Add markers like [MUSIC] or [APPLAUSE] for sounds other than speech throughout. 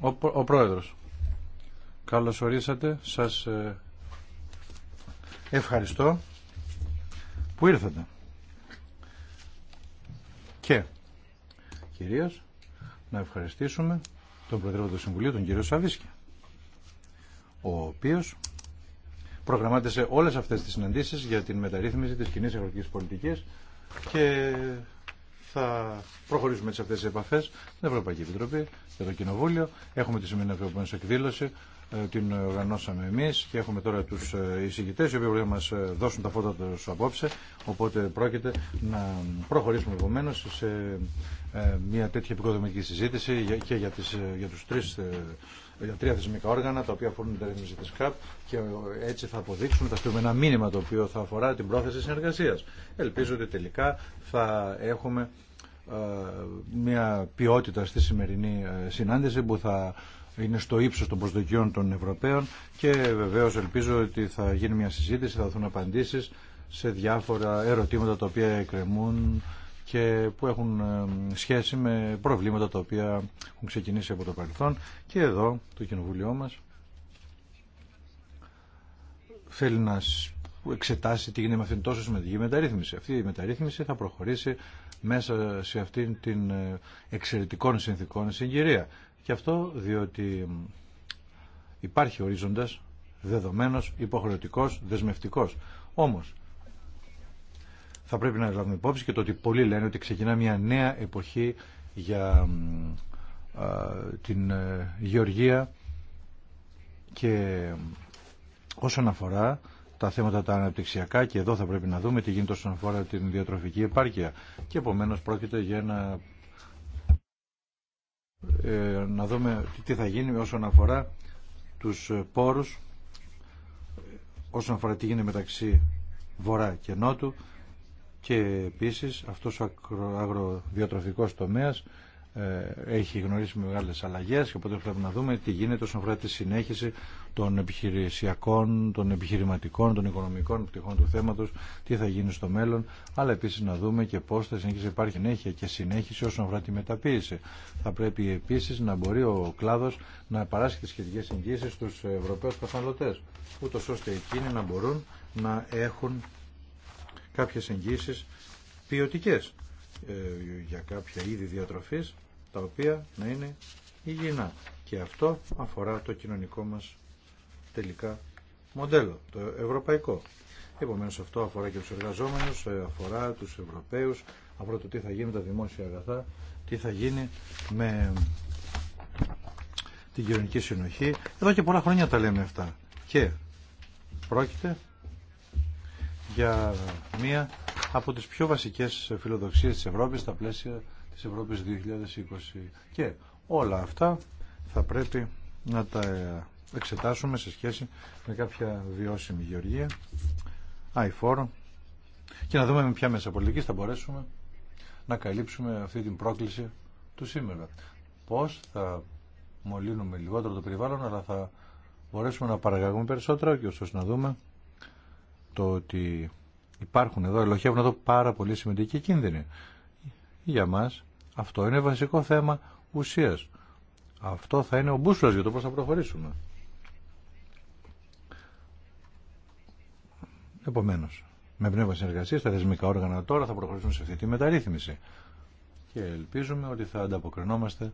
Ο, ο Πρόεδρος. Καλώς ορίσατε. Σας ε, ευχαριστώ που ήρθατε. Και κυρίως να ευχαριστήσουμε τον Πρόεδρο του Συμβουλίου, τον κύριο Σαβίσκια, ο οποίος προγραμμάτισε όλες αυτές τις συναντήσεις για την μεταρρύθμιση της κοινή αγροτικής πολιτικής και θα προχωρήσουμε σε αυτές τις επαφές την Ευρωπαϊκή Επιτροπή και το Κοινοβούλιο. Έχουμε τη σημερινή ευρωπαϊκή εκδήλωση, ε, την οργανώσαμε εμείς και έχουμε τώρα τους ε, εισηγητέ οι οποίοι θα μας ε, δώσουν τα φώτα του απόψε. Οπότε πρόκειται να προχωρήσουμε επομένω σε μια τέτοια επικοδομητική συζήτηση και για, τις, για τους τρεις για τρία θεσμικά όργανα τα οποία αφορούν την ρύθμιση τη ΚΑΠ και έτσι θα αποδείξουν, τα στείλουμε ένα μήνυμα το οποίο θα αφορά την πρόθεση συνεργασία. Ελπίζω ότι τελικά θα έχουμε ε, μια ποιότητα στη σημερινή ε, συνάντηση που θα είναι στο ύψο των προσδοκιών των Ευρωπαίων και βεβαίω ελπίζω ότι θα γίνει μια συζήτηση, θα δοθούν απαντήσει σε διάφορα ερωτήματα τα οποία εκκρεμούν και που έχουν ε, σχέση με προβλήματα τα οποία έχουν ξεκινήσει από το παρελθόν και εδώ το κοινοβούλιο μας θέλει να εξετάσει τι γίνεται με αυτήν τόσο σημαντική μεταρρύθμιση. Αυτή η μεταρρύθμιση θα προχωρήσει μέσα σε αυτήν την ε, εξαιρετικών συνθήκων συγκυρία. Και αυτό διότι υπάρχει ορίζοντας δεδομένος, υποχρεωτικός, δεσμευτικός. Όμως θα πρέπει να λάβουμε υπόψη και το ότι πολλοί λένε ότι ξεκινά μια νέα εποχή για την ε, γεωργία και όσον αφορά τα θέματα τα αναπτυξιακά και εδώ θα πρέπει να δούμε τι γίνεται όσον αφορά την διατροφική επάρκεια και επομένως πρόκειται για ε, να δούμε τι θα γίνει όσον αφορά τους πόρους όσον αφορά τι γίνεται μεταξύ βορρά και νότου και επίσης αυτός ο αγροδιοτροφικός τομέας ε, έχει γνωρίσει μεγάλες αλλαγές και οπότε πρέπει να δούμε τι γίνεται όσον αφορά τη συνέχιση των επιχειρησιακών, των επιχειρηματικών, των οικονομικών πτυχών του θέματος, τι θα γίνει στο μέλλον, αλλά επίσης να δούμε και πώς θα συνεχίσει υπάρχει συνέχεια και συνέχιση όσον αφορά τη μεταποίηση. Θα πρέπει επίσης να μπορεί ο κλάδος να παράσχει τις σχετικές εγγύσεις στους Ευρωπαίους καθαλωτές, ούτως ώστε εκείνοι να μπορούν να έχουν κάποιες εγγύσεις ποιοτικέ ε, για κάποια είδη διατροφής τα οποία να είναι υγιεινά. Και αυτό αφορά το κοινωνικό μας τελικά μοντέλο, το ευρωπαϊκό. Επομένω αυτό αφορά και τους εργαζόμενους, ε, αφορά τους Ευρωπαίους, αφορά το τι θα γίνει με τα δημόσια αγαθά, τι θα γίνει με την κοινωνική συνοχή. Εδώ και πολλά χρόνια τα λέμε αυτά. Και πρόκειται για μία από τις πιο βασικές φιλοδοξίες της Ευρώπης στα πλαίσια της Ευρώπης 2020. Και όλα αυτά θα πρέπει να τα εξετάσουμε σε σχέση με κάποια βιώσιμη γεωργία, αηφόρο και να δούμε με ποια μέσα πολιτική θα μπορέσουμε να καλύψουμε αυτή την πρόκληση του σήμερα. Πώς θα μολύνουμε λιγότερο το περιβάλλον αλλά θα μπορέσουμε να παραγαγούμε περισσότερο και ωστόσο να δούμε το ότι υπάρχουν εδώ, ελοχεύουν εδώ πάρα πολύ σημαντικοί κίνδυνοι. Για μας αυτό είναι βασικό θέμα ουσίας. Αυτό θα είναι ο μπούσουλας για το πώς θα προχωρήσουμε. Επομένως, με πνεύμα συνεργασία τα θεσμικά όργανα τώρα θα προχωρήσουν σε αυτή τη μεταρρύθμιση και ελπίζουμε ότι θα ανταποκρινόμαστε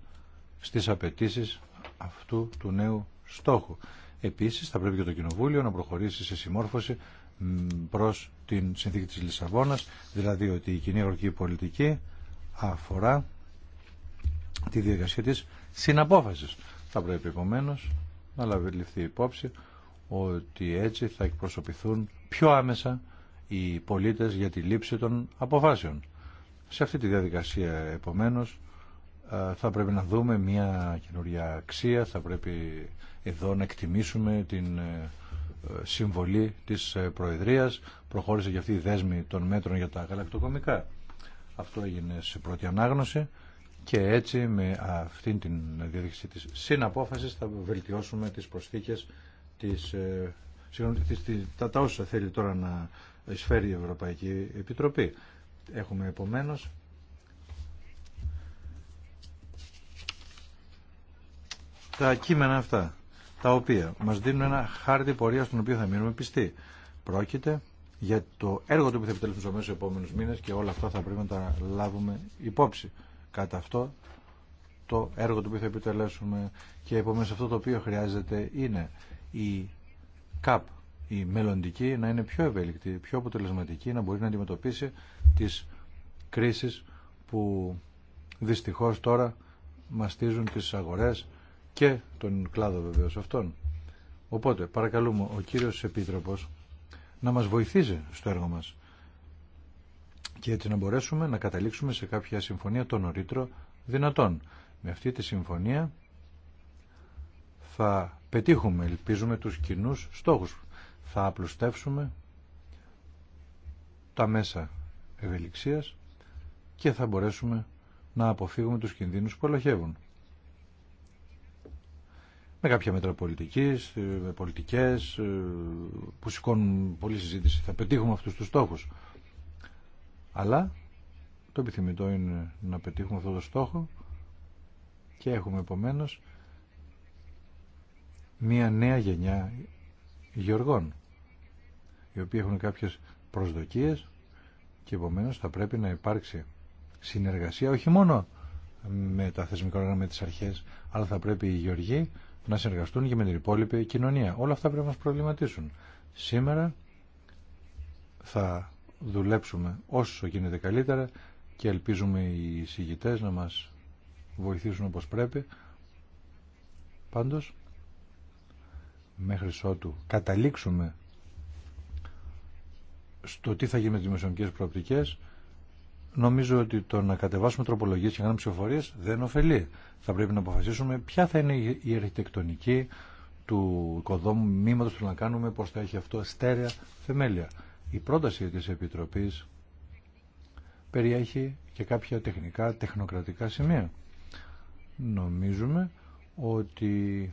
στις απαιτήσει αυτού του νέου στόχου. Επίσης θα πρέπει και το Κοινοβούλιο να προχωρήσει σε συμμόρφωση προς την συνθήκη της Λισαβόνας, δηλαδή ότι η κοινή αγροτική πολιτική αφορά τη διαδικασία της συναπόφασης. Θα πρέπει επομένω να ληφθεί υπόψη ότι έτσι θα εκπροσωπηθούν πιο άμεσα οι πολίτες για τη λήψη των αποφάσεων. Σε αυτή τη διαδικασία επομένω θα πρέπει να δούμε μια καινούργια αξία, θα πρέπει εδώ να εκτιμήσουμε την ε, συμβολή της ε, Προεδρίας. Προχώρησε και αυτή η δέσμη των μέτρων για τα γαλακτοκομικά. Αυτό έγινε σε πρώτη ανάγνωση και έτσι με αυτή την διαδικασία της συναπόφασης θα βελτιώσουμε τις προσθήκες της, ε, συγγνώμη, της, τα, τα όσα θέλει τώρα να εισφέρει η Ευρωπαϊκή Επιτροπή. Έχουμε επομένως τα κείμενα αυτά τα οποία μας δίνουν ένα χάρτη πορεία στον οποίο θα μείνουμε πιστοί. Πρόκειται για το έργο του που θα επιτελέσουμε στους επόμενου επόμενους μήνες και όλα αυτά θα πρέπει να τα λάβουμε υπόψη. Κατά αυτό το έργο του που θα επιτελέσουμε και επομένως αυτό το οποίο χρειάζεται είναι η ΚΑΠ, η μελλοντική, να είναι πιο ευέλικτη, πιο αποτελεσματική, να μπορεί να αντιμετωπίσει τις κρίσεις που δυστυχώς τώρα μαστίζουν τις αγορές και τον κλάδο βεβαίω αυτών. Οπότε παρακαλούμε ο κύριος Επίτροπος να μας βοηθήσει στο έργο μας και έτσι να μπορέσουμε να καταλήξουμε σε κάποια συμφωνία των νωρίτερο δυνατόν. Με αυτή τη συμφωνία θα πετύχουμε, ελπίζουμε, τους κοινού στόχους. Θα απλουστεύσουμε τα μέσα ευελιξίας και θα μπορέσουμε να αποφύγουμε τους κινδύνους που ελοχεύουν με κάποια μέτρα πολιτικής, ε, με πολιτικές ε, που σηκώνουν πολλή συζήτηση. Θα πετύχουμε αυτούς τους στόχους. Αλλά το επιθυμητό είναι να πετύχουμε αυτό το στόχο και έχουμε επομένως μία νέα γενιά γεωργών οι οποίοι έχουν κάποιες προσδοκίες και επομένως θα πρέπει να υπάρξει συνεργασία όχι μόνο με τα θεσμικά όργανα, με τις αρχές αλλά θα πρέπει οι γεωργοί να συνεργαστούν και με την υπόλοιπη κοινωνία. Όλα αυτά πρέπει να μας προβληματίσουν. Σήμερα θα δουλέψουμε όσο γίνεται καλύτερα και ελπίζουμε οι συγητές να μας βοηθήσουν όπως πρέπει. Πάντως, μέχρι ότου καταλήξουμε στο τι θα γίνει με τις δημοσιονομικές προοπτικές, Νομίζω ότι το να κατεβάσουμε τροπολογίες και να κάνουμε ψηφοφορίες δεν ωφελεί. Θα πρέπει να αποφασίσουμε ποια θα είναι η αρχιτεκτονική του οικοδόμου μήματος που να κάνουμε, πώς θα έχει αυτό στέρεα θεμέλια. Η πρόταση της Επιτροπής περιέχει και κάποια τεχνικά, τεχνοκρατικά σημεία. Νομίζουμε ότι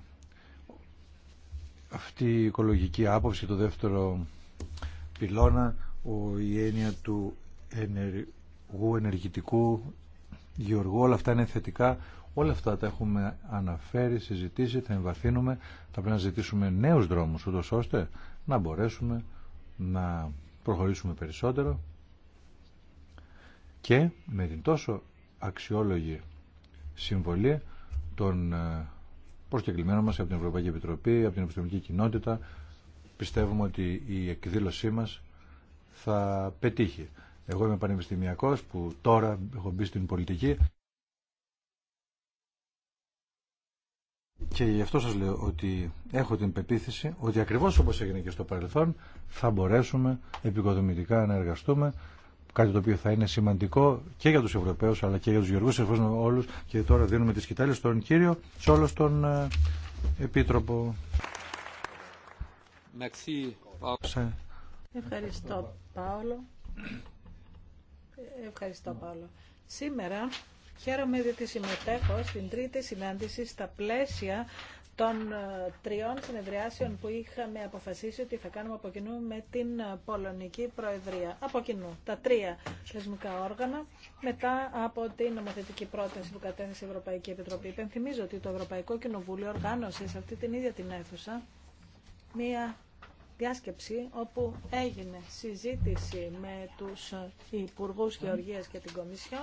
αυτή η οικολογική άποψη, το δεύτερο πυλώνα, η έννοια του ενεργού γου ενεργητικού γεωργού, όλα αυτά είναι θετικά. Όλα αυτά τα έχουμε αναφέρει, συζητήσει, θα εμβαθύνουμε, θα πρέπει να ζητήσουμε νέους δρόμους, ούτως ώστε να μπορέσουμε να προχωρήσουμε περισσότερο και με την τόσο αξιόλογη συμβολή των ε, προσκεκλημένων μας από την Ευρωπαϊκή Επιτροπή, από την Επιστημονική Κοινότητα, πιστεύουμε ότι η εκδήλωσή μας θα πετύχει. Εγώ είμαι πανεπιστημιακός που τώρα έχω μπει στην πολιτική και γι' αυτό σας λέω ότι έχω την πεποίθηση ότι ακριβώς όπως έγινε και στο παρελθόν θα μπορέσουμε επικοδομητικά να εργαστούμε κάτι το οποίο θα είναι σημαντικό και για τους Ευρωπαίους αλλά και για τους Γεωργούς εφόσον όλους και τώρα δίνουμε τις κοιτάλες στον κύριο σε τον τον ε, Επίτροπο. Ευχαριστώ Πάολο. Ευχαριστώ, Παύλο. Σήμερα χαίρομαι διότι συμμετέχω στην τρίτη συνάντηση στα πλαίσια των ε, τριών συνεδριάσεων που είχαμε αποφασίσει ότι θα κάνουμε από κοινού με την ε, Πολωνική Προεδρία. Από κοινού, τα τρία θεσμικά όργανα, μετά από την νομοθετική πρόταση που κατέθεσε η Ευρωπαϊκή Επιτροπή. Υπενθυμίζω ότι το Ευρωπαϊκό Κοινοβούλιο οργάνωσε σε αυτή την ίδια την αίθουσα μία διάσκεψη όπου έγινε συζήτηση με τους Υπουργούς Γεωργίας και την Κομισιό.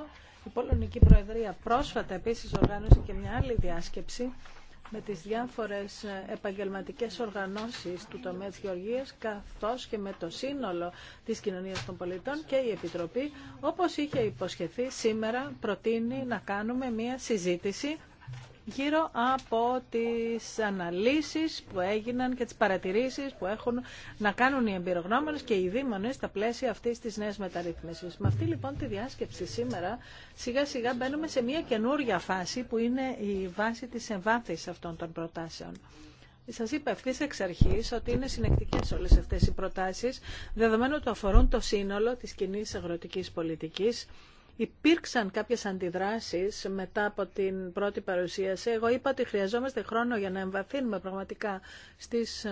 Η Πολωνική Προεδρία πρόσφατα επίσης οργάνωσε και μια άλλη διάσκεψη με τις διάφορες επαγγελματικές οργανώσεις του τομέα της Γεωργίας καθώς και με το σύνολο της κοινωνίας των πολιτών και η Επιτροπή όπως είχε υποσχεθεί σήμερα προτείνει να κάνουμε μια συζήτηση γύρω από τις αναλύσεις που έγιναν και τις παρατηρήσεις που έχουν να κάνουν οι εμπειρογνώμονες και οι δήμονες στα πλαίσια αυτής της νέας μεταρρύθμισης. Με αυτή λοιπόν τη διάσκεψη σήμερα σιγά σιγά μπαίνουμε σε μια καινούργια φάση που είναι η βάση της εμβάθυνσης αυτών των προτάσεων. Σα είπα ευθύ εξ αρχή ότι είναι συνεκτικέ όλε αυτέ οι προτάσει, δεδομένου ότι αφορούν το σύνολο τη κοινή αγροτική πολιτική Υπήρξαν κάποιες αντιδράσεις μετά από την πρώτη παρουσίαση. Εγώ είπα ότι χρειαζόμαστε χρόνο για να εμβαθύνουμε πραγματικά στις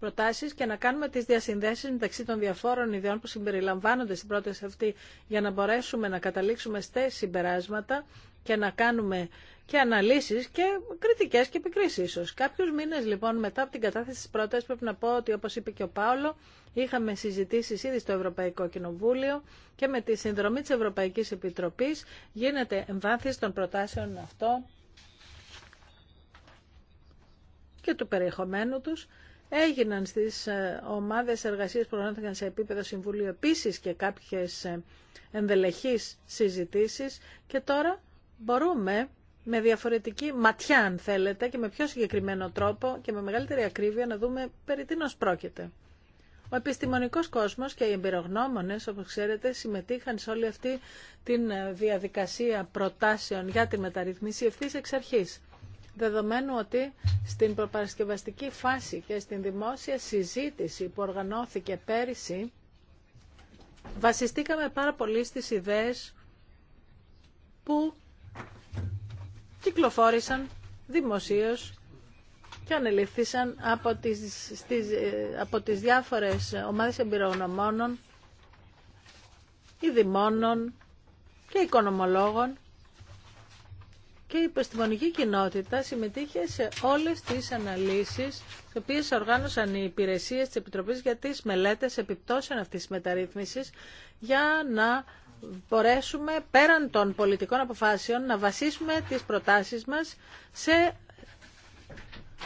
προτάσεις και να κάνουμε τις διασυνδέσεις μεταξύ των διαφόρων ιδεών που συμπεριλαμβάνονται στην πρόταση αυτή για να μπορέσουμε να καταλήξουμε στις συμπεράσματα και να κάνουμε και αναλύσεις και κριτικές και επικρίσεις ίσως. Κάποιους μήνες λοιπόν μετά από την κατάθεση της πρότασης πρέπει να πω ότι όπως είπε και ο Πάολο είχαμε συζητήσει ήδη στο Ευρωπαϊκό Κοινοβούλιο και με τη συνδρομή της Ευρωπαϊκής Επιτροπής γίνεται εμβάθυνση των προτάσεων αυτό και του περιεχομένου τους έγιναν στις ε, ομάδες εργασίας που οργανώθηκαν σε επίπεδο Συμβουλίου επίσης και κάποιες ε, ενδελεχείς συζητήσεις και τώρα μπορούμε με διαφορετική ματιά αν θέλετε και με πιο συγκεκριμένο τρόπο και με μεγαλύτερη ακρίβεια να δούμε περί τίνος πρόκειται. Ο επιστημονικός κόσμος και οι εμπειρογνώμονες, όπως ξέρετε, συμμετείχαν σε όλη αυτή τη ε, διαδικασία προτάσεων για τη μεταρρυθμίση ευθύ εξ αρχής. Δεδομένου ότι στην προπαρασκευαστική φάση και στην δημόσια συζήτηση που οργανώθηκε πέρυσι, βασιστήκαμε πάρα πολύ στις ιδέες που κυκλοφόρησαν δημοσίως και ανελήφθησαν από τις, ε, από τις διάφορες ομάδες εμπειρογνωμόνων, ειδημόνων και οικονομολόγων και η επιστημονική κοινότητα συμμετείχε σε όλες τις αναλύσεις τις οποίες οργάνωσαν οι υπηρεσίες της Επιτροπής για τις μελέτες επιπτώσεων αυτής της μεταρρύθμισης για να μπορέσουμε πέραν των πολιτικών αποφάσεων να βασίσουμε τις προτάσεις μας σε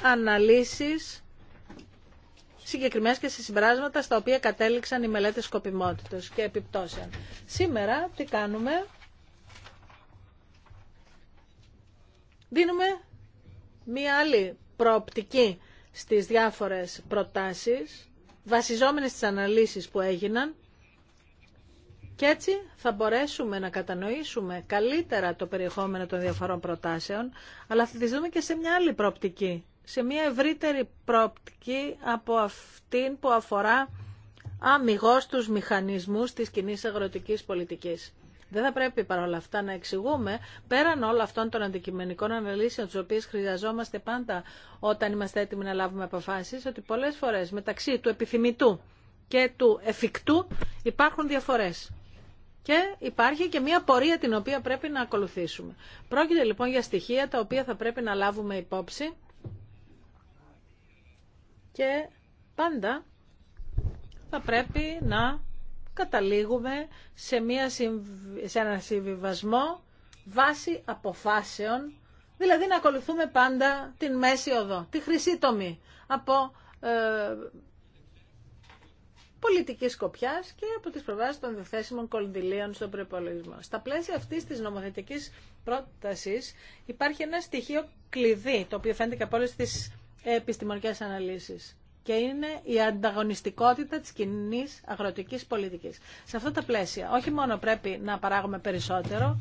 αναλύσεις συγκεκριμένες και σε συμπράσματα στα οποία κατέληξαν οι μελέτες σκοπιμότητας και επιπτώσεων. Σήμερα τι κάνουμε. Δίνουμε μία άλλη προοπτική στις διάφορες προτάσεις βασιζόμενες στις αναλύσεις που έγιναν και έτσι θα μπορέσουμε να κατανοήσουμε καλύτερα το περιεχόμενο των διαφορών προτάσεων, αλλά θα τις δούμε και σε μια άλλη προοπτική, σε μια ευρύτερη προοπτική από αυτήν που αφορά αμυγός τους μηχανισμούς της κοινή αγροτικής πολιτικής. Δεν θα πρέπει παρόλα αυτά να εξηγούμε, πέραν όλων αυτών των αντικειμενικών αναλύσεων, τι οποίε χρειαζόμαστε πάντα όταν είμαστε έτοιμοι να λάβουμε αποφάσει, ότι πολλέ φορέ μεταξύ του επιθυμητού και του εφικτού υπάρχουν διαφορές. Και υπάρχει και μια πορεία την οποία πρέπει να ακολουθήσουμε. Πρόκειται λοιπόν για στοιχεία τα οποία θα πρέπει να λάβουμε υπόψη και πάντα θα πρέπει να καταλήγουμε σε, μια σε ένα συμβιβασμό βάση αποφάσεων, δηλαδή να ακολουθούμε πάντα την μέση οδό, τη χρυσή τομή από ε, πολιτική σκοπιά και από τι προβάσει των διαθέσιμων κονδυλίων στον προπολογισμό. Στα πλαίσια αυτή τη νομοθετική πρόταση υπάρχει ένα στοιχείο κλειδί, το οποίο φαίνεται και από όλε τι επιστημονικέ αναλύσει. και είναι η ανταγωνιστικότητα τη κοινή αγροτική πολιτική. Σε αυτά τα πλαίσια όχι μόνο πρέπει να παράγουμε περισσότερο,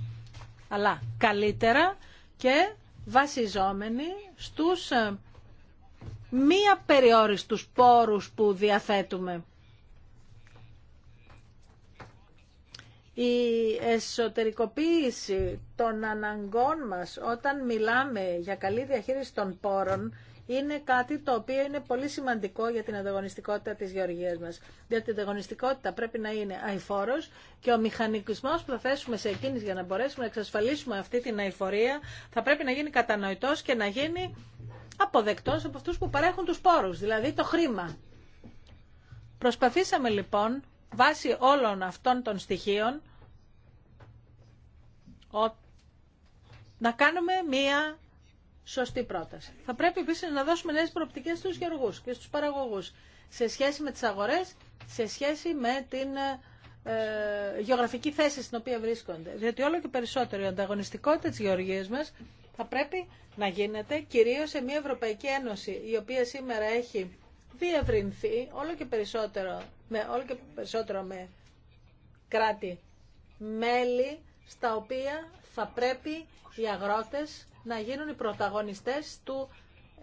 αλλά καλύτερα και βασιζόμενοι στους μία περιόριστους πόρους που διαθέτουμε. η εσωτερικοποίηση των αναγκών μας όταν μιλάμε για καλή διαχείριση των πόρων είναι κάτι το οποίο είναι πολύ σημαντικό για την ανταγωνιστικότητα της γεωργίας μας. Διότι η ανταγωνιστικότητα πρέπει να είναι αηφόρος και ο μηχανικισμός που θα θέσουμε σε εκείνη για να μπορέσουμε να εξασφαλίσουμε αυτή την αηφορία θα πρέπει να γίνει κατανοητός και να γίνει αποδεκτός από αυτούς που παρέχουν τους πόρους, δηλαδή το χρήμα. Προσπαθήσαμε λοιπόν βάσει όλων αυτών των στοιχείων να κάνουμε μία σωστή πρόταση. Θα πρέπει επίσης να δώσουμε νέες προοπτικές στους γεωργούς και στους παραγωγούς σε σχέση με τις αγορές, σε σχέση με την ε, γεωγραφική θέση στην οποία βρίσκονται. Διότι όλο και περισσότερο η ανταγωνιστικότητα της γεωργίας μας θα πρέπει να γίνεται κυρίως σε μια Ευρωπαϊκή Ένωση η οποία σήμερα έχει διευρυνθεί όλο και περισσότερο με, όλο και περισσότερο με κράτη μέλη στα οποία θα πρέπει οι αγρότες να γίνουν οι πρωταγωνιστές του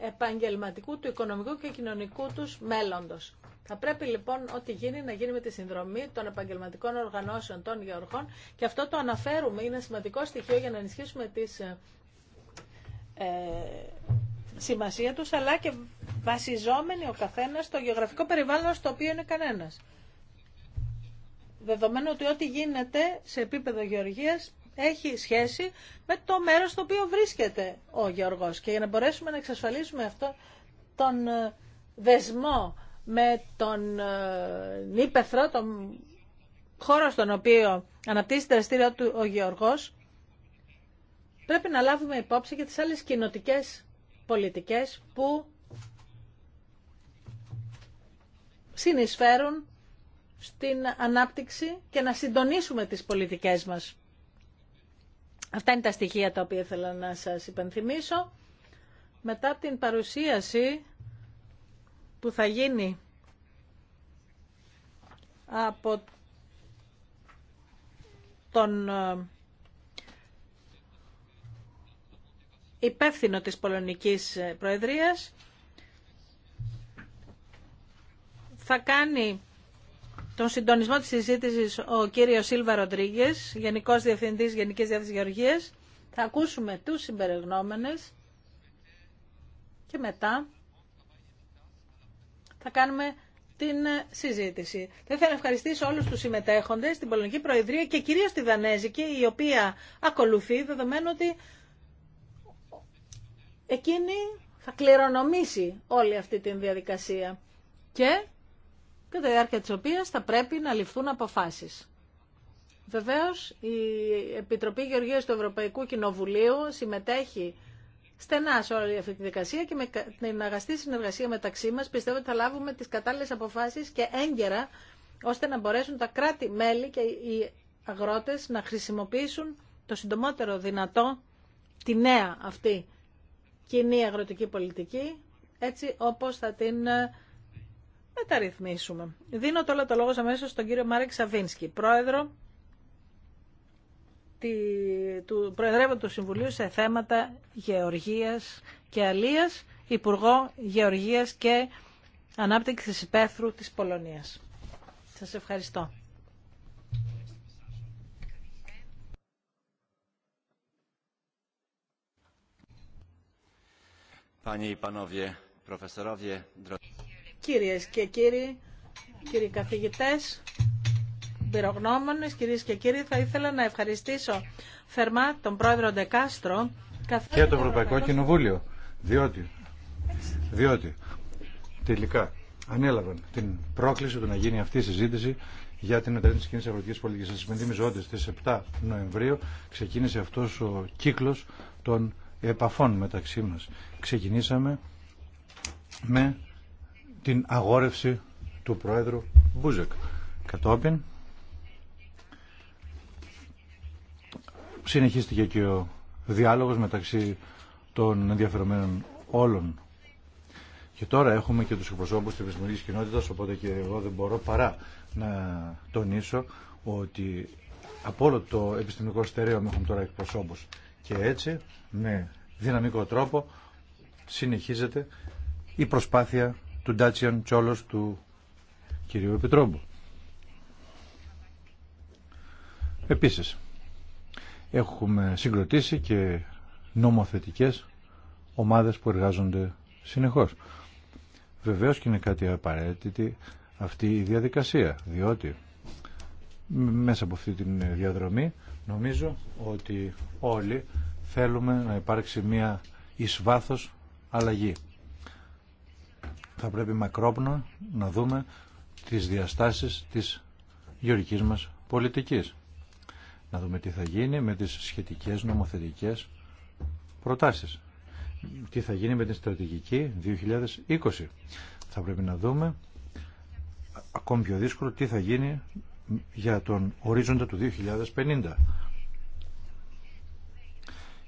επαγγελματικού, του οικονομικού και κοινωνικού τους μέλλοντος. Θα πρέπει λοιπόν ό,τι γίνει να γίνει με τη συνδρομή των επαγγελματικών οργανώσεων των γεωργών και αυτό το αναφέρουμε, είναι σημαντικό στοιχείο για να ενισχύσουμε τη ε, ε, σημασία τους αλλά και βασιζόμενοι ο καθένας στο γεωγραφικό περιβάλλον στο οποίο είναι κανένας. Δεδομένου ότι ό,τι γίνεται σε επίπεδο γεωργίας έχει σχέση με το μέρος στο οποίο βρίσκεται ο γεωργός και για να μπορέσουμε να εξασφαλίσουμε αυτό τον ε, δεσμό με τον ύπεθρο, ε, τον χώρο στον οποίο αναπτύσσει η δραστήριο του ο Γεωργός, πρέπει να λάβουμε υπόψη και τις άλλες κοινοτικές πολιτικές που συνεισφέρουν στην ανάπτυξη και να συντονίσουμε τις πολιτικές μας. Αυτά είναι τα στοιχεία τα οποία ήθελα να σας υπενθυμίσω. Μετά την παρουσίαση που θα γίνει από τον ε, υπεύθυνο της Πολωνικής Προεδρίας, θα κάνει τον συντονισμό της συζήτησης ο κύριος Σίλβα Ροντρίγκε, Γενικός Διευθυντής Γενικής Διεύθυνσης Γεωργίας. Θα ακούσουμε τους συμπεριγνώμενες και μετά θα κάνουμε την συζήτηση. Θα ήθελα να ευχαριστήσω όλους τους συμμετέχοντες, την Πολωνική Προεδρία και κυρίως τη Δανέζικη, η οποία ακολουθεί, δεδομένου ότι εκείνη θα κληρονομήσει όλη αυτή την διαδικασία. Και κατά τη διάρκεια της οποίας θα πρέπει να ληφθούν αποφάσεις. Βεβαίως, η Επιτροπή Γεωργίας του Ευρωπαϊκού Κοινοβουλίου συμμετέχει στενά σε όλη αυτή τη δικασία και με την αγαστή συνεργασία μεταξύ μας πιστεύω ότι θα λάβουμε τις κατάλληλες αποφάσεις και έγκαιρα ώστε να μπορέσουν τα κράτη-μέλη και οι αγρότες να χρησιμοποιήσουν το συντομότερο δυνατό τη νέα αυτή κοινή αγροτική πολιτική έτσι όπως θα την ε, μεταρρυθμίσουμε. Δίνω τώρα το λόγο αμέσω στον κύριο Μάρεκ Σαβίνσκι, πρόεδρο του Προεδρεύοντο Συμβουλίου σε θέματα γεωργίας και αλίας, Υπουργό Γεωργίας και Ανάπτυξης Υπαίθρου της Πολωνίας. Σας ευχαριστώ. Panie i panowie profesorowie, drodzy Κυρίες και κύριοι, κύριοι καθηγητές, πυρογνώμονες, κυρίες και κύριοι, θα ήθελα να ευχαριστήσω θερμά τον πρόεδρο Ντεκάστρο και το Ευρωπαϊκό Κοινοβούλιο, διότι, διότι τελικά ανέλαβαν την πρόκληση του να γίνει αυτή η συζήτηση για την μεταρρύθμιση τη κοινή αγροτική πολιτική. Σα υπενθυμίζω ότι στι 7 Νοεμβρίου ξεκίνησε αυτό ο κύκλο των επαφών μεταξύ μα. Ξεκινήσαμε με την αγόρευση του Πρόεδρου Μπούζεκ. Κατόπιν συνεχίστηκε και ο διάλογος μεταξύ των ενδιαφερομένων όλων. Και τώρα έχουμε και τους εκπροσώπους της επιστημονικής κοινότητας, οπότε και εγώ δεν μπορώ παρά να τονίσω ότι από όλο το επιστημονικό στερέωμα έχουμε τώρα εκπροσώπους. Και έτσι, με δυναμικό τρόπο, συνεχίζεται η προσπάθεια του Ντάτσιαν Τσόλος του κυρίου Επιτρόμπου. Επίσης, έχουμε συγκροτήσει και νομοθετικές ομάδες που εργάζονται συνεχώς. Βεβαίως και είναι κάτι απαραίτητη αυτή η διαδικασία, διότι μέσα από αυτή τη διαδρομή νομίζω ότι όλοι θέλουμε να υπάρξει μια εις βάθος αλλαγή θα πρέπει μακρόπνο να δούμε τις διαστάσεις της γεωργικής μας πολιτικής. Να δούμε τι θα γίνει με τις σχετικές νομοθετικές προτάσεις. Τι θα γίνει με την στρατηγική 2020. Θα πρέπει να δούμε ακόμη πιο δύσκολο τι θα γίνει για τον ορίζοντα του 2050.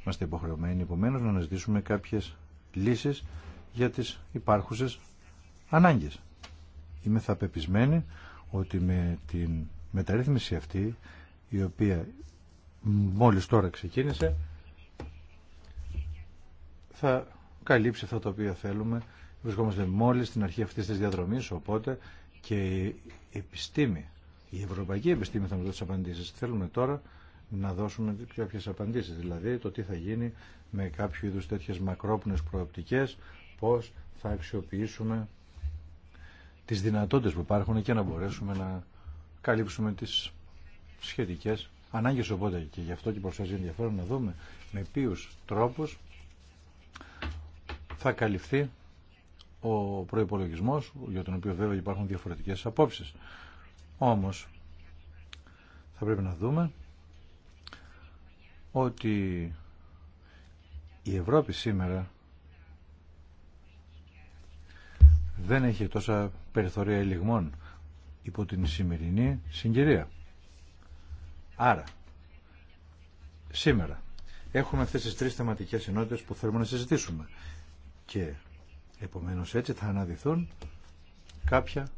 Είμαστε υποχρεωμένοι επομένω να αναζητήσουμε κάποιες λύσεις για τις υπάρχουσες ανάγκες. Είμαι θα πεπισμένη ότι με την μεταρρύθμιση αυτή η οποία μόλις τώρα ξεκίνησε θα καλύψει αυτά τα οποία θέλουμε. Βρισκόμαστε μόλις στην αρχή αυτής της διαδρομής οπότε και η επιστήμη, η ευρωπαϊκή επιστήμη θα μας δώσει απαντήσεις. Θέλουμε τώρα να δώσουμε κάποιε απαντήσεις, δηλαδή το τι θα γίνει με κάποιο είδους τέτοιες μακρόπνες προοπτικές, πώς θα αξιοποιήσουμε τις δυνατότητες που υπάρχουν και να μπορέσουμε να καλύψουμε τις σχετικές ανάγκες οπότε και γι' αυτό και είναι ενδιαφέρον να δούμε με ποιους τρόπους θα καλυφθεί ο προϋπολογισμός για τον οποίο βέβαια υπάρχουν διαφορετικές απόψεις όμως θα πρέπει να δούμε ότι η Ευρώπη σήμερα δεν έχει τόσα περιθωρία ελιγμών υπό την σημερινή συγκυρία. Άρα, σήμερα έχουμε αυτές τις τρεις θεματικές ενότητες που θέλουμε να συζητήσουμε και επομένως έτσι θα αναδυθούν κάποια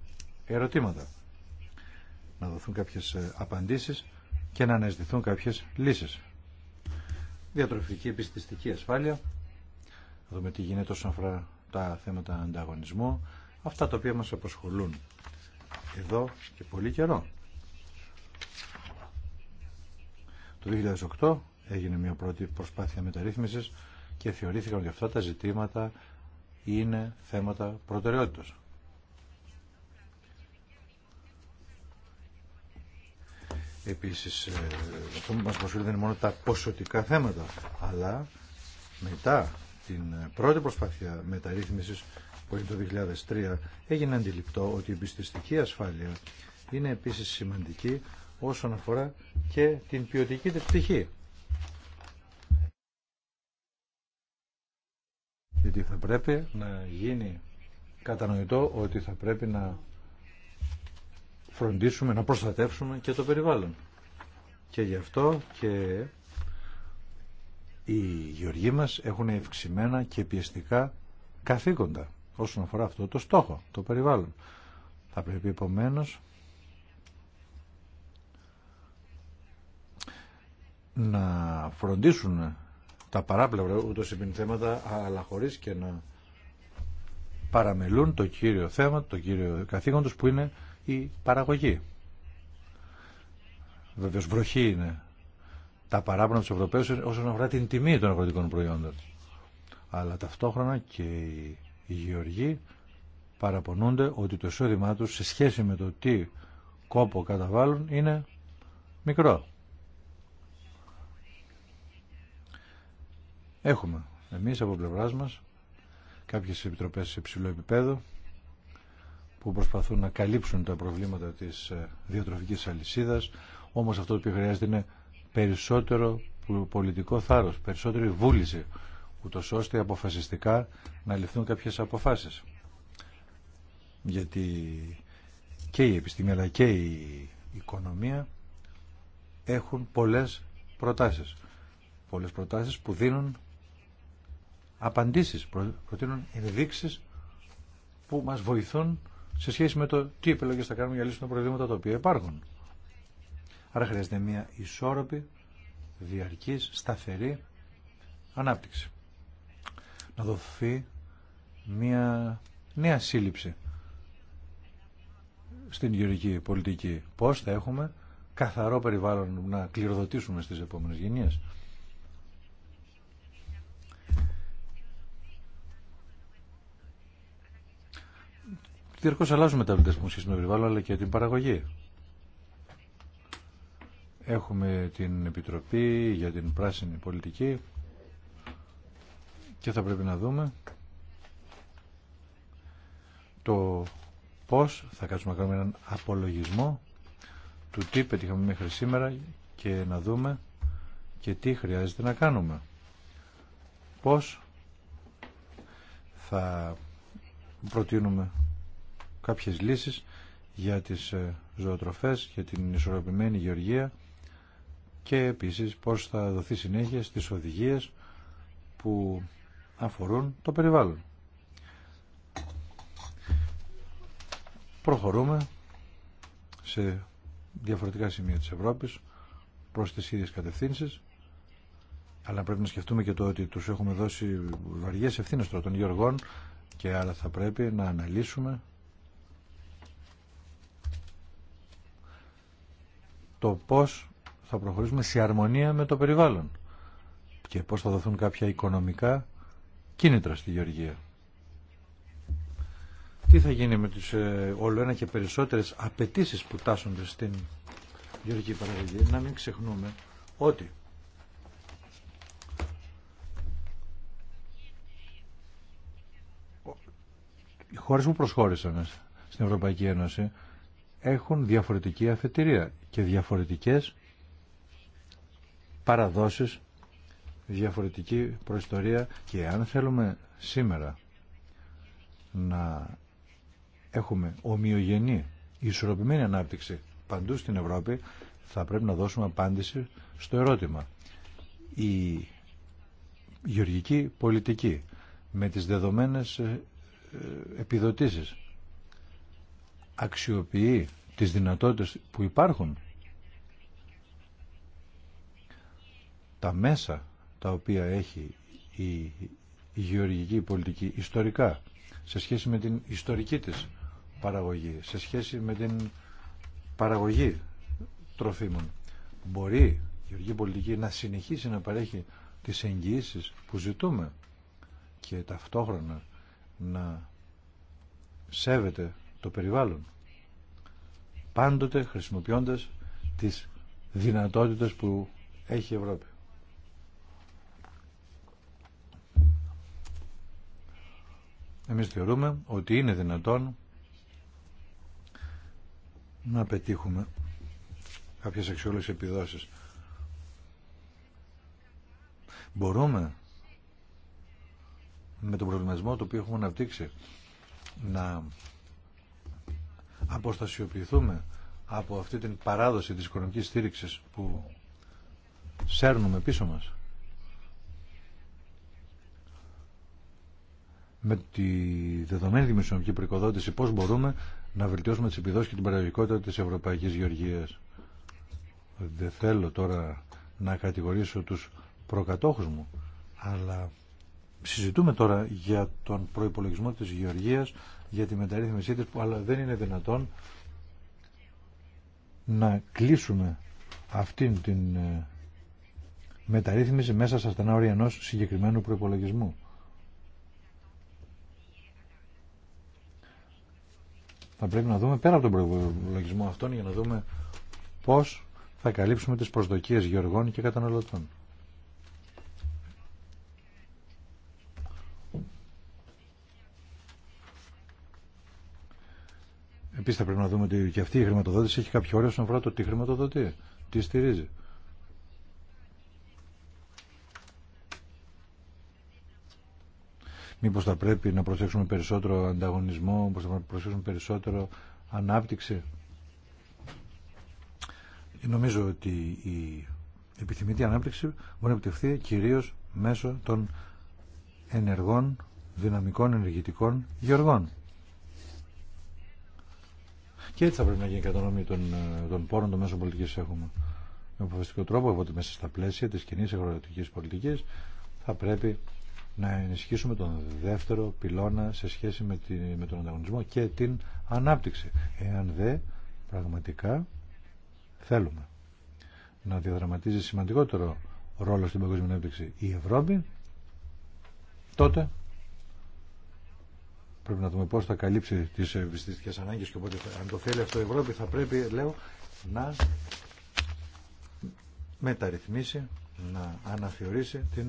ερωτήματα να δοθούν κάποιες ε, απαντήσεις και να αναζητηθούν κάποιες λύσεις. Διατροφική επιστηστική ασφάλεια, να δούμε τι γίνεται όσον αφορά τα θέματα ανταγωνισμού, αυτά τα οποία μας απασχολούν εδώ και πολύ καιρό. Το 2008 έγινε μια πρώτη προσπάθεια μεταρρύθμισης και θεωρήθηκαν ότι αυτά τα ζητήματα είναι θέματα προτεραιότητας. Επίσης, ε, αυτό που μας προσφέρει δεν είναι μόνο τα ποσοτικά θέματα, αλλά μετά στην πρώτη προσπάθεια μεταρρύθμισης που έγινε το 2003 έγινε αντιληπτό ότι η πιστιστική ασφάλεια είναι επίσης σημαντική όσον αφορά και την ποιοτική της πτυχή. Γιατί θα πρέπει να γίνει κατανοητό ότι θα πρέπει να φροντίσουμε, να προστατεύσουμε και το περιβάλλον. Και γι' αυτό και οι γεωργοί μας έχουν ευξημένα και πιεστικά καθήκοντα όσον αφορά αυτό το στόχο, το περιβάλλον. Θα πρέπει επομένω να φροντίσουν τα παράπλευρα ούτως θέματα αλλά χωρίς και να παραμελούν το κύριο θέμα, το κύριο καθήκον που είναι η παραγωγή. Βεβαίως βροχή είναι τα παράπονα του Ευρωπαίου όσον αφορά την τιμή των αγροτικών προϊόντων. Αλλά ταυτόχρονα και οι γεωργοί παραπονούνται ότι το εισόδημά τους σε σχέση με το τι κόπο καταβάλουν είναι μικρό. Έχουμε εμείς από πλευράς μας κάποιες επιτροπές σε ψηλό επίπεδο που προσπαθούν να καλύψουν τα προβλήματα της ε, διατροφικής αλυσίδας όμως αυτό που χρειάζεται είναι περισσότερο πολιτικό θάρρος, περισσότερη βούληση, ούτως ώστε αποφασιστικά να ληφθούν κάποιες αποφάσεις. Γιατί και η επιστήμη αλλά και η οικονομία έχουν πολλές προτάσεις. Πολλές προτάσεις που δίνουν απαντήσεις, προτείνουν ενδείξεις που μας βοηθούν σε σχέση με το τι επιλογές θα κάνουμε για λύσουμε των προβλήματα τα οποία υπάρχουν. Άρα χρειάζεται μια ισόρροπη, διαρκής, σταθερή ανάπτυξη. Να δοθεί μια νέα σύλληψη στην γεωργική πολιτική. Πώς θα έχουμε καθαρό περιβάλλον να κληροδοτήσουμε στις επόμενες γενιές. Διαρκώς αλλάζουμε τα πλητές που περιβάλλον αλλά και την παραγωγή. Έχουμε την Επιτροπή για την Πράσινη Πολιτική και θα πρέπει να δούμε το πώς θα κάτσουμε να κάνουμε έναν απολογισμό του τι πετύχαμε μέχρι σήμερα και να δούμε και τι χρειάζεται να κάνουμε. Πώς θα προτείνουμε κάποιες λύσεις για τις ε, ζωοτροφές, για την ισορροπημένη γεωργία και επίσης πώς θα δοθεί συνέχεια στις οδηγίες που αφορούν το περιβάλλον. Προχωρούμε σε διαφορετικά σημεία της Ευρώπης προς τις ίδιες κατευθύνσεις αλλά πρέπει να σκεφτούμε και το ότι τους έχουμε δώσει βαριές ευθύνες τώρα των Γεωργών και άρα θα πρέπει να αναλύσουμε το πώς θα προχωρήσουμε σε αρμονία με το περιβάλλον και πώς θα δοθούν κάποια οικονομικά κίνητρα στη Γεωργία. Τι θα γίνει με τους ε, όλο ένα και περισσότερες απαιτήσει που τάσσονται στην γεωργική παραγωγή. Να μην ξεχνούμε ότι οι χώρες που προσχώρησαν στην Ευρωπαϊκή Ένωση έχουν διαφορετική αφετηρία και διαφορετικές παραδόσεις, διαφορετική προϊστορία και αν θέλουμε σήμερα να έχουμε ομοιογενή, ισορροπημένη ανάπτυξη παντού στην Ευρώπη, θα πρέπει να δώσουμε απάντηση στο ερώτημα. Η γεωργική πολιτική με τις δεδομένες ε, ε, επιδοτήσεις αξιοποιεί τις δυνατότητες που υπάρχουν τα μέσα τα οποία έχει η γεωργική πολιτική ιστορικά σε σχέση με την ιστορική της παραγωγή, σε σχέση με την παραγωγή τροφίμων. Μπορεί η γεωργική πολιτική να συνεχίσει να παρέχει τις εγγυήσεις που ζητούμε και ταυτόχρονα να σέβεται το περιβάλλον πάντοτε χρησιμοποιώντας τις δυνατότητες που έχει η Ευρώπη. Εμείς θεωρούμε ότι είναι δυνατόν να πετύχουμε κάποιες αξιόλογες επιδόσεις. Μπορούμε με τον προβληματισμό το οποίο έχουμε αναπτύξει να αποστασιοποιηθούμε από αυτή την παράδοση της οικονομικής στήριξης που σέρνουμε πίσω μας. με τη δεδομένη δημοσιονομική προοικοδότηση πώς μπορούμε να βελτιώσουμε τις επιδόσεις και την παραγωγικότητα της Ευρωπαϊκής Γεωργίας. Δεν θέλω τώρα να κατηγορήσω τους προκατόχους μου, αλλά συζητούμε τώρα για τον προϋπολογισμό της Γεωργίας, για τη μεταρρύθμισή της, που αλλά δεν είναι δυνατόν να κλείσουμε αυτήν την ε, μεταρρύθμιση μέσα στα στενά ενό συγκεκριμένου προϋπολογισμού. θα πρέπει να δούμε πέρα από τον προπολογισμό αυτόν για να δούμε πώς θα καλύψουμε τις προσδοκίες γεωργών και καταναλωτών. Επίση θα πρέπει να δούμε ότι και αυτή η χρηματοδότηση έχει κάποιο όριο στον αφορά το τι χρηματοδοτεί, τι στηρίζει. Μήπως θα πρέπει να προσέξουμε περισσότερο ανταγωνισμό, μήπως θα προσέξουμε περισσότερο ανάπτυξη. Νομίζω ότι η επιθυμητή ανάπτυξη μπορεί να επιτευχθεί κυρίως μέσω των ενεργών, δυναμικών, ενεργητικών γεωργών. Και έτσι θα πρέπει να γίνει η κατανομή των, πόρων των μέσων πολιτικής έχουμε. Με αποφασιστικό τρόπο, ότι μέσα στα πλαίσια τη κοινή αγροτική πολιτική θα πρέπει να ενισχύσουμε τον δεύτερο πυλώνα σε σχέση με, με τον ανταγωνισμό και την ανάπτυξη. Εάν δε πραγματικά θέλουμε να διαδραματίζει σημαντικότερο ρόλο στην παγκόσμια ανάπτυξη η Ευρώπη, τότε πρέπει να δούμε πώς θα καλύψει τις ευαισθητικές ανάγκες και οπότε αν το θέλει αυτό η Ευρώπη θα πρέπει, λέω, να μεταρρυθμίσει, να αναθεωρήσει την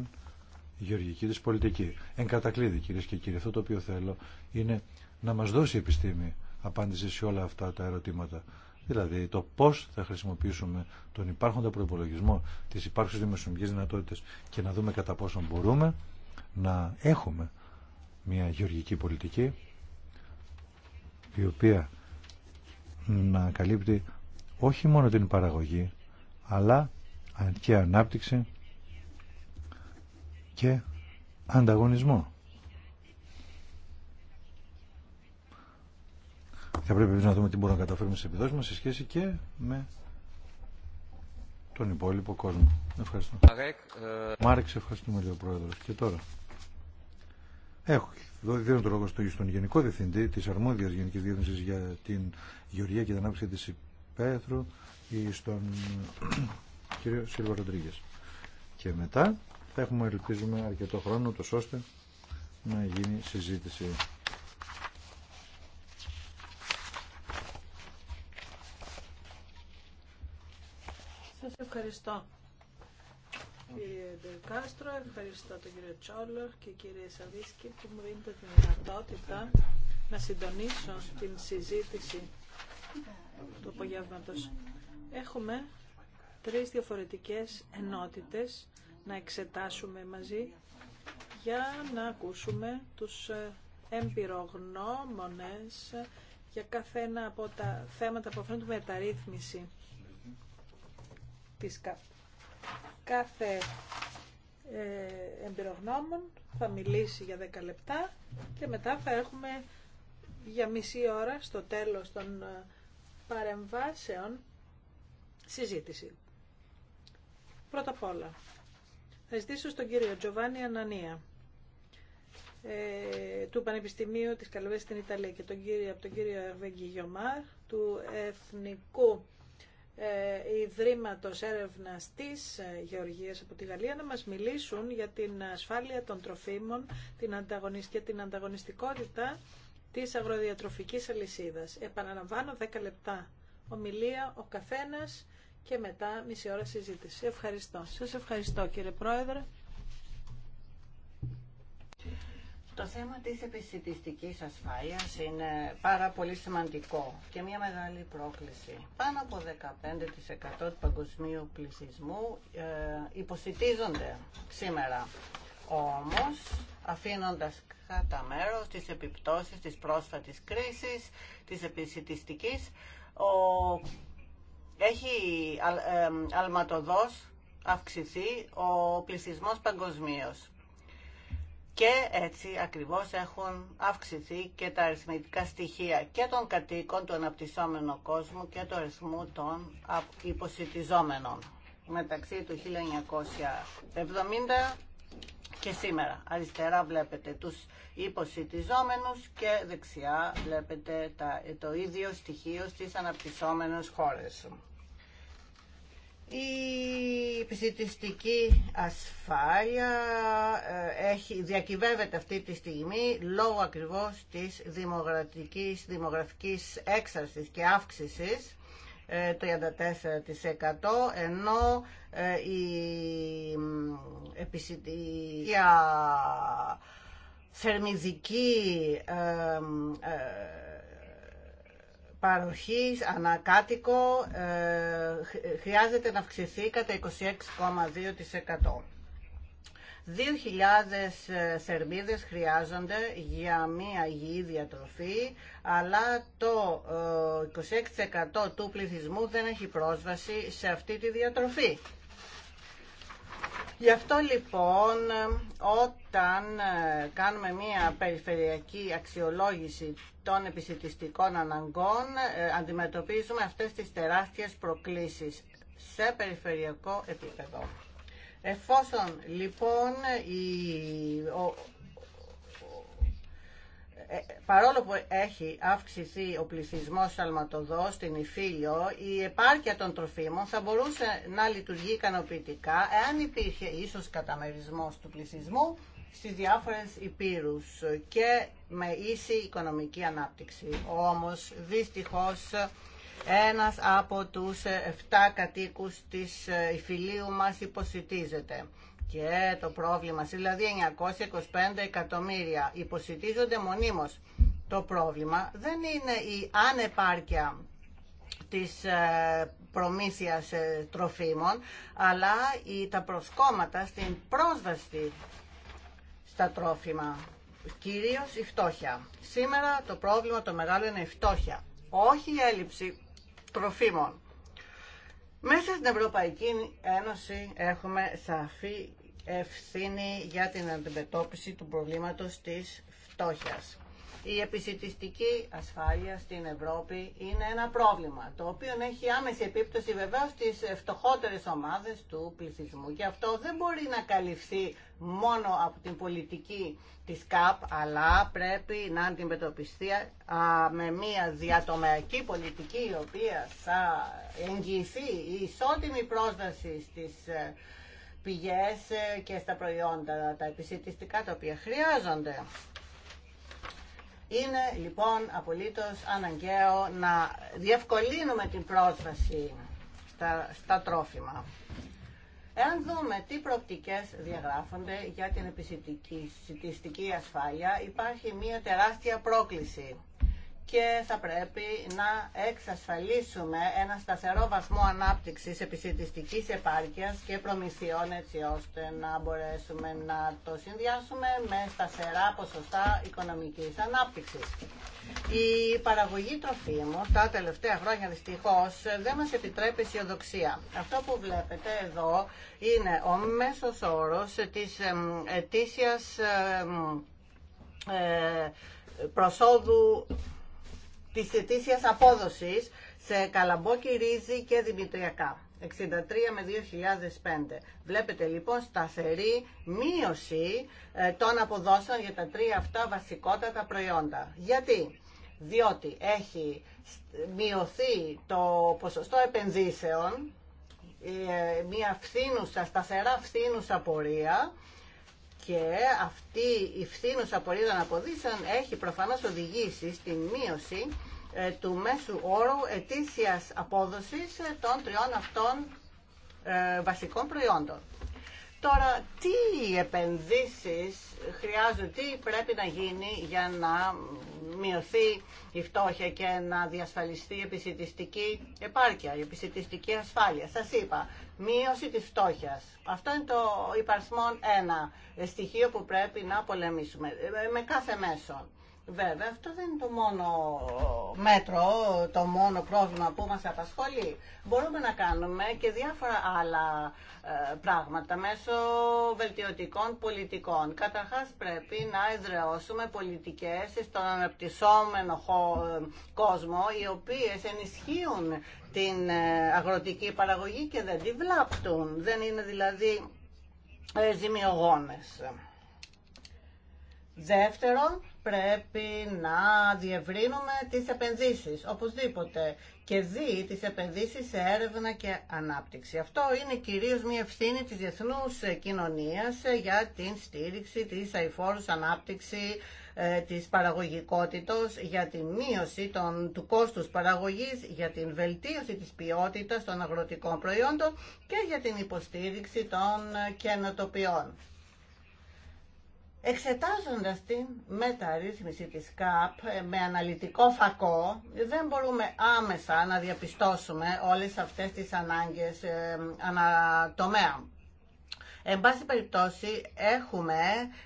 γεωργική της πολιτική. Εν κατακλείδη κυρίε και κύριοι, αυτό το οποίο θέλω είναι να μας δώσει η επιστήμη απάντηση σε όλα αυτά τα ερωτήματα. Δηλαδή το πώς θα χρησιμοποιήσουμε τον υπάρχοντα προπολογισμό, τις υπάρχουσες δημοσιονομικές δυνατότητες και να δούμε κατά πόσο μπορούμε να έχουμε μια γεωργική πολιτική η οποία να καλύπτει όχι μόνο την παραγωγή αλλά και ανάπτυξη και ανταγωνισμό. Θα πρέπει να δούμε τι μπορούμε να καταφέρουμε στις επιδόσεις μας σε σχέση και με τον υπόλοιπο κόσμο. Ευχαριστώ. Ε, Μάρεξ, ευχαριστούμε λίγο πρόεδρο. Και τώρα. Έχω δίνω το λόγο στον Γενικό Διευθυντή της Αρμόδιας Γενικής Διεύθυνσης για την Γεωργία και την Ανάπτυξη της Υπέθρου ή στον [CLEARS THROAT] κύριο Σίλβα Ροντρίγκε. Και μετά θα έχουμε ελπίζουμε αρκετό χρόνο ώστε να γίνει συζήτηση. Σας ευχαριστώ. Κύριε Κάστρο, ευχαριστώ τον κύριο Τσόλο και κύριε Σαβίσκη που μου δίνετε τη δυνατότητα να συντονίσω την συζήτηση του απογεύματος. Έχουμε τρεις διαφορετικές ενότητες να εξετάσουμε μαζί για να ακούσουμε τους ε, εμπειρογνώμονες για κάθε ένα από τα θέματα που αφορούν τη μεταρρύθμιση της ΚΑΠ. Κάθε ε, εμπειρογνώμων θα μιλήσει για 10 λεπτά και μετά θα έχουμε για μισή ώρα στο τέλος των ε, παρεμβάσεων συζήτηση. Πρώτα απ' όλα, θα ζητήσω στον κύριο Τζοβάνι Ανανία ε, του Πανεπιστημίου της Καλαβές στην Ιταλία και τον κύριο, από τον κύριο Ερβέγγι Γιωμάρ του Εθνικού ε, Ιδρύματος Έρευνας της ε, Γεωργίας από τη Γαλλία να μας μιλήσουν για την ασφάλεια των τροφίμων την και την ανταγωνιστικότητα της αγροδιατροφικής αλυσίδας. Επαναλαμβάνω 10 λεπτά ομιλία ο καθένας και μετά μισή ώρα συζήτηση. Ευχαριστώ. Σας ευχαριστώ κύριε Πρόεδρε. Το θέμα της επιστημιστικής ασφάλειας είναι πάρα πολύ σημαντικό και μια μεγάλη πρόκληση. Πάνω από 15% του παγκοσμίου πληθυσμού ε, υποσυτίζονται σήμερα. Όμως, αφήνοντας κατά μέρο τις επιπτώσεις της πρόσφατης κρίσης, της επιστημιστικής, έχει αλματοδός αυξηθεί ο πληθυσμός παγκοσμίως. Και έτσι ακριβώς έχουν αυξηθεί και τα αριθμητικά στοιχεία και των κατοίκων του αναπτυσσόμενου κόσμου και του αριθμού των υποσυτιζόμενων μεταξύ του 1970 και σήμερα. Αριστερά βλέπετε τους υποσυτιζόμενους και δεξιά βλέπετε το ίδιο στοιχείο στις αναπτυσσόμενες χώρες. Η επιστημιστική ασφάλεια ε, έχει, διακυβεύεται αυτή τη στιγμή λόγω ακριβώς της δημογραφικής έξαρσης και αύξησης 34% ε, ενώ ε, η θερμιδική ε, παροχή ανακάτοικο χρειάζεται να αυξηθεί κατά 26,2%. 2.000 ε, θερμίδες χρειάζονται για μία υγιή διατροφή, αλλά το 26% ε, του πληθυσμού δεν έχει πρόσβαση σε αυτή τη διατροφή. Γι' αυτό λοιπόν όταν ε, κάνουμε μία περιφερειακή αξιολόγηση των επισητιστικών αναγκών αντιμετωπίζουμε αυτές τις τεράστιες προκλήσεις σε περιφερειακό επίπεδο. Εφόσον λοιπόν η, ε, παρόλο που έχει αυξηθεί ο πληθυσμός αλματοδό στην Ιφίλιο, η επάρκεια των τροφίμων θα μπορούσε να λειτουργεί ικανοποιητικά εάν υπήρχε ίσως καταμερισμός του πληθυσμού στις διάφορες υπήρους και με ίση οικονομική ανάπτυξη. Όμως δυστυχώς ένας από τους 7 ε, κατοίκους της υφηλίου ε, μας υποσυτίζεται. Και το πρόβλημα, δηλαδή 925 εκατομμύρια υποσυτίζονται μονίμως. Το πρόβλημα δεν είναι η ανεπάρκεια της ε, προμήθειας τροφίμων, αλλά τα προσκόμματα στην πρόσβαση στα τρόφιμα, κυρίως η φτώχεια. Σήμερα το πρόβλημα το μεγάλο είναι η φτώχεια, όχι η έλλειψη τροφίμων. Μέσα στην Ευρωπαϊκή Ένωση έχουμε σαφή ευθύνη για την αντιμετώπιση του προβλήματος της φτώχειας. Η επισητιστική ασφάλεια στην Ευρώπη είναι ένα πρόβλημα, το οποίο έχει άμεση επίπτωση βεβαίως στις φτωχότερες ομάδες του πληθυσμού. Και αυτό δεν μπορεί να καλυφθεί μόνο από την πολιτική της ΚΑΠ, αλλά πρέπει να αντιμετωπιστεί με μια διατομεακή πολιτική, η οποία θα εγγυηθεί η ισότιμη πρόσβαση στις ε, πηγές ε, και στα προϊόντα, τα επισητιστικά τα οποία χρειάζονται είναι λοιπόν απολύτως αναγκαίο να διευκολύνουμε την πρόσβαση στα, τρόφιμα. Εάν δούμε τι προοπτικές διαγράφονται για την επιστημιστική ασφάλεια, υπάρχει μια τεράστια πρόκληση και θα πρέπει να εξασφαλίσουμε ένα σταθερό βαθμό ανάπτυξης επισητιστικής επάρκειας και προμηθειών έτσι ώστε να μπορέσουμε να το συνδυάσουμε με σταθερά ποσοστά οικονομικής ανάπτυξης. Η παραγωγή τροφίμων τα τελευταία χρόνια δυστυχώς δεν μας επιτρέπει αισιοδοξία. Αυτό που βλέπετε εδώ είναι ο μέσος όρος της ετήσιας ε, προσόδου Τη ετήσια απόδοση σε καλαμπόκι, ρύζι και δημητριακά. 63 με 2005. Βλέπετε λοιπόν σταθερή μείωση ε, των αποδόσεων για τα τρία αυτά βασικότατα προϊόντα. Γιατί? Διότι έχει μειωθεί το ποσοστό επενδύσεων, ε, μια φθήνουσα, σταθερά φθήνουσα πορεία, και αυτή η φθήνουσα των αποδείσεων έχει προφανώς οδηγήσει στην μείωση ε, του μέσου όρου ετήσιας απόδοσης ε, των τριών αυτών ε, βασικών προϊόντων. Τώρα, τι επενδύσεις χρειάζονται, τι πρέπει να γίνει για να μειωθεί η φτώχεια και να διασφαλιστεί η επισητιστική επάρκεια, η επισητιστική ασφάλεια. Σας είπα, μείωση της φτώχειας. Αυτό είναι το υπαρθμόν ένα στοιχείο που πρέπει να πολεμήσουμε ε, με κάθε μέσο. Βέβαια, αυτό δεν είναι το μόνο μέτρο, το μόνο πρόβλημα που μας απασχολεί. Μπορούμε να κάνουμε και διάφορα άλλα ε, πράγματα μέσω βελτιωτικών πολιτικών. Καταρχάς πρέπει να εδραιώσουμε πολιτικές στον αναπτυσσόμενο κόσμο, οι οποίες ενισχύουν την ε, αγροτική παραγωγή και δεν τη βλάπτουν. Δεν είναι δηλαδή ε, ζημιογόνες. Δεύτερον, πρέπει να διευρύνουμε τις επενδύσεις, οπωσδήποτε, και δει τις επενδύσεις σε έρευνα και ανάπτυξη. Αυτό είναι κυρίως μια ευθύνη της διεθνούς κοινωνίας ε, για την στήριξη της αηφόρους ανάπτυξη ε, της παραγωγικότητας, για την μείωση των, του κόστους παραγωγής, για την βελτίωση της ποιότητας των αγροτικών προϊόντων και για την υποστήριξη των ε, καινοτοπιών. Εξετάζοντας τη μεταρρύθμιση της ΚΑΠ ε, με αναλυτικό φακό, δεν μπορούμε άμεσα να διαπιστώσουμε όλες αυτές τις ανάγκες ε, ανατομέα. Εν πάση περιπτώσει, έχουμε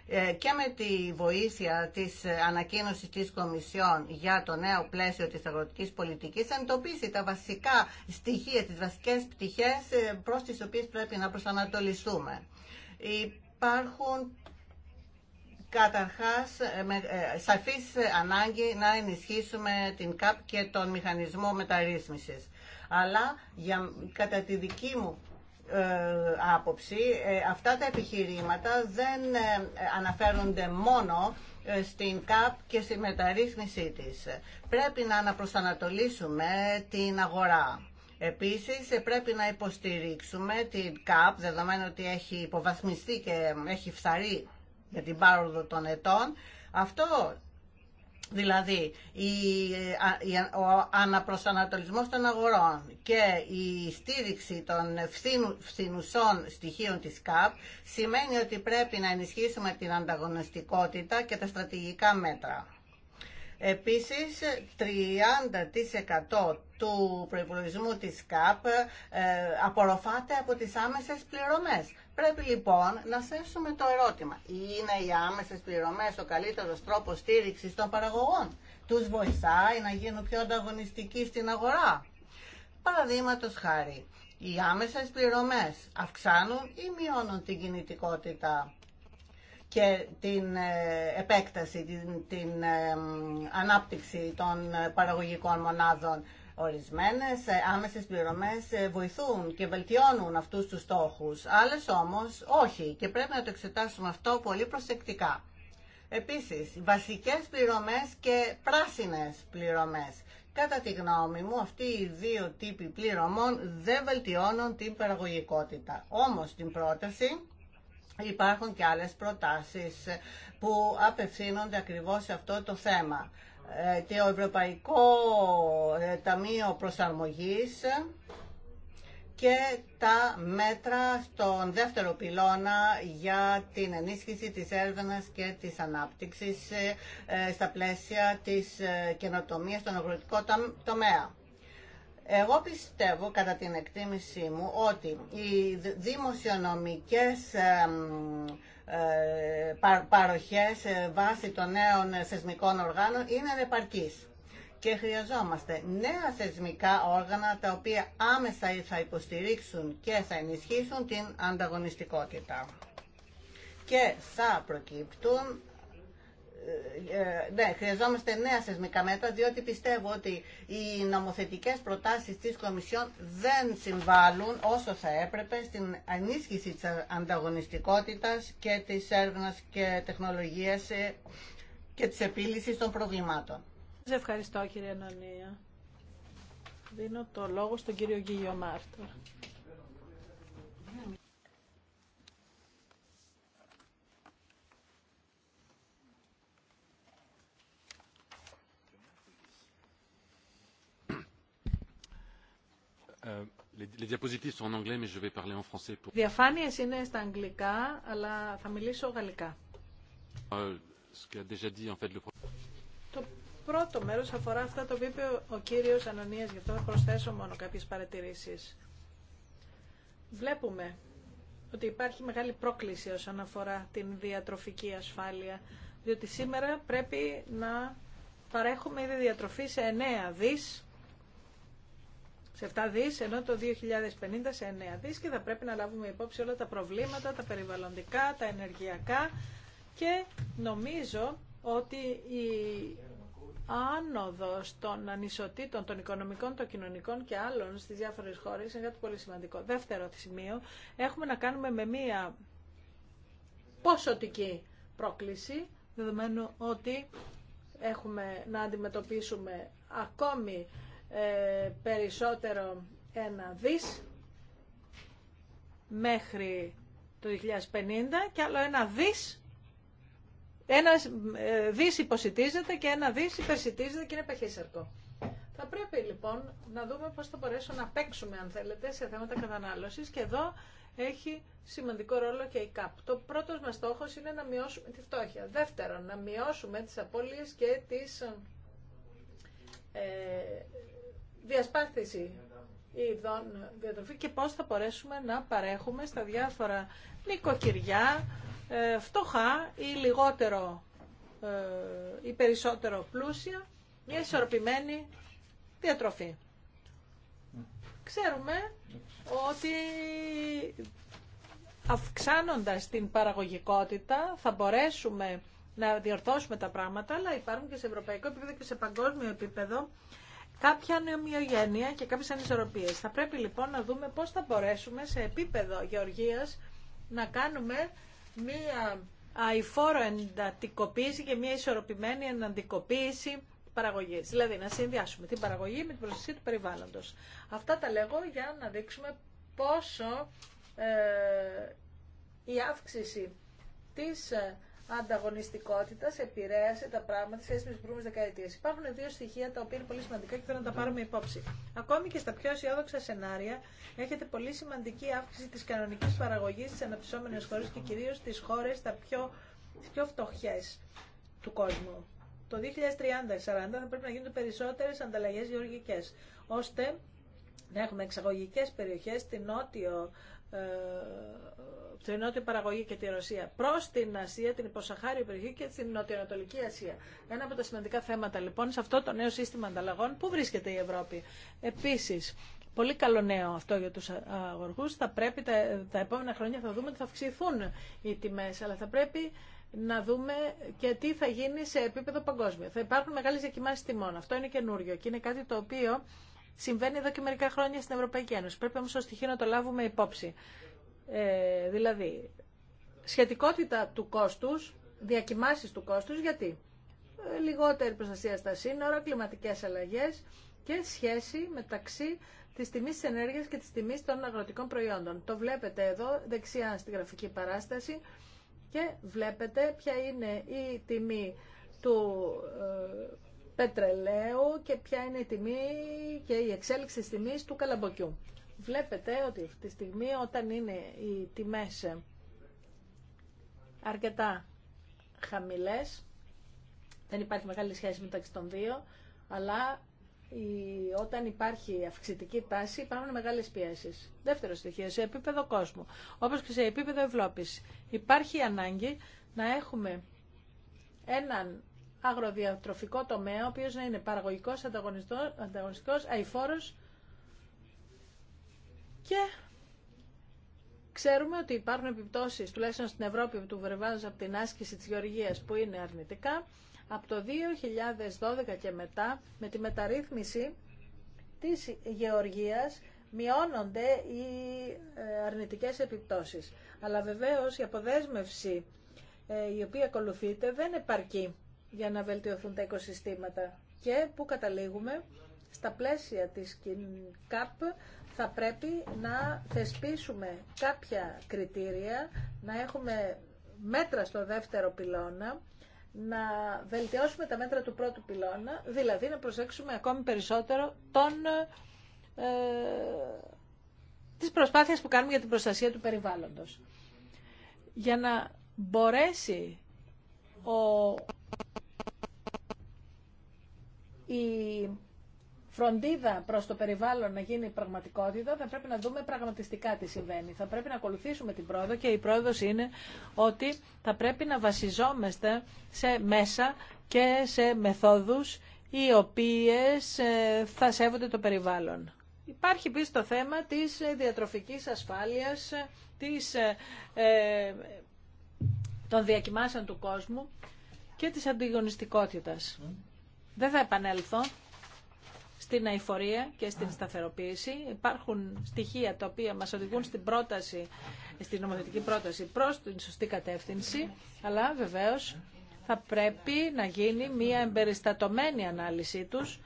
ε, και με τη βοήθεια της ε, ανακοίνωσης της Κομισιόν για το νέο πλαίσιο της αγροτικής πολιτικής εντοπίσει τα βασικά στοιχεία, τις βασικές πτυχές ε, προς τις οποίες πρέπει να προσανατολιστούμε. Υπάρχουν Καταρχάς, ε, με ε, σαφής ανάγκη να ενισχύσουμε την ΚΑΠ και τον μηχανισμό μεταρρύθμισης. Αλλά για, κατά τη δική μου ε, άποψη, αυτά τα επιχειρήματα δεν αναφέρονται μόνο στην ΚΑΠ και στη μεταρρύθμισή της. Πρέπει να αναπροσανατολίσουμε την αγορά. Επίσης πρέπει να υποστηρίξουμε την ΚΑΠ, δεδομένου ότι έχει υποβαθμιστεί και έχει φθαρεί για την πάροδο των ετών. Αυτό Δηλαδή, ε, ο αναπροσανατολισμός των αγορών και η στήριξη των φθηνουσών στοιχείων της ΚΑΠ σημαίνει ότι πρέπει να ενισχύσουμε την ανταγωνιστικότητα και τα στρατηγικά μέτρα. Επίσης, 30% του προϋπολογισμού της ΚΑΠ ε, απορροφάται από τις άμεσες πληρωμές. Πρέπει λοιπόν να θέσουμε το ερώτημα. Είναι οι άμεσες πληρωμές ο καλύτερος τρόπος στήριξης των παραγωγών. Τους βοηθάει να γίνουν πιο ανταγωνιστικοί στην αγορά. Παραδείγματο χάρη, οι άμεσες πληρωμές αυξάνουν ή μειώνουν την κινητικότητα και την ε, επέκταση, την, ε, ανάπτυξη των ε, παραγωγικών μονάδων. Ορισμένες άμεσες πληρωμές βοηθούν και βελτιώνουν αυτούς τους στόχους, άλλες όμως όχι και πρέπει να το εξετάσουμε αυτό πολύ προσεκτικά. Επίσης, βασικές πληρωμές και πράσινες πληρωμές. Κατά τη γνώμη μου, αυτοί οι δύο τύποι πληρωμών δεν βελτιώνουν την παραγωγικότητα. Όμως, την πρόταση Υπάρχουν και άλλες προτάσεις που απευθύνονται ακριβώς σε αυτό το θέμα. Το ε, Ευρωπαϊκό ε, Ταμείο Προσαρμογής και τα μέτρα στον δεύτερο πυλώνα για την ενίσχυση της έρευνας και της ανάπτυξης ε, στα πλαίσια της καινοτομίας στον αγροτικό τομέα. Εγώ πιστεύω κατά την εκτίμησή μου ότι οι δημοσιονομικές ε, παροχές ε, βάσει των νέων θεσμικών οργάνων είναι ανεπαρκείς. και χρειαζόμαστε νέα θεσμικά όργανα τα οποία άμεσα θα υποστηρίξουν και θα ενισχύσουν την ανταγωνιστικότητα και θα προκύπτουν ε, ναι, χρειαζόμαστε νέα θεσμικά μέτρα, διότι πιστεύω ότι οι νομοθετικές προτάσεις της Κομισιόν δεν συμβάλλουν όσο θα έπρεπε στην ανίσχυση της ανταγωνιστικότητας και της έρευνας και τεχνολογίας ε, και της επίλυσης των προβλημάτων. Σας ευχαριστώ κύριε Νανία. Δίνω το λόγο στον κύριο Γκίγιο Οι euh, διαφάνειες είναι στα αγγλικά, αλλά θα μιλήσω γαλλικά. Euh, το πρώτο μέρος αφορά αυτά το οποίο είπε ο κύριος Ανωνίας, γι' αυτό θα προσθέσω μόνο κάποιες παρατηρήσεις. Βλέπουμε ότι υπάρχει μεγάλη πρόκληση όσον αφορά την διατροφική ασφάλεια, διότι σήμερα πρέπει να παρέχουμε ήδη διατροφή σε 9 δις σε 7 δις, ενώ το 2050 σε 9 δις και θα πρέπει να λάβουμε υπόψη όλα τα προβλήματα, τα περιβαλλοντικά, τα ενεργειακά και νομίζω ότι η άνοδος των ανισοτήτων, των οικονομικών, των κοινωνικών και άλλων στις διάφορες χώρες είναι κάτι πολύ σημαντικό. Δεύτερο σημείο, έχουμε να κάνουμε με μία ποσοτική πρόκληση, δεδομένου ότι έχουμε να αντιμετωπίσουμε ακόμη ε, περισσότερο ένα δις μέχρι το 2050 και άλλο ένα δις ένα ε, δις υποσυτίζεται και ένα δις υπερσυτίζεται και είναι παχύσαρκο. Θα πρέπει λοιπόν να δούμε πώς θα μπορέσουμε να παίξουμε αν θέλετε σε θέματα κατανάλωσης και εδώ έχει σημαντικό ρόλο και η ΚΑΠ. Το πρώτος μας στόχος είναι να μειώσουμε τη φτώχεια. Δεύτερον, να μειώσουμε τις απώλειες και τις ε, διασπάθηση ειδών διατροφή και πώς θα μπορέσουμε να παρέχουμε στα διάφορα νοικοκυριά ε, φτωχά ή λιγότερο ε, ή περισσότερο πλούσια μια ισορροπημένη διατροφή. Ξέρουμε ότι αυξάνοντας την παραγωγικότητα θα μπορέσουμε να διορθώσουμε τα πράγματα, αλλά υπάρχουν και σε ευρωπαϊκό επίπεδο και σε παγκόσμιο επίπεδο κάποια νεομοιογένεια και κάποιε ανισορροπίε. Θα πρέπει λοιπόν να δούμε πώς θα μπορέσουμε σε επίπεδο γεωργίας να κάνουμε μία αηφόρο εντατικοποίηση και μία ισορροπημένη εναντικοποίηση παραγωγή. Δηλαδή να συνδυάσουμε την παραγωγή με την προστασία του περιβάλλοντος. Αυτά τα λέγω για να δείξουμε πόσο ε, η αύξηση της ε, ανταγωνιστικότητα επηρέασε τα πράγματα σε σχέση με τι προηγούμενε δεκαετίε. Υπάρχουν δύο στοιχεία τα οποία είναι πολύ σημαντικά και θέλω να τα ναι. πάρουμε υπόψη. Ακόμη και στα πιο αισιόδοξα σενάρια, έχετε πολύ σημαντική αύξηση τη κανονική παραγωγή στι αναπτυσσόμενε χώρε και κυρίω στι χώρε τα πιο, πιο φτωχέ του κόσμου. Το 2030-40 θα πρέπει να γίνονται περισσότερε ανταλλαγέ γεωργικέ, ώστε να έχουμε εξαγωγικέ περιοχέ στην νότιο ε, την νότια παραγωγή και τη Ρωσία προ την Ασία, την υποσαχάρια περιοχή και την νοτιοανατολική Ασία. Ένα από τα σημαντικά θέματα λοιπόν σε αυτό το νέο σύστημα ανταλλαγών που βρίσκεται η Ευρώπη. Επίση, πολύ καλό νέο αυτό για του αγωγού. Θα πρέπει τα, τα επόμενα χρόνια θα δούμε ότι θα αυξηθούν οι τιμέ, αλλά θα πρέπει να δούμε και τι θα γίνει σε επίπεδο παγκόσμιο. Θα υπάρχουν μεγάλε διακοιμάσει τιμών. Αυτό είναι καινούριο και είναι κάτι το οποίο συμβαίνει εδώ και μερικά χρόνια στην Ευρωπαϊκή Ένωση. Πρέπει όμως ως στοιχείο να το λάβουμε υπόψη. Ε, δηλαδή, σχετικότητα του κόστους, διακοιμάσεις του κόστους, γιατί ε, λιγότερη προστασία στα σύνορα, κλιματικές αλλαγές και σχέση μεταξύ της τιμής τη ενέργειας και της τιμής των αγροτικών προϊόντων. Το βλέπετε εδώ δεξιά στη γραφική παράσταση και βλέπετε ποια είναι η τιμή του ε, πετρελαίου και ποια είναι η τιμή και η εξέλιξη της τιμής του καλαμποκιού. Βλέπετε ότι αυτή τη στιγμή όταν είναι οι τιμές αρκετά χαμηλές, δεν υπάρχει μεγάλη σχέση μεταξύ των δύο, αλλά όταν υπάρχει αυξητική τάση υπάρχουν μεγάλες πιέσεις. Δεύτερο στοιχείο, σε επίπεδο κόσμου, όπως και σε επίπεδο Ευρώπης, υπάρχει ανάγκη να έχουμε έναν αγροδιατροφικό τομέα, ο οποίος να είναι παραγωγικός, ανταγωνιστικός, αηφόρος και ξέρουμε ότι υπάρχουν επιπτώσεις, τουλάχιστον στην Ευρώπη του βρεβάζουν από την άσκηση της γεωργίας που είναι αρνητικά, από το 2012 και μετά με τη μεταρρύθμιση της γεωργίας μειώνονται οι ε, αρνητικές επιπτώσεις. Αλλά βεβαίως η αποδέσμευση ε, η οποία ακολουθείται δεν επαρκεί για να βελτιωθούν τα οικοσυστήματα. Και που καταλήγουμε, στα πλαίσια της ΚΑΠ θα πρέπει να θεσπίσουμε κάποια κριτήρια, να έχουμε μέτρα στο δεύτερο πυλώνα, να βελτιώσουμε τα μέτρα του πρώτου πυλώνα, δηλαδή να προσέξουμε ακόμη περισσότερο τον, ε, τις προσπάθειες που κάνουμε για την προστασία του περιβάλλοντος. Για να μπορέσει ο η φροντίδα προς το περιβάλλον να γίνει πραγματικότητα, θα πρέπει να δούμε πραγματιστικά τι συμβαίνει. Θα πρέπει να ακολουθήσουμε την πρόοδο και η πρόοδος είναι ότι θα πρέπει να βασιζόμαστε σε μέσα και σε μεθόδους οι οποίες ε, θα σέβονται το περιβάλλον. Υπάρχει επίσης το θέμα της διατροφικής ασφάλειας, της, ε, ε, των διακοιμάσεων του κόσμου και της αντιγωνιστικότητας. Δεν θα επανέλθω στην αηφορία και στην σταθεροποίηση. Υπάρχουν στοιχεία τα οποία μας οδηγούν στην πρόταση, στην νομοθετική πρόταση προς την σωστή κατεύθυνση, αλλά βεβαίως θα πρέπει να γίνει μια εμπεριστατωμένη ανάλυση τους,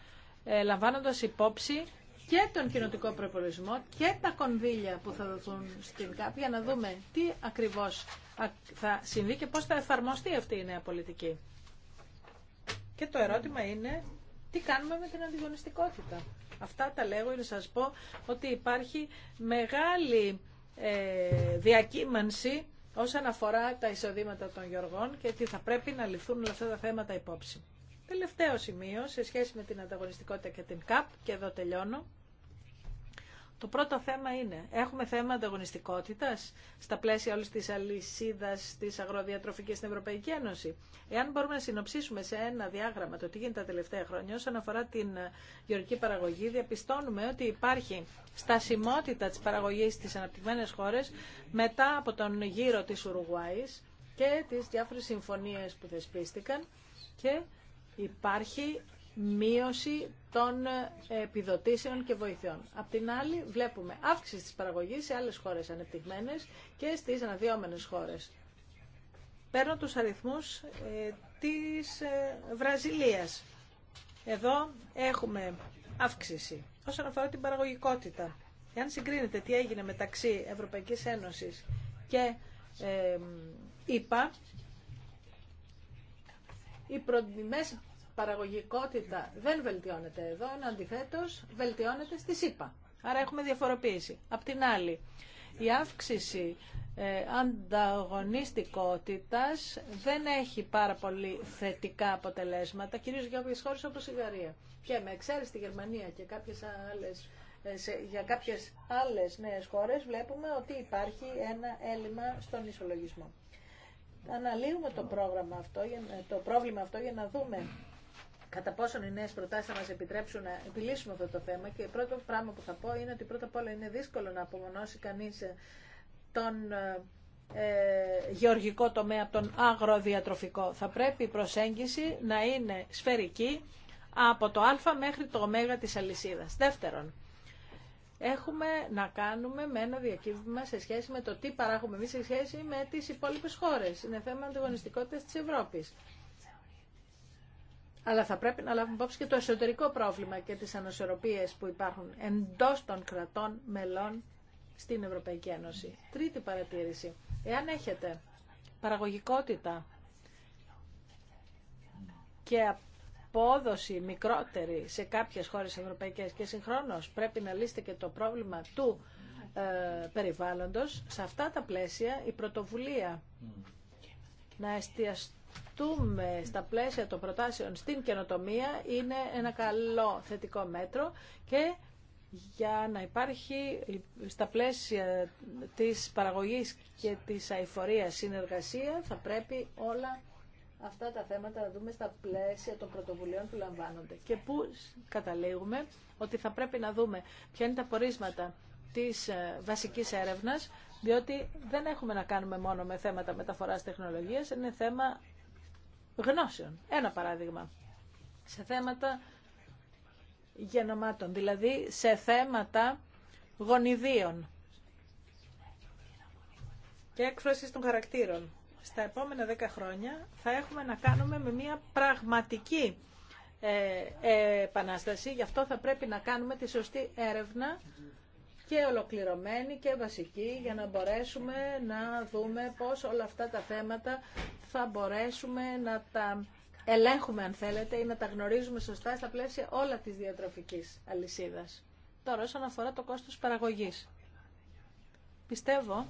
ε, λαμβάνοντας υπόψη και τον κοινοτικό προπολογισμό και τα κονδύλια που θα δοθούν στην ΚΑΠ για να δούμε τι ακριβώς θα συμβεί και πώς θα εφαρμοστεί αυτή η νέα πολιτική. Και το ερώτημα είναι τι κάνουμε με την αντιγωνιστικότητα. Αυτά τα λέγω για να σας πω ότι υπάρχει μεγάλη ε, διακύμανση όσον αφορά τα εισοδήματα των γεωργών και ότι θα πρέπει να ληφθούν όλα αυτά τα θέματα υπόψη. Τελευταίο σημείο σε σχέση με την ανταγωνιστικότητα και την ΚΑΠ, και εδώ τελειώνω. Το πρώτο θέμα είναι, έχουμε θέμα ανταγωνιστικότητας στα πλαίσια όλης της αλυσίδας της αγροδιατροφικής στην Ευρωπαϊκή Ένωση. Εάν μπορούμε να συνοψίσουμε σε ένα διάγραμμα το τι γίνεται τα τελευταία χρόνια όσον αφορά την γεωργική παραγωγή, διαπιστώνουμε ότι υπάρχει στασιμότητα της παραγωγής στις αναπτυγμένες χώρες μετά από τον γύρο της Ουρουγουάης και τις διάφορες συμφωνίες που θεσπίστηκαν και υπάρχει μείωση των ε, επιδοτήσεων και βοηθειών. Απ' την άλλη βλέπουμε αύξηση της παραγωγής σε άλλες χώρες ανεπτυγμένες και στις αναδυόμενες χώρες. Παίρνω τους αριθμούς ε, της ε, Βραζιλίας. Εδώ έχουμε αύξηση όσον αφορά την παραγωγικότητα. Εάν συγκρίνετε τι έγινε μεταξύ Ευρωπαϊκής Ένωσης και ε, οι προτιμές παραγωγικότητα δεν βελτιώνεται εδώ, ενώ αντιθέτω βελτιώνεται στη ΣΥΠΑ. Άρα έχουμε διαφοροποίηση. Απ' την άλλη, η αύξηση ε, ανταγωνιστικότητας δεν έχει πάρα πολύ θετικά αποτελέσματα, κυρίως για όποιες χώρες όπως η Γαρία. Και με εξαίρεση στη Γερμανία και κάποιες ε, για κάποιες άλλες νέες χώρες βλέπουμε ότι υπάρχει ένα έλλειμμα στον ισολογισμό. Αναλύουμε το, πρόγραμμα αυτό, το πρόβλημα αυτό για να δούμε κατά πόσον οι νέε προτάσει θα μα επιτρέψουν να επιλύσουμε αυτό το θέμα. Και πρώτο πράγμα που θα πω είναι ότι πρώτα απ' όλα είναι δύσκολο να απομονώσει κανεί ε, τον ε, ε, γεωργικό τομέα, τον αγροδιατροφικό. Θα πρέπει η προσέγγιση να είναι σφαιρική από το α μέχρι το ω της αλυσίδας. Δεύτερον, έχουμε να κάνουμε με ένα διακύβημα σε σχέση με το τι παράγουμε εμείς σε σχέση με τις υπόλοιπες χώρες. Είναι θέμα ανταγωνιστικότητας της Ευρώπης. Αλλά θα πρέπει να λάβουμε υπόψη και το εσωτερικό πρόβλημα και τις ανοσορροπίες που υπάρχουν εντός των κρατών μελών στην Ευρωπαϊκή Ένωση. Τρίτη παρατήρηση. Εάν έχετε παραγωγικότητα και απόδοση μικρότερη σε κάποιες χώρες ευρωπαϊκές και συγχρόνως πρέπει να λύσετε και το πρόβλημα του ε, περιβάλλοντος, σε αυτά τα πλαίσια η πρωτοβουλία να εστιαστεί στούμε στα πλαίσια των προτάσεων στην καινοτομία είναι ένα καλό θετικό μέτρο και για να υπάρχει στα πλαίσια της παραγωγής και της αηφορίας συνεργασία θα πρέπει όλα αυτά τα θέματα να δούμε στα πλαίσια των πρωτοβουλίων που λαμβάνονται και που καταλήγουμε ότι θα πρέπει να δούμε ποια είναι τα πορίσματα της ε, βασικής έρευνας διότι δεν έχουμε να κάνουμε μόνο με θέματα μεταφοράς τεχνολογίας, είναι θέμα γνώσεων. Ένα παράδειγμα. Σε θέματα γενομάτων, δηλαδή σε θέματα γονιδίων και έκφρασης των χαρακτήρων. Στα επόμενα δέκα χρόνια θα έχουμε να κάνουμε με μια πραγματική ε, ε, επανάσταση. Γι' αυτό θα πρέπει να κάνουμε τη σωστή έρευνα και ολοκληρωμένη και βασική για να μπορέσουμε να δούμε πώς όλα αυτά τα θέματα θα μπορέσουμε να τα ελέγχουμε αν θέλετε ή να τα γνωρίζουμε σωστά στα πλαίσια όλα της διατροφικής αλυσίδας. Τώρα όσον αφορά το κόστος παραγωγής. Πιστεύω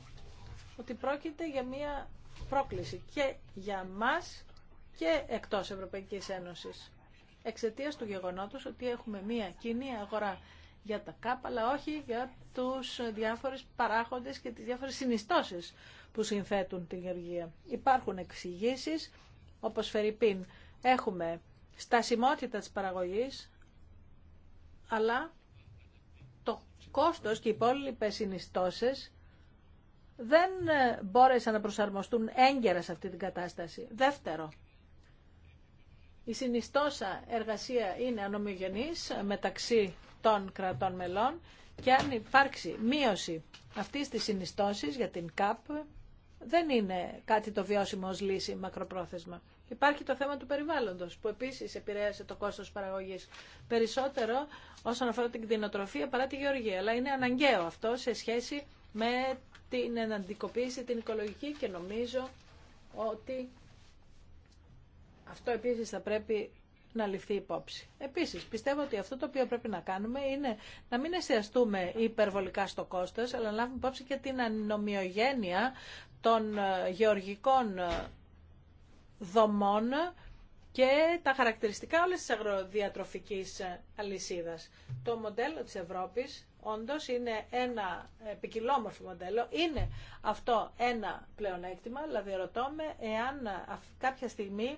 ότι πρόκειται για μια πρόκληση και για μας και εκτός Ευρωπαϊκής Ένωσης εξαιτίας του γεγονότος ότι έχουμε μια κοινή αγορά για τα ΚΑΠ, αλλά όχι για τους διάφορες παράγοντες και τις διάφορες συνιστώσεις που συνθέτουν την γεωργία. Υπάρχουν εξηγήσει, όπως Φερρυπίν, έχουμε στασιμότητα της παραγωγής, αλλά το κόστος και οι υπόλοιπε συνιστώσεις δεν ε, μπόρεσαν να προσαρμοστούν έγκαιρα σε αυτή την κατάσταση. Δεύτερο, η συνιστόσα εργασία είναι ανομοιογενής μεταξύ των κρατών μελών και αν υπάρξει μείωση αυτής της συνιστώσης για την ΚΑΠ δεν είναι κάτι το βιώσιμο ως λύση μακροπρόθεσμα. Υπάρχει το θέμα του περιβάλλοντος που επίσης επηρέασε το κόστος παραγωγής περισσότερο όσον αφορά την κτηνοτροφία παρά τη γεωργία. Αλλά είναι αναγκαίο αυτό σε σχέση με την εναντικοποίηση την οικολογική και νομίζω ότι αυτό επίσης θα πρέπει να ληφθεί υπόψη. Επίσης, πιστεύω ότι αυτό το οποίο πρέπει να κάνουμε είναι να μην εστιαστούμε υπερβολικά στο κόστος, αλλά να λάβουμε υπόψη και την ανομοιογένεια των ε, γεωργικών ε, δομών και τα χαρακτηριστικά όλης της αγροδιατροφικής ε, αλυσίδας. Το μοντέλο της Ευρώπης όντως είναι ένα επικοινόμορφο μοντέλο, είναι αυτό ένα πλεονέκτημα, δηλαδή ρωτώ με εάν κάποια στιγμή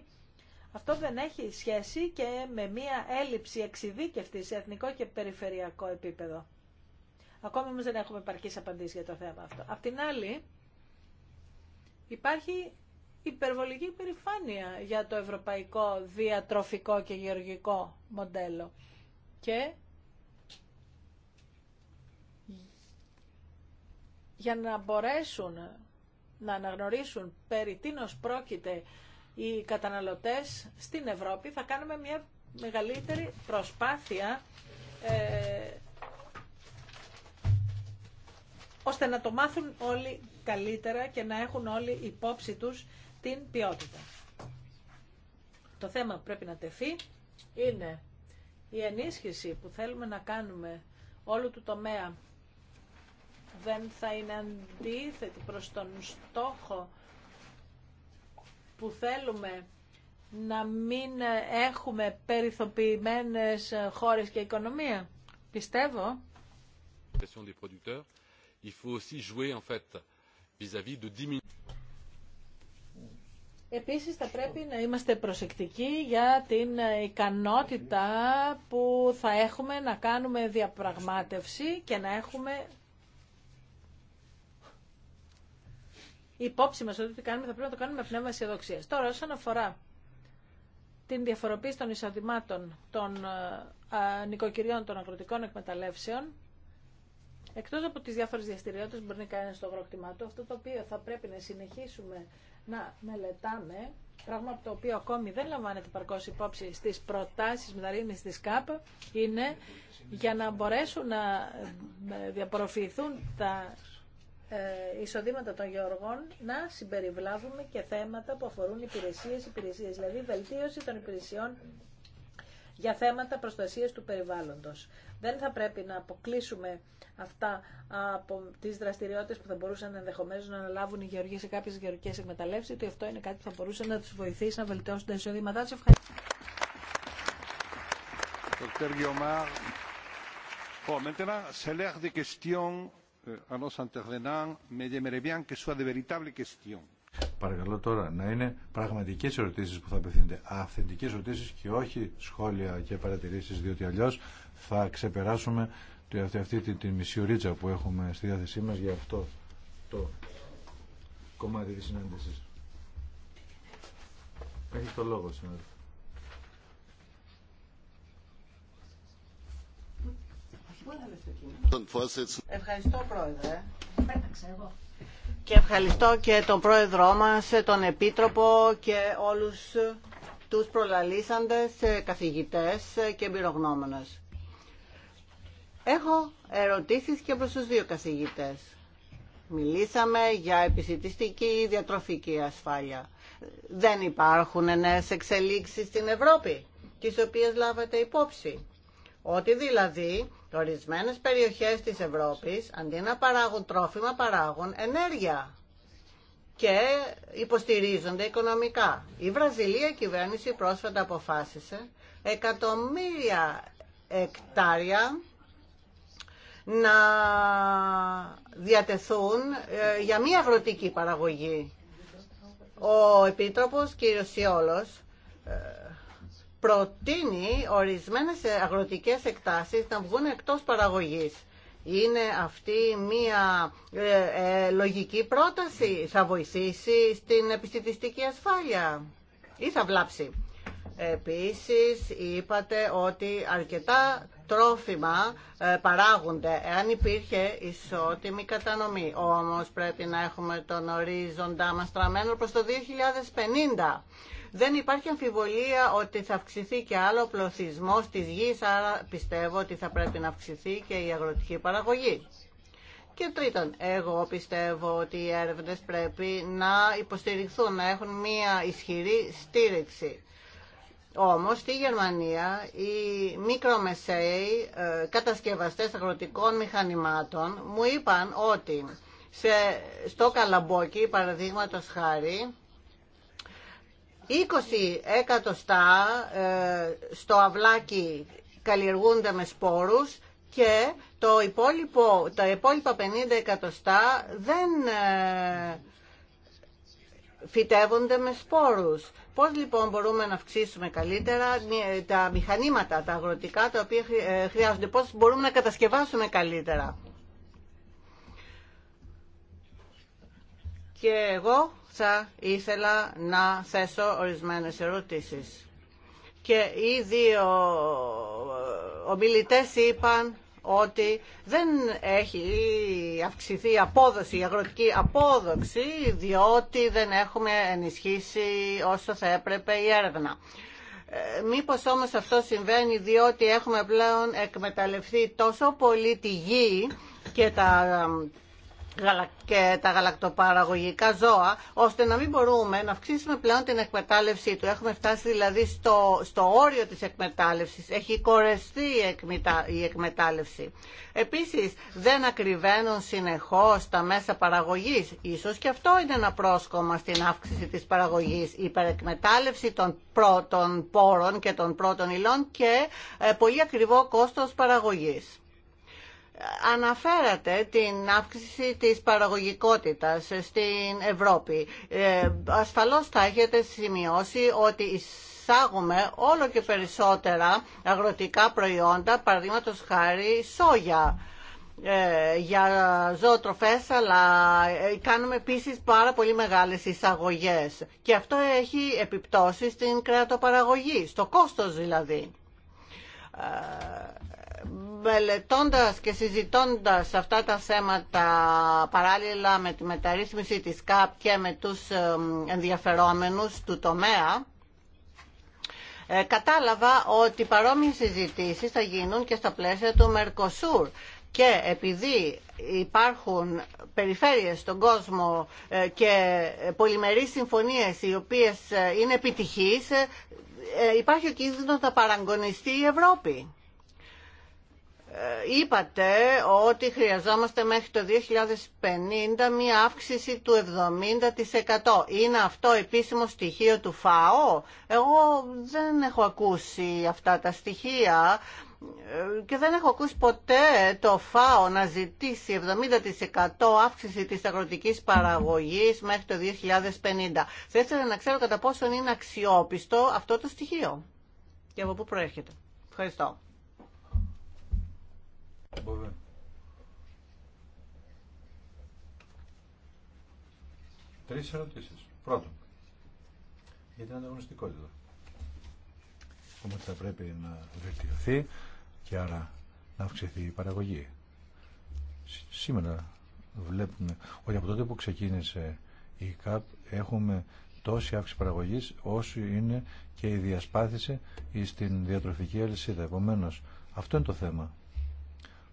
αυτό δεν έχει σχέση και με μία έλλειψη εξειδίκευτη σε εθνικό και περιφερειακό επίπεδο. Ακόμα όμως δεν έχουμε επαρκή απαντήσει για το θέμα αυτό. Απ' την άλλη, υπάρχει υπερβολική υπερηφάνεια για το ευρωπαϊκό διατροφικό και γεωργικό μοντέλο. Και για να μπορέσουν να αναγνωρίσουν περί τίνος πρόκειται οι καταναλωτές στην Ευρώπη θα κάνουμε μια μεγαλύτερη προσπάθεια ε, ώστε να το μάθουν όλοι καλύτερα και να έχουν όλοι υπόψη τους την ποιότητα. Το θέμα που πρέπει να τεθεί είναι η ενίσχυση που θέλουμε να κάνουμε όλου του τομέα δεν θα είναι αντίθετη προς τον στόχο που θέλουμε να μην έχουμε περιθωποιημένες χώρες και οικονομία. Πιστεύω. Επίσης θα πρέπει να είμαστε προσεκτικοί για την ικανότητα που θα έχουμε να κάνουμε διαπραγμάτευση και να έχουμε υπόψη μα ότι κάνουμε θα πρέπει να το κάνουμε με πνεύμα αισιοδοξία. Τώρα, όσον αφορά την διαφοροποίηση των εισοδημάτων των ε, νοικοκυριών των αγροτικών εκμεταλλεύσεων, εκτό από τι διάφορε διαστηριότητες που μπορεί να κάνει στο αγρόκτημά του, αυτό το οποίο θα πρέπει να συνεχίσουμε να μελετάμε, πράγμα το οποίο ακόμη δεν λαμβάνεται παρκώ υπόψη στις προτάσεις μεταρρύθμισης τη ΚΑΠ, είναι για να μπορέσουν να ε, διαποροφηθούν τα ε, εισοδήματα των γεωργών να συμπεριβλάβουμε και θέματα που αφορούν υπηρεσίες, υπηρεσίες, δηλαδή βελτίωση των υπηρεσιών για θέματα προστασίας του περιβάλλοντος. Δεν θα πρέπει να αποκλείσουμε αυτά από τις δραστηριότητες που θα μπορούσαν ενδεχομένως να αναλάβουν οι γεωργοί σε κάποιες γεωργικές εκμεταλλεύσεις, ότι αυτό είναι κάτι που θα μπορούσε να τους βοηθήσει να βελτιώσουν τα εισοδήματά τους. Ευχαριστώ. Oh, ε, Παρακαλώ τώρα να είναι πραγματικέ ερωτήσει που θα απευθύνεται, Αυθεντικέ ερωτήσει και όχι σχόλια και παρατηρήσει, διότι αλλιώ θα ξεπεράσουμε αυτή, αυτή τη, τη μισή που έχουμε στη διάθεσή μα για αυτό το κομμάτι τη συνάντηση. Έχει το λόγο, συνάδελφε. Ευχαριστώ πρόεδρε. Και ευχαριστώ και τον πρόεδρό μας, τον επίτροπο και όλους τους προλαλήσαντες καθηγητές και εμπειρογνώμονες. Έχω ερωτήσεις και προς τους δύο καθηγητές. Μιλήσαμε για επισητιστική διατροφική ασφάλεια. Δεν υπάρχουν νέες εξελίξεις στην Ευρώπη, τις οποίες λάβατε υπόψη. Ότι δηλαδή ορισμένες περιοχές της Ευρώπης, αντί να παράγουν τρόφιμα, παράγουν ενέργεια και υποστηρίζονται οικονομικά. Η Βραζιλία κυβέρνηση πρόσφατα αποφάσισε εκατομμύρια εκτάρια να διατεθούν ε, για μία αγροτική παραγωγή. Ο Επίτροπος κ. Σιόλος ε, προτείνει ορισμένες αγροτικές εκτάσεις να βγουν εκτός παραγωγής. Είναι αυτή μία ε, ε, λογική πρόταση. Θα βοηθήσει στην επιστημιστική ασφάλεια ή θα βλάψει. Επίσης είπατε ότι αρκετά τρόφιμα ε, παράγονται εάν υπήρχε ισότιμη κατανομή. Όμως πρέπει να έχουμε τον ορίζοντά μας τραμμένο προς το 2050. Δεν υπάρχει αμφιβολία ότι θα αυξηθεί και άλλο ο πληθυσμός της γης, άρα πιστεύω ότι θα πρέπει να αυξηθεί και η αγροτική παραγωγή. Και τρίτον, εγώ πιστεύω ότι οι έρευνες πρέπει να υποστηριχθούν, να έχουν μία ισχυρή στήριξη. Όμως στη Γερμανία οι μικρομεσαίοι ε, κατασκευαστές αγροτικών μηχανημάτων μου είπαν ότι σε, στο Καλαμπόκι, παραδείγματο χάρη, 20 εκατοστά ε, στο αυλάκι καλλιεργούνται με σπόρους και το υπόλοιπο, τα υπόλοιπα 50 εκατοστά δεν ε, φυτεύονται με σπόρους. Πώς λοιπόν μπορούμε να αυξήσουμε καλύτερα τα μηχανήματα, τα αγροτικά τα οποία ε, χρειάζονται, πώς μπορούμε να κατασκευάσουμε καλύτερα και εγώ θα ήθελα να θέσω ορισμένες ερωτήσεις. Και οι δύο ε, ομιλητές είπαν ότι δεν έχει αυξηθεί η απόδοση, η αγροτική απόδοξη, διότι δεν έχουμε ενισχύσει όσο θα έπρεπε η έρευνα. Ε, μήπως όμως αυτό συμβαίνει διότι έχουμε πλέον εκμεταλλευτεί τόσο πολύ τη γη και τα και τα γαλακτοπαραγωγικά ζώα, ώστε να μην μπορούμε να αυξήσουμε πλέον την εκμετάλλευσή του. Έχουμε φτάσει δηλαδή στο, στο όριο της εκμετάλλευσης. Έχει κορεστεί η εκμετάλλευση. Επίσης, δεν ακριβένουν συνεχώς τα μέσα παραγωγής. Ίσως και αυτό είναι ένα πρόσκομα στην αύξηση της παραγωγής. Η υπερεκμετάλλευση των πρώτων πόρων και των πρώτων υλών και ε, πολύ ακριβό κόστος παραγωγής αναφέρατε την αύξηση της παραγωγικότητας στην Ευρώπη. Ε, ασφαλώς θα έχετε σημειώσει ότι εισάγουμε όλο και περισσότερα αγροτικά προϊόντα, παραδείγματο χάρη σόγια ε, για ζωοτροφές, αλλά ε, κάνουμε επίσης πάρα πολύ μεγάλες εισαγωγές. Και αυτό έχει επιπτώσει στην κρεατοπαραγωγή, στο κόστος δηλαδή ε, μελετώντας και συζητώντας αυτά τα θέματα παράλληλα με τη μεταρρύθμιση της ΚΑΠ και με τους ε, ενδιαφερόμενους του τομέα, ε, κατάλαβα ότι παρόμοιες συζητήσεις θα γίνουν και στα πλαίσια του Μερκοσούρ. Και επειδή υπάρχουν περιφέρειες στον κόσμο ε, και πολυμερείς συμφωνίες οι οποίες είναι επιτυχείς, υπάρχει ο κίνδυνος να παραγκονιστεί η Ευρώπη. Ε, είπατε ότι χρειαζόμαστε μέχρι το 2050 μία αύξηση του 70%. Είναι αυτό επίσημο στοιχείο του ΦΑΟ. Εγώ δεν έχω ακούσει αυτά τα στοιχεία ε, και δεν έχω ακούσει ποτέ το ΦΑΟ να ζητήσει 70% αύξηση της αγροτικής παραγωγής μέχρι το 2050. Θα ήθελα να ξέρω κατά πόσο είναι αξιόπιστο αυτό το στοιχείο και από πού προέρχεται. Ευχαριστώ. Τρεις ερωτήσεις. Πρώτον, για την ανταγωνιστικότητα. Ομως θα πρέπει να βελτιωθεί και άρα να αυξηθεί η παραγωγή. Σήμερα βλέπουμε ότι από τότε που ξεκίνησε η ΚΑΠ έχουμε τόση αύξηση παραγωγής όσο είναι και η διασπάθηση στην διατροφική αλυσίδα. Επομένως, αυτό είναι το θέμα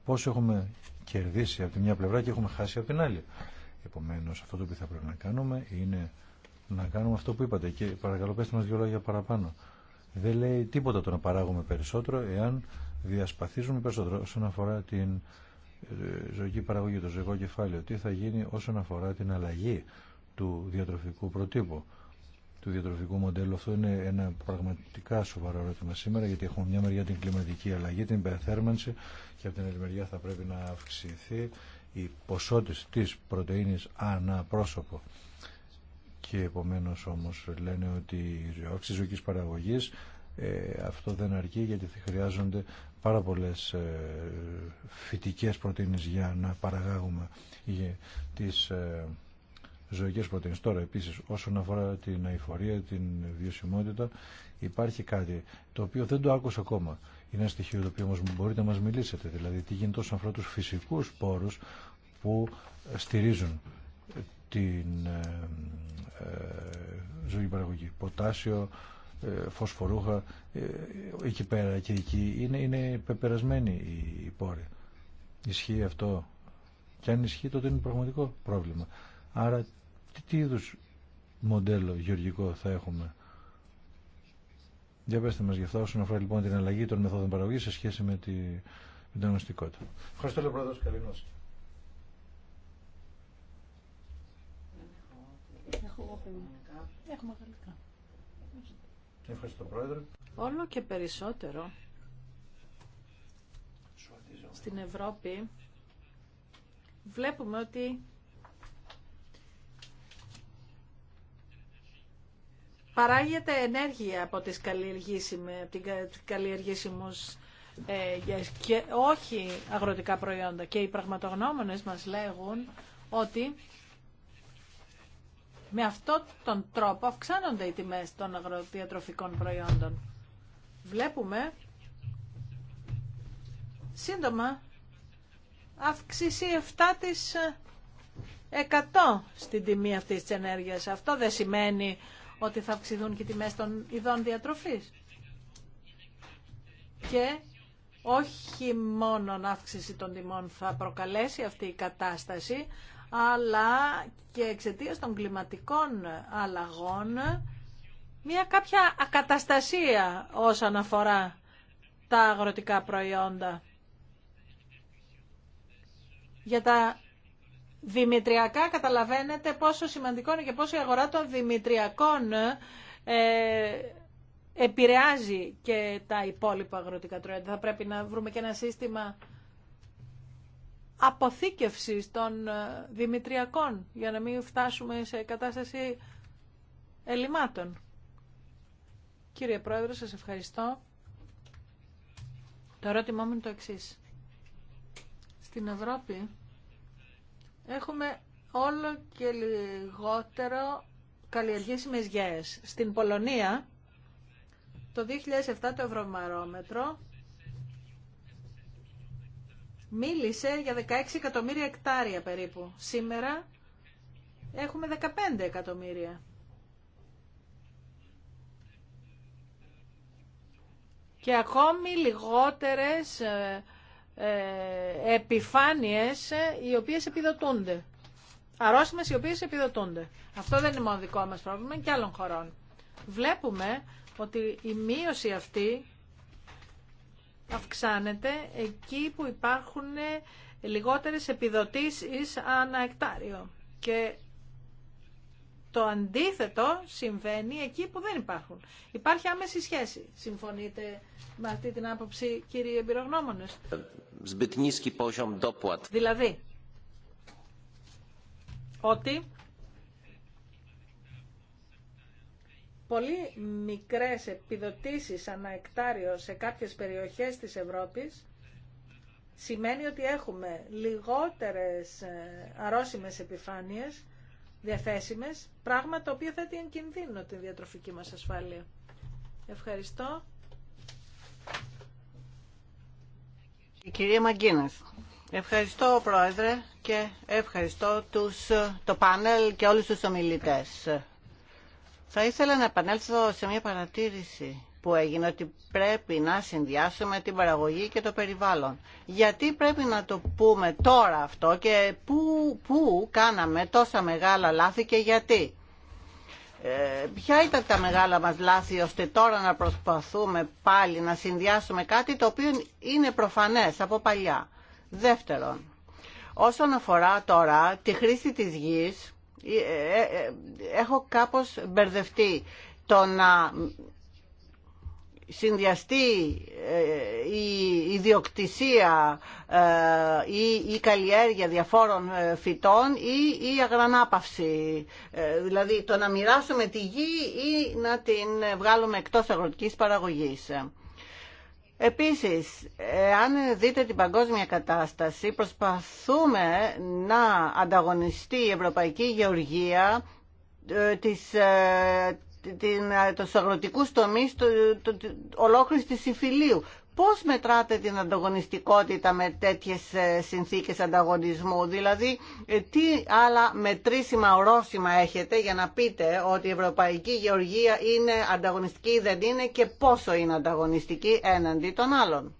πόσο έχουμε κερδίσει από τη μια πλευρά και έχουμε χάσει από την άλλη. Επομένως αυτό το οποίο θα πρέπει να κάνουμε είναι να κάνουμε αυτό που είπατε και παρακαλώ πέστε μας δύο λόγια παραπάνω. Δεν λέει τίποτα το να παράγουμε περισσότερο εάν διασπαθίζουμε περισσότερο όσον αφορά την ε, ζωική παραγωγή, το ζωικό κεφάλαιο. Τι θα γίνει όσον αφορά την αλλαγή του διατροφικού προτύπου του διατροφικού μοντέλου. Αυτό είναι ένα πραγματικά σοβαρό ερώτημα σήμερα, γιατί έχουμε μια μεριά την κλιματική αλλαγή, την υπερθέρμανση και από την άλλη μεριά θα πρέπει να αυξηθεί η ποσότητα της πρωτεΐνης ανά πρόσωπο. Και επομένως όμως λένε ότι η όξη παραγωγής ε, αυτό δεν αρκεί γιατί χρειάζονται πάρα πολλές ε, φυτικές πρωτεΐνες για να παραγάγουμε τις ε, ζωικές πρωτεΐνες. Τώρα επίσης όσον αφορά την αηφορία, την βιωσιμότητα υπάρχει κάτι το οποίο δεν το άκουσα ακόμα. Είναι ένα στοιχείο το οποίο όμως μπορείτε να μας μιλήσετε. Δηλαδή τι γίνεται όσον αφορά τους φυσικούς πόρους που στηρίζουν την ε, ε, ζωική παραγωγή. Ποτάσιο, ε, φωσφορούχα, εκεί πέρα και εκεί είναι, είναι πεπερασμένοι οι, οι πόροι. Ισχύει αυτό. Και αν ισχύει τότε είναι πραγματικό πρόβλημα. Άρα τι, τι μοντέλο γεωργικό θα έχουμε. Διαβέστε μας γι' αυτά όσον αφορά λοιπόν την αλλαγή των μεθόδων παραγωγής σε σχέση με, τη, την Ευχαριστώ λέει πρόεδρος νόση. Έχουμε Ευχαριστώ Όλο και περισσότερο στην Ευρώπη βλέπουμε ότι παράγεται ενέργεια από, τις από την καλλιεργήσιμους ε, και όχι αγροτικά προϊόντα. Και οι πραγματογνώμονες μας λέγουν ότι με αυτόν τον τρόπο αυξάνονται οι τιμές των αγροδιατροφικών προϊόντων. Βλέπουμε σύντομα αύξηση 7% στην τιμή αυτής της ενέργειας. Αυτό δεν σημαίνει ότι θα αυξηθούν και οι τιμές των ειδών διατροφής. Και όχι μόνο αύξηση των τιμών θα προκαλέσει αυτή η κατάσταση, αλλά και εξαιτίας των κλιματικών αλλαγών μια κάποια ακαταστασία όσον αφορά τα αγροτικά προϊόντα. Για τα δημητριακά καταλαβαίνετε πόσο σημαντικό είναι και πόσο η αγορά των δημητριακών ε, επηρεάζει και τα υπόλοιπα αγροτικά τρόφιμα. Θα πρέπει να βρούμε και ένα σύστημα αποθήκευσης των ε, δημητριακών για να μην φτάσουμε σε κατάσταση ελλημάτων. Κύριε Πρόεδρε, σας ευχαριστώ. Το ερώτημά μου είναι το εξής. Στην Ευρώπη έχουμε όλο και λιγότερο καλλιεργήσιμες γέες. Στην Πολωνία το 2007 το Ευρωμαρόμετρο μίλησε για 16 εκατομμύρια εκτάρια περίπου. Σήμερα έχουμε 15 εκατομμύρια. Και ακόμη λιγότερες ε, ε, επιφάνειες ε, οι οποίες επιδοτούνται. Αρρώσιμες οι οποίες επιδοτούνται. Αυτό δεν είναι μόνο δικό μας πρόβλημα και άλλων χωρών. Βλέπουμε ότι η μείωση αυτή αυξάνεται εκεί που υπάρχουν λιγότερες επιδοτήσεις ανά εκτάριο. Και το αντίθετο συμβαίνει εκεί που δεν υπάρχουν. Υπάρχει άμεση σχέση. Συμφωνείτε με αυτή την άποψη, κύριε εμπειρογνώμονες. Δηλαδή, ότι πολύ μικρές επιδοτήσεις ανά σε κάποιες περιοχές της Ευρώπης σημαίνει ότι έχουμε λιγότερες ε, αρρώσιμες επιφάνειες διαθέσιμες, πράγμα το οποίο θέτει εν κινδύνο τη διατροφική μας ασφάλεια. Ευχαριστώ. Η κυρία Μαγκίνας. Ευχαριστώ Πρόεδρε και ευχαριστώ τους, το πάνελ και όλους τους ομιλητές. Θα ήθελα να επανέλθω σε μια παρατήρηση που έγινε ότι πρέπει να συνδυάσουμε την παραγωγή και το περιβάλλον. Γιατί πρέπει να το πούμε τώρα αυτό και πού, κάναμε τόσα μεγάλα λάθη και γιατί. Ε, ποια ήταν τα μεγάλα μας λάθη ώστε τώρα να προσπαθούμε πάλι να συνδυάσουμε κάτι το οποίο είναι προφανές από παλιά. Δεύτερον, όσον αφορά τώρα τη χρήση της γης, ε, ε, ε, έχω κάπως μπερδευτεί το να συνδυαστεί ε, η ιδιοκτησία ε, ή η καλλιέργεια διαφόρων ε, φυτών ή η αγρανάπαυση. Δηλαδή το να μοιράσουμε τη γη ή να την βγάλουμε εκτός αγροτικής παραγωγής. Επίσης, αν δείτε την παγκόσμια κατάσταση, προσπαθούμε να ανταγωνιστεί η Ευρωπαϊκή Γεωργία της. Ε, τους αγροτικούς τομείς ολόκληρης της συμφιλίου. Πώς μετράτε την ανταγωνιστικότητα με τέτοιες ε, συνθήκες ανταγωνισμού, δηλαδή ε, τι άλλα μετρήσιμα ορόσημα έχετε για να πείτε ότι η Ευρωπαϊκή Γεωργία είναι ανταγωνιστική ή δεν είναι και πόσο είναι ανταγωνιστική έναντι των άλλων.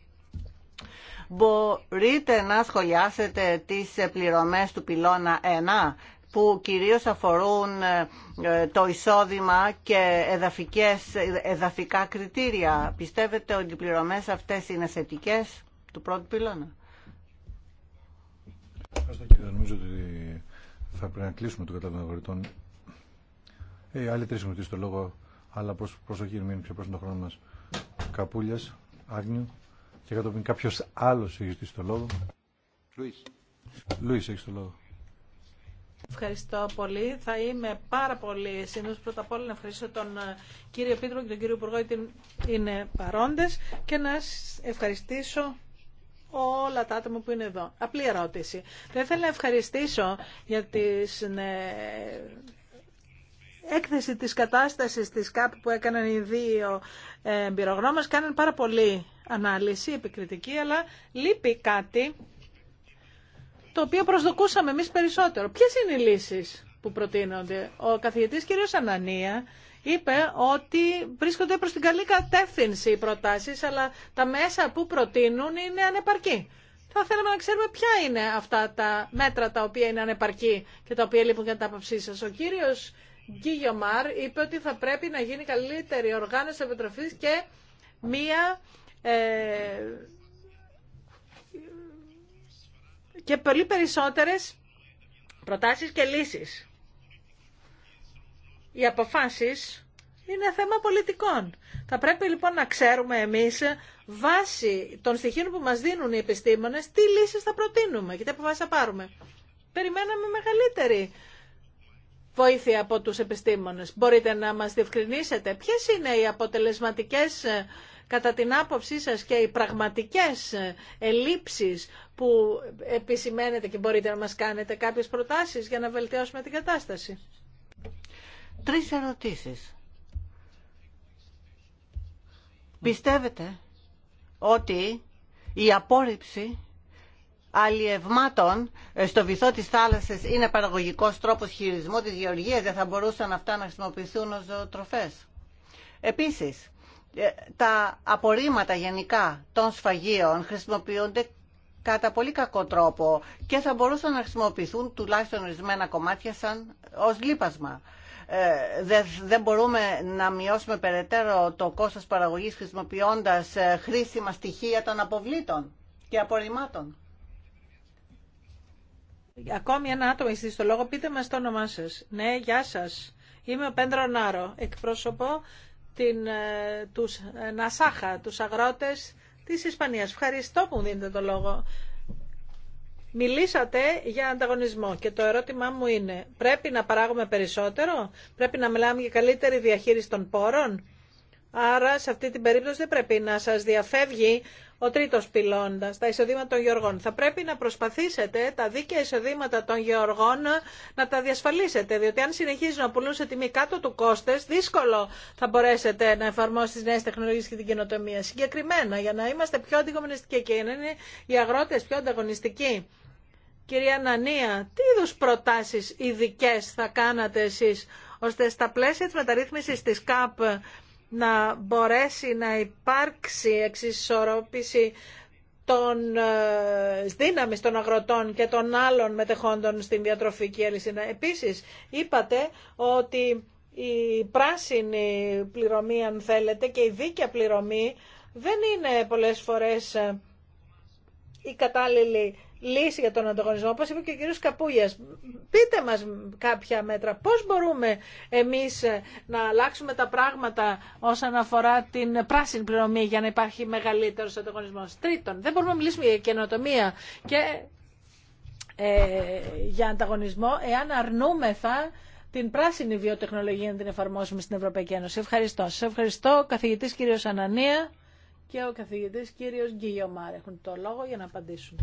Μπορείτε να σχολιάσετε τις πληρωμές του πυλώνα 1 που κυρίως αφορούν ε, ε, το εισόδημα και εδαφικές, εδαφικά κριτήρια. Πιστεύετε ότι οι πληρωμές αυτές είναι θετικές του πρώτου πυλώνα. Ευχαριστώ κύριε. Νομίζω ότι θα πρέπει να κλείσουμε το κατάλληλο των αγορητών. Ε, άλλοι τρεις έχουν το λόγο, αλλά προς, προσοχή να μείνει πιο πρόσφατο χρόνο μας. Καπούλιας, Άγνιου και κατόπιν κάποιος άλλος έχει το λόγο. Λουίς. Λουίς έχει το λόγο. Ευχαριστώ πολύ. Θα είμαι πάρα πολύ σύντομο. Πρώτα απ' όλα να ευχαριστήσω τον ε, κύριο Πίτρο και τον κύριο Υπουργό γιατί είναι παρόντες και να ευχαριστήσω όλα τα άτομα που είναι εδώ. Απλή ερώτηση. Θα ήθελα να ευχαριστήσω για τις ναι, έκθεση της κατάστασης της ΚΑΠ που έκαναν οι δύο ε, εμπειρογνώμες. Κάναν πάρα πολύ ανάλυση, επικριτική, αλλά λείπει κάτι το οποίο προσδοκούσαμε εμεί περισσότερο. Ποιε είναι οι λύσεις που προτείνονται. Ο καθηγητής κ. Ανανία είπε ότι βρίσκονται προς την καλή κατεύθυνση οι προτάσει, αλλά τα μέσα που προτείνουν είναι ανεπαρκή. Θα θέλαμε να ξέρουμε ποια είναι αυτά τα μέτρα τα οποία είναι ανεπαρκή και τα οποία λείπουν για την άποψή σα. Ο κύριος Γκίγιομάρ είπε ότι θα πρέπει να γίνει καλύτερη οργάνωση επιτροφή και μία ε, και πολύ περισσότερες προτάσεις και λύσεις. Οι αποφάσεις είναι θέμα πολιτικών. Θα πρέπει λοιπόν να ξέρουμε εμείς βάσει των στοιχείων που μας δίνουν οι επιστήμονες τι λύσεις θα προτείνουμε και τι αποφάσεις θα πάρουμε. Περιμέναμε μεγαλύτερη βοήθεια από τους επιστήμονες. Μπορείτε να μας διευκρινίσετε ποιες είναι οι αποτελεσματικές κατά την άποψή σας και οι πραγματικές ε, ελλείψεις που επισημαίνετε και μπορείτε να μας κάνετε κάποιες προτάσεις για να βελτιώσουμε την κατάσταση. Τρεις ερωτήσεις. Πιστεύετε ότι η απόρριψη αλλιευμάτων ε, στο βυθό της θάλασσας είναι παραγωγικός τρόπος χειρισμού της γεωργίας, δεν θα μπορούσαν αυτά να χρησιμοποιηθούν ως τροφές. Επίσης, ε, τα απορρίμματα γενικά των σφαγείων χρησιμοποιούνται κατά πολύ κακό τρόπο και θα μπορούσαν να χρησιμοποιηθούν τουλάχιστον ορισμένα κομμάτια σαν, ως λείπασμα. Ε, δεν μπορούμε να μειώσουμε περαιτέρω το κόστος παραγωγής χρησιμοποιώντας ε, χρήσιμα στοιχεία των αποβλήτων και απορριμμάτων. Ακόμη ένα άτομο είστε στο λόγο, πείτε μας το όνομά σας. Ναι, γεια σας. Είμαι ο Πέντρο Νάρο, εκπρόσωπο την, ε, Νασάχα, τους αγρότες Τη Ισπανίας. Ευχαριστώ που μου δίνετε το λόγο. Μιλήσατε για ανταγωνισμό και το ερώτημά μου είναι πρέπει να παράγουμε περισσότερο, πρέπει να μιλάμε για καλύτερη διαχείριση των πόρων. Άρα σε αυτή την περίπτωση δεν πρέπει να σας διαφεύγει ο τρίτο πυλώντα, τα εισοδήματα των γεωργών. Θα πρέπει να προσπαθήσετε τα δίκαια εισοδήματα των γεωργών να τα διασφαλίσετε, διότι αν συνεχίζουν να πουλούν σε τιμή κάτω του κόστε, δύσκολο θα μπορέσετε να εφαρμόσετε τι νέε τεχνολογίε και την καινοτομία. Συγκεκριμένα, για να είμαστε πιο αντιγωνιστικοί και να είναι οι αγρότε πιο ανταγωνιστικοί. Κυρία Νανία, τι είδου προτάσει ειδικέ θα κάνατε εσεί ώστε στα πλαίσια τη μεταρρύθμισης της ΚΑΠ να μπορέσει να υπάρξει εξισορρόπηση των ε, δύναμη των αγροτών και των άλλων μετεχόντων στην διατροφική αλυσίδα. Επίσης, είπατε ότι η πράσινη πληρωμή, αν θέλετε, και η δίκαια πληρωμή δεν είναι πολλές φορές ε, η κατάλληλη λύση για τον ανταγωνισμό. Όπως είπε και ο κύριος Καπούγιας, πείτε μας κάποια μέτρα. Πώς μπορούμε εμείς ε, να αλλάξουμε τα πράγματα όσον αφορά την πράσινη πληρωμή για να υπάρχει μεγαλύτερος ανταγωνισμός. Τρίτον, δεν μπορούμε να μιλήσουμε για καινοτομία και ε, για ανταγωνισμό εάν αρνούμεθα την πράσινη βιοτεχνολογία να την εφαρμόσουμε στην Ευρωπαϊκή Ένωση. Ευχαριστώ. Σας ευχαριστώ, καθηγητής κύριος Ανανία και ο καθηγητής κύριος Γκίγιο Μάρ έχουν το λόγο για να απαντήσουν.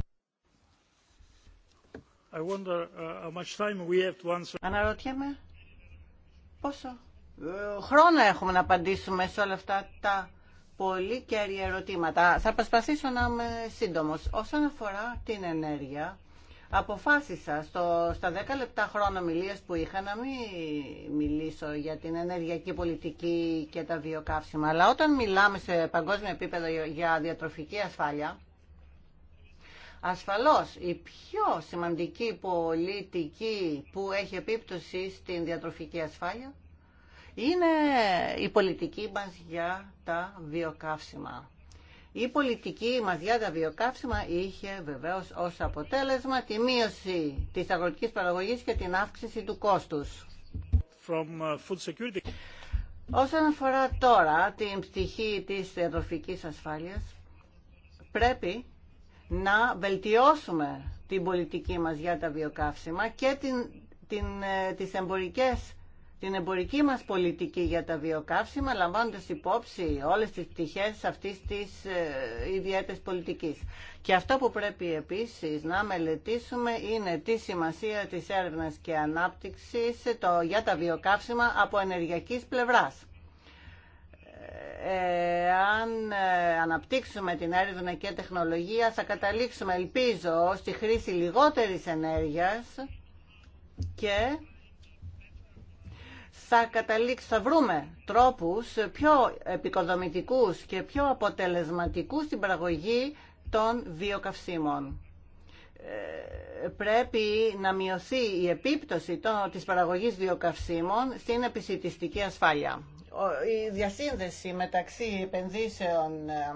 Uh, Αναρωτιέμαι πόσο ε, χρόνο έχουμε να απαντήσουμε σε όλα αυτά τα πολύ κέρια ερωτήματα. Θα προσπαθήσω να είμαι σύντομος. Όσον αφορά την ενέργεια, αποφάσισα στο, στα 10 λεπτά χρόνο μιλία που είχα να μην μιλήσω για την ενεργειακή πολιτική και τα βιοκαύσιμα. Αλλά όταν μιλάμε σε παγκόσμιο επίπεδο για διατροφική ασφάλεια, Ασφαλώς, η πιο σημαντική πολιτική που έχει επίπτωση στην διατροφική ασφάλεια είναι η πολιτική μας για τα βιοκαύσιμα. Η πολιτική μας για τα βιοκαύσιμα είχε βεβαίως ως αποτέλεσμα τη μείωση της αγροτικής παραγωγής και την αύξηση του κόστους. From uh, security. Όσον αφορά τώρα την πτυχή της διατροφικής ασφάλειας, πρέπει να βελτιώσουμε την πολιτική μας για τα βιοκαύσιμα και την, την, ε, τις εμπορικές, την εμπορική μας πολιτική για τα βιοκαύσιμα λαμβάνοντας υπόψη όλες τις πτυχές αυτής της ε, ιδιαίτερης πολιτικής. Και αυτό που πρέπει επίσης να μελετήσουμε είναι τη σημασία της έρευνας και ανάπτυξης ε, το, για τα βιοκαύσιμα από ενεργειακής πλευράς αν ε, αναπτύξουμε την έρευνα και τεχνολογία θα καταλήξουμε ελπίζω στη χρήση λιγότερης ενέργειας και θα βρούμε τρόπους πιο επικοδομητικούς και πιο αποτελεσματικούς στην παραγωγή των βιοκαυσίμων. Ε, πρέπει να μειωθεί η επίπτωση των, της παραγωγής βιοκαυσίμων στην επισητιστική ασφάλεια η διασύνδεση μεταξύ επενδύσεων ε,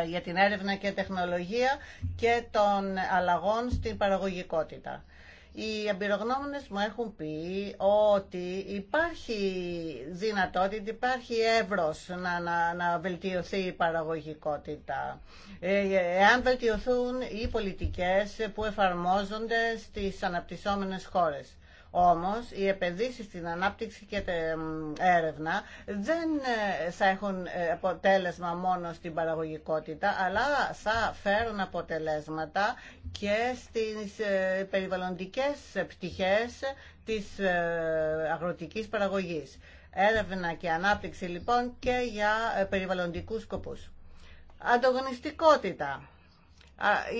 ε, για την έρευνα και τεχνολογία και των αλλαγών στην παραγωγικότητα. Οι εμπειρογνώμονες μου έχουν πει ότι υπάρχει δυνατότητα, υπάρχει εύρος να, να, να βελτιωθεί η παραγωγικότητα. Ε, εάν βελτιωθούν οι πολιτικές που εφαρμόζονται στις αναπτυσσόμενες χώρες. Όμως οι επενδύσεις στην ανάπτυξη και την έρευνα δεν ε, θα έχουν ε, αποτέλεσμα μόνο στην παραγωγικότητα, αλλά θα φέρουν αποτελέσματα και στις ε, περιβαλλοντικές πτυχές της αγροτικής παραγωγής. Έρευνα και ανάπτυξη λοιπόν και για περιβαλλοντικούς σκοπούς. Ανταγωνιστικότητα.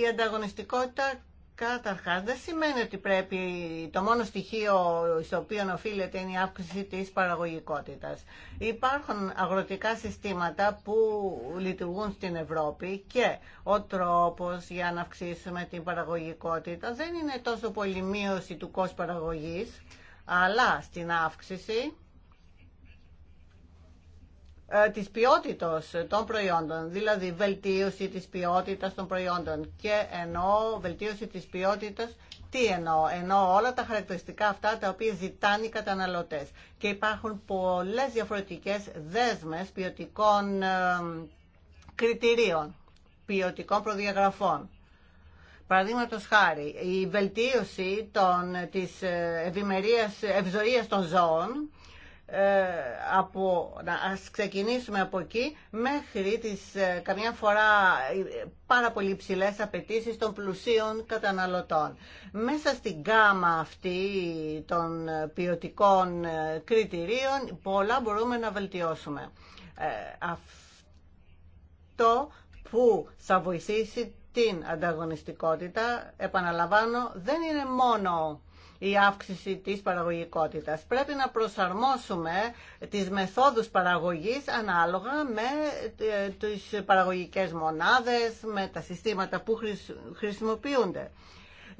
Η ανταγωνιστικότητα Κάταρχα δεν σημαίνει ότι πρέπει το μόνο στοιχείο στο οποίο οφείλεται είναι η αύξηση της παραγωγικότητας. Υπάρχουν αγροτικά συστήματα που λειτουργούν στην Ευρώπη και ο τρόπος για να αυξήσουμε την παραγωγικότητα δεν είναι τόσο πολύ μείωση του κόστου παραγωγής, αλλά στην αύξηση ε, της ποιότητας των προϊόντων, δηλαδή βελτίωση της ποιότητας των προϊόντων και ενώ βελτίωση της ποιότητας τι εννοώ, εννοώ όλα τα χαρακτηριστικά αυτά τα οποία ζητάνε οι καταναλωτές και υπάρχουν πολλές διαφορετικές δέσμες ποιοτικών ε, κριτηρίων, ποιοτικών προδιαγραφών. Παραδείγματος χάρη, η βελτίωση των, της ε, ευημερίας, ευζοίας των ζώων ε, από, να ας ξεκινήσουμε από εκεί μέχρι τις ε, καμιά φορά ε, πάρα πολύ ψηλέ απαιτήσει των πλουσίων καταναλωτών. Μέσα στην γάμα αυτή των ποιοτικών κριτηρίων πολλά μπορούμε να βελτιώσουμε. αυτό που θα βοηθήσει την ανταγωνιστικότητα, επαναλαμβάνω, δεν είναι μόνο η αύξηση της παραγωγικότητας. Πρέπει να προσαρμόσουμε τις μεθόδους παραγωγής ανάλογα με ε, τις παραγωγικές μονάδες, με τα συστήματα που χρησιμοποιούνται.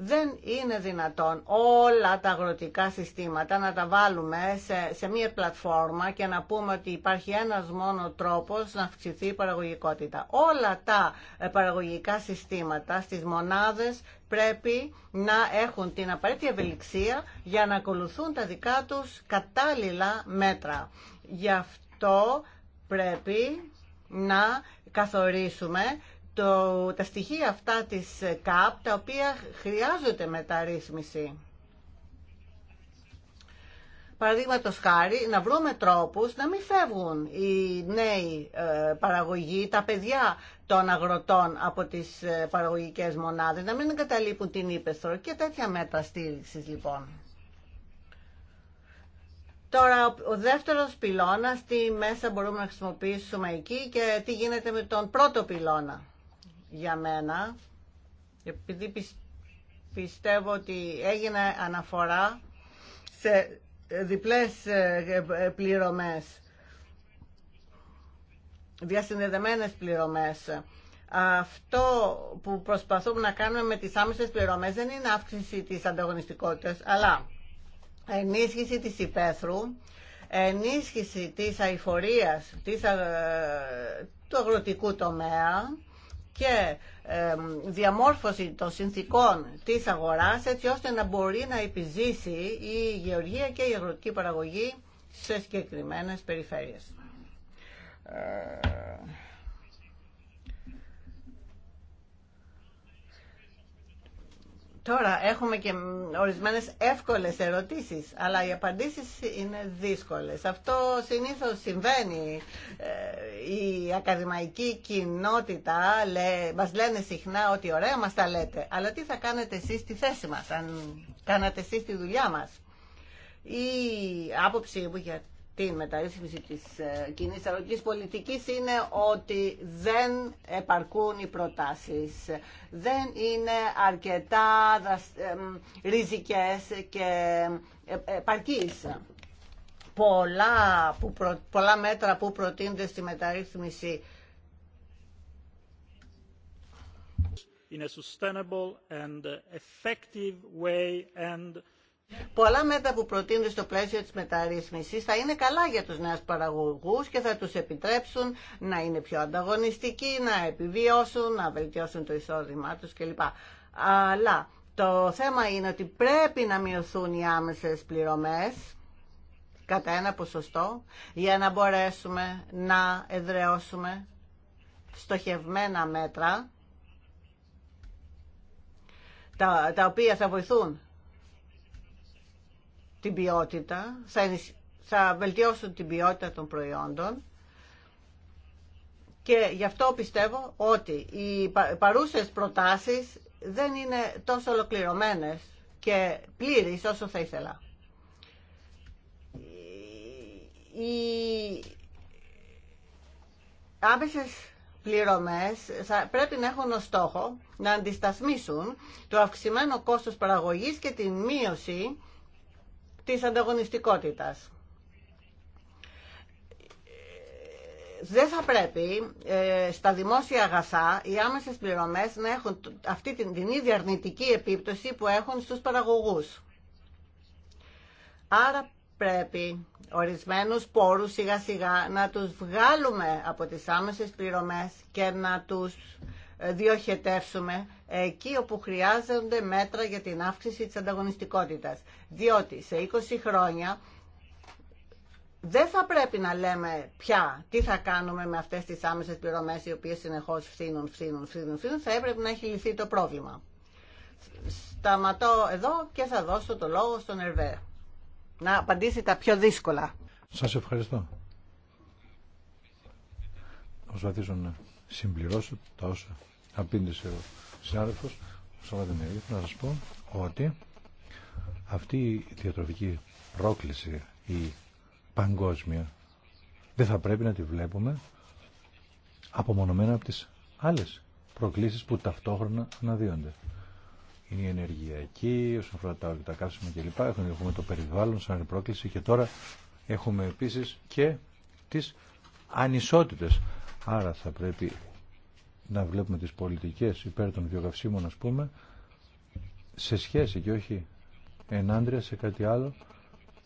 Δεν είναι δυνατόν όλα τα αγροτικά συστήματα να τα βάλουμε σε, μία πλατφόρμα και να πούμε ότι υπάρχει ένας μόνο τρόπος να αυξηθεί η παραγωγικότητα. Όλα τα ε, παραγωγικά συστήματα στις μονάδες πρέπει να έχουν την απαραίτητη ευελιξία για να ακολουθούν τα δικά τους κατάλληλα μέτρα. Γι' αυτό πρέπει να καθορίσουμε το, τα στοιχεία αυτά της ΚΑΠ τα οποία χρειάζονται μεταρρύθμιση. Παραδείγματο χάρη, να βρούμε τρόπους να μην φεύγουν οι νέοι ε, παραγωγοί, τα παιδιά των αγροτών από τις ε, παραγωγικές μονάδες, να μην εγκαταλείπουν την ύπεθρο και τέτοια μέτρα λοιπόν. Τώρα, ο δεύτερος πυλώνας, τι μέσα μπορούμε να χρησιμοποιήσουμε εκεί και τι γίνεται με τον πρώτο πυλώνα για μένα, επειδή πιστεύω ότι έγινε αναφορά σε διπλές ε, ε, πληρωμές, διασυνδεδεμένες πληρωμές. Αυτό που προσπαθούμε να κάνουμε με τις άμεσες πληρωμές δεν είναι αύξηση της ανταγωνιστικότητας, αλλά ενίσχυση της υπαίθρου, ενίσχυση της αηφορίας, της, ε, του αγροτικού τομέα, και διαμόρφωση των συνθήκων της αγοράς έτσι ώστε να μπορεί να επιζήσει η γεωργία και η αγροτική παραγωγή σε συγκεκριμένες περιφέρειες. Ε, Τώρα έχουμε και ορισμένες εύκολες ερωτήσεις, αλλά οι απαντήσεις είναι δύσκολες. Αυτό συνήθως συμβαίνει. Ε, η ακαδημαϊκή κοινότητα λέ, μας λένε συχνά ότι ωραία μας τα λέτε, αλλά τι θα κάνετε εσείς στη θέση μας, αν κάνατε εσείς τη δουλειά μας. Η άποψή μου για την μεταρρύθμιση της ε, κοινή αγροτικής πολιτικής είναι ότι δεν επαρκούν οι προτάσεις. Δεν είναι αρκετά ριζικές και ε, ε, επαρκείς. Πολλά, που πολλά μέτρα που προτείνονται στη μεταρρύθμιση in sustainable and effective way and Πολλά μέτρα που προτείνονται στο πλαίσιο της μεταρρύθμισης θα είναι καλά για τους νέους παραγωγούς και θα τους επιτρέψουν να είναι πιο ανταγωνιστικοί, να επιβιώσουν, να βελτιώσουν το εισόδημά τους κλπ. Αλλά το θέμα είναι ότι πρέπει να μειωθούν οι άμεσες πληρωμές κατά ένα ποσοστό για να μπορέσουμε να εδραιώσουμε στοχευμένα μέτρα τα, τα οποία θα βοηθούν την ποιότητα, θα βελτιώσουν την ποιότητα των προϊόντων και γι' αυτό πιστεύω ότι οι παρούσες προτάσεις δεν είναι τόσο ολοκληρωμένες και πλήρεις όσο θα ήθελα. Οι άμεσες πληρωμές θα πρέπει να έχουν ως στόχο να αντισταθμίσουν το αυξημένο κόστος παραγωγής και την μείωση της ανταγωνιστικότητας. Δεν θα πρέπει ε, στα δημόσια αγαθά οι άμεσες πληρωμές να έχουν αυτή την, την ίδια αρνητική επίπτωση που έχουν στους παραγωγούς. Άρα πρέπει ορισμένους πόρους σιγά σιγά να τους βγάλουμε από τις άμεσες πληρωμές και να τους διοχετεύσουμε εκεί όπου χρειάζονται μέτρα για την αύξηση της ανταγωνιστικότητας. Διότι σε 20 χρόνια δεν θα πρέπει να λέμε πια τι θα κάνουμε με αυτές τις άμεσες πληρωμές οι οποίες συνεχώς φθήνουν, φθήνουν, φθήνουν, φθήνουν. Θα έπρεπε να έχει λυθεί το πρόβλημα. Σταματώ εδώ και θα δώσω το λόγο στον Ερβέ. Να απαντήσει τα πιο δύσκολα. Σας ευχαριστώ. Προσπαθήσω να συμπληρώσω τα όσα απήντησε ο συνάδελφος Σαββατεμέρη να σας πω ότι αυτή η διατροφική πρόκληση η παγκόσμια δεν θα πρέπει να τη βλέπουμε απομονωμένα από τις άλλες προκλήσεις που ταυτόχρονα αναδύονται. Είναι η ενεργειακή, όσον αφορά τα όρια, τα καύσιμα κλπ. Έχουμε το περιβάλλον σαν πρόκληση και τώρα έχουμε επίσης και τις ανισότητες. Άρα θα πρέπει να βλέπουμε τις πολιτικές υπέρ των βιοκαυσίμων ας πούμε σε σχέση και όχι ενάντρια σε κάτι άλλο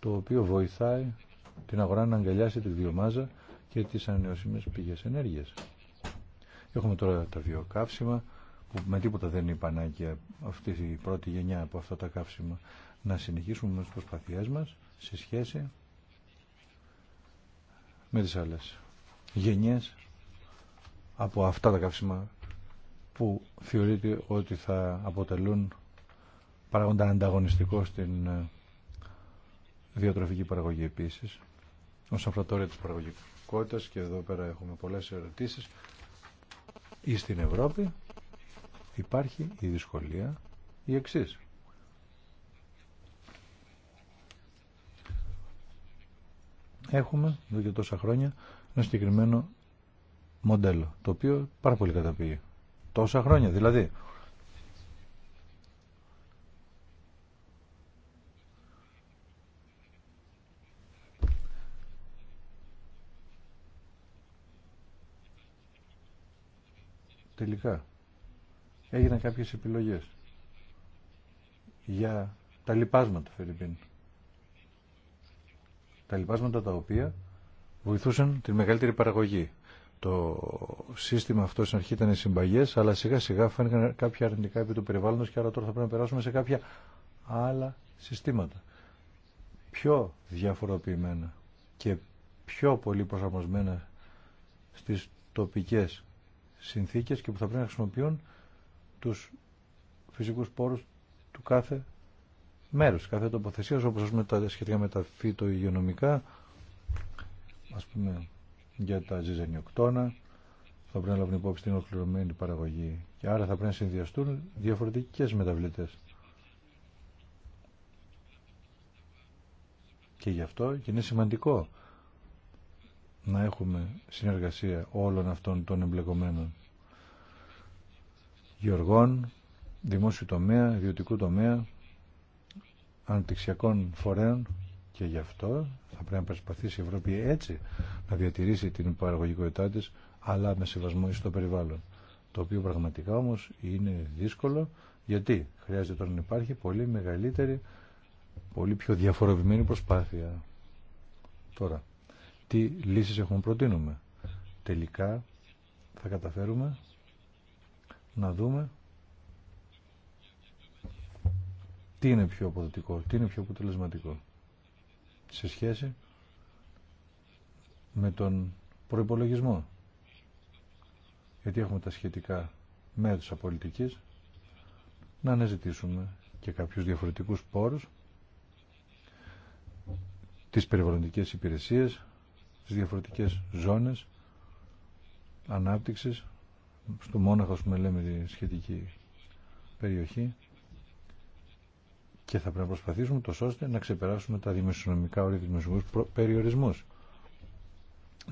το οποίο βοηθάει την αγορά να αγκαλιάσει τη βιομάζα και τις ανανεώσιμες πηγές ενέργειας. Έχουμε τώρα τα βιοκαύσιμα που με τίποτα δεν είναι πανάκια αυτή η πρώτη γενιά από αυτά τα καύσιμα να συνεχίσουμε με τις προσπαθειές μας σε σχέση με τις άλλες γενιές από αυτά τα καύσιμα που θεωρείται ότι θα αποτελούν παράγοντα ανταγωνιστικό στην ε, διατροφική παραγωγή επίσης. Όσον αφορά τώρα της παραγωγικότητας και εδώ πέρα έχουμε πολλές ερωτήσεις ή στην Ευρώπη υπάρχει η δυσκολία η εξής. Έχουμε εδώ και τόσα χρόνια ένα συγκεκριμένο μοντέλο, το οποίο πάρα πολύ καταπήγε. Τόσα χρόνια δηλαδή. Τελικά έγιναν κάποιες επιλογές για τα λοιπάσματα, Φερρυπίν. Τα λοιπάσματα τα οποία βοηθούσαν τη μεγαλύτερη παραγωγή το σύστημα αυτό στην αρχή ήταν συμπαγέ, αλλά σιγά σιγά φάνηκαν κάποια αρνητικά επί του περιβάλλοντος και άρα τώρα θα πρέπει να περάσουμε σε κάποια άλλα συστήματα. Πιο διαφοροποιημένα και πιο πολύ προσαρμοσμένα στις τοπικές συνθήκες και που θα πρέπει να χρησιμοποιούν τους φυσικούς πόρους του κάθε μέρους, κάθε τοποθεσία, όπω πούμε τα σχετικά με τα φυτο-υγειονομικά, ας πούμε για τα ζυζανιοκτώνα, θα πρέπει να λάβουν υπόψη την ολοκληρωμένη παραγωγή και άρα θα πρέπει να συνδυαστούν διαφορετικές μεταβλητές. Και γι' αυτό και είναι σημαντικό να έχουμε συνεργασία όλων αυτών των εμπλεκομένων γεωργών, δημόσιου τομέα, ιδιωτικού τομέα, αναπτυξιακών φορέων και γι' αυτό θα πρέπει να προσπαθήσει η Ευρώπη έτσι να διατηρήσει την παραγωγικότητά τη αλλά με σεβασμό στο περιβάλλον. Το οποίο πραγματικά όμως είναι δύσκολο, γιατί χρειάζεται τώρα να υπάρχει πολύ μεγαλύτερη, πολύ πιο διαφοροποιημένη προσπάθεια. Τώρα, τι λύσεις έχουμε προτείνουμε. Τελικά θα καταφέρουμε να δούμε τι είναι πιο αποδοτικό, τι είναι πιο αποτελεσματικό σε σχέση με τον προϋπολογισμό. Γιατί έχουμε τα σχετικά μέτρα απολυτικής να αναζητήσουμε και κάποιους διαφορετικούς πόρους τις περιβαλλοντικές υπηρεσίες, τις διαφορετικές ζώνες ανάπτυξης. Στο Μόναχο, ας λέμε τη σχετική περιοχή και θα πρέπει να προσπαθήσουμε τόσο ώστε να ξεπεράσουμε τα δημοσιονομικά όρια και δημοσιονομικούς περιορισμούς.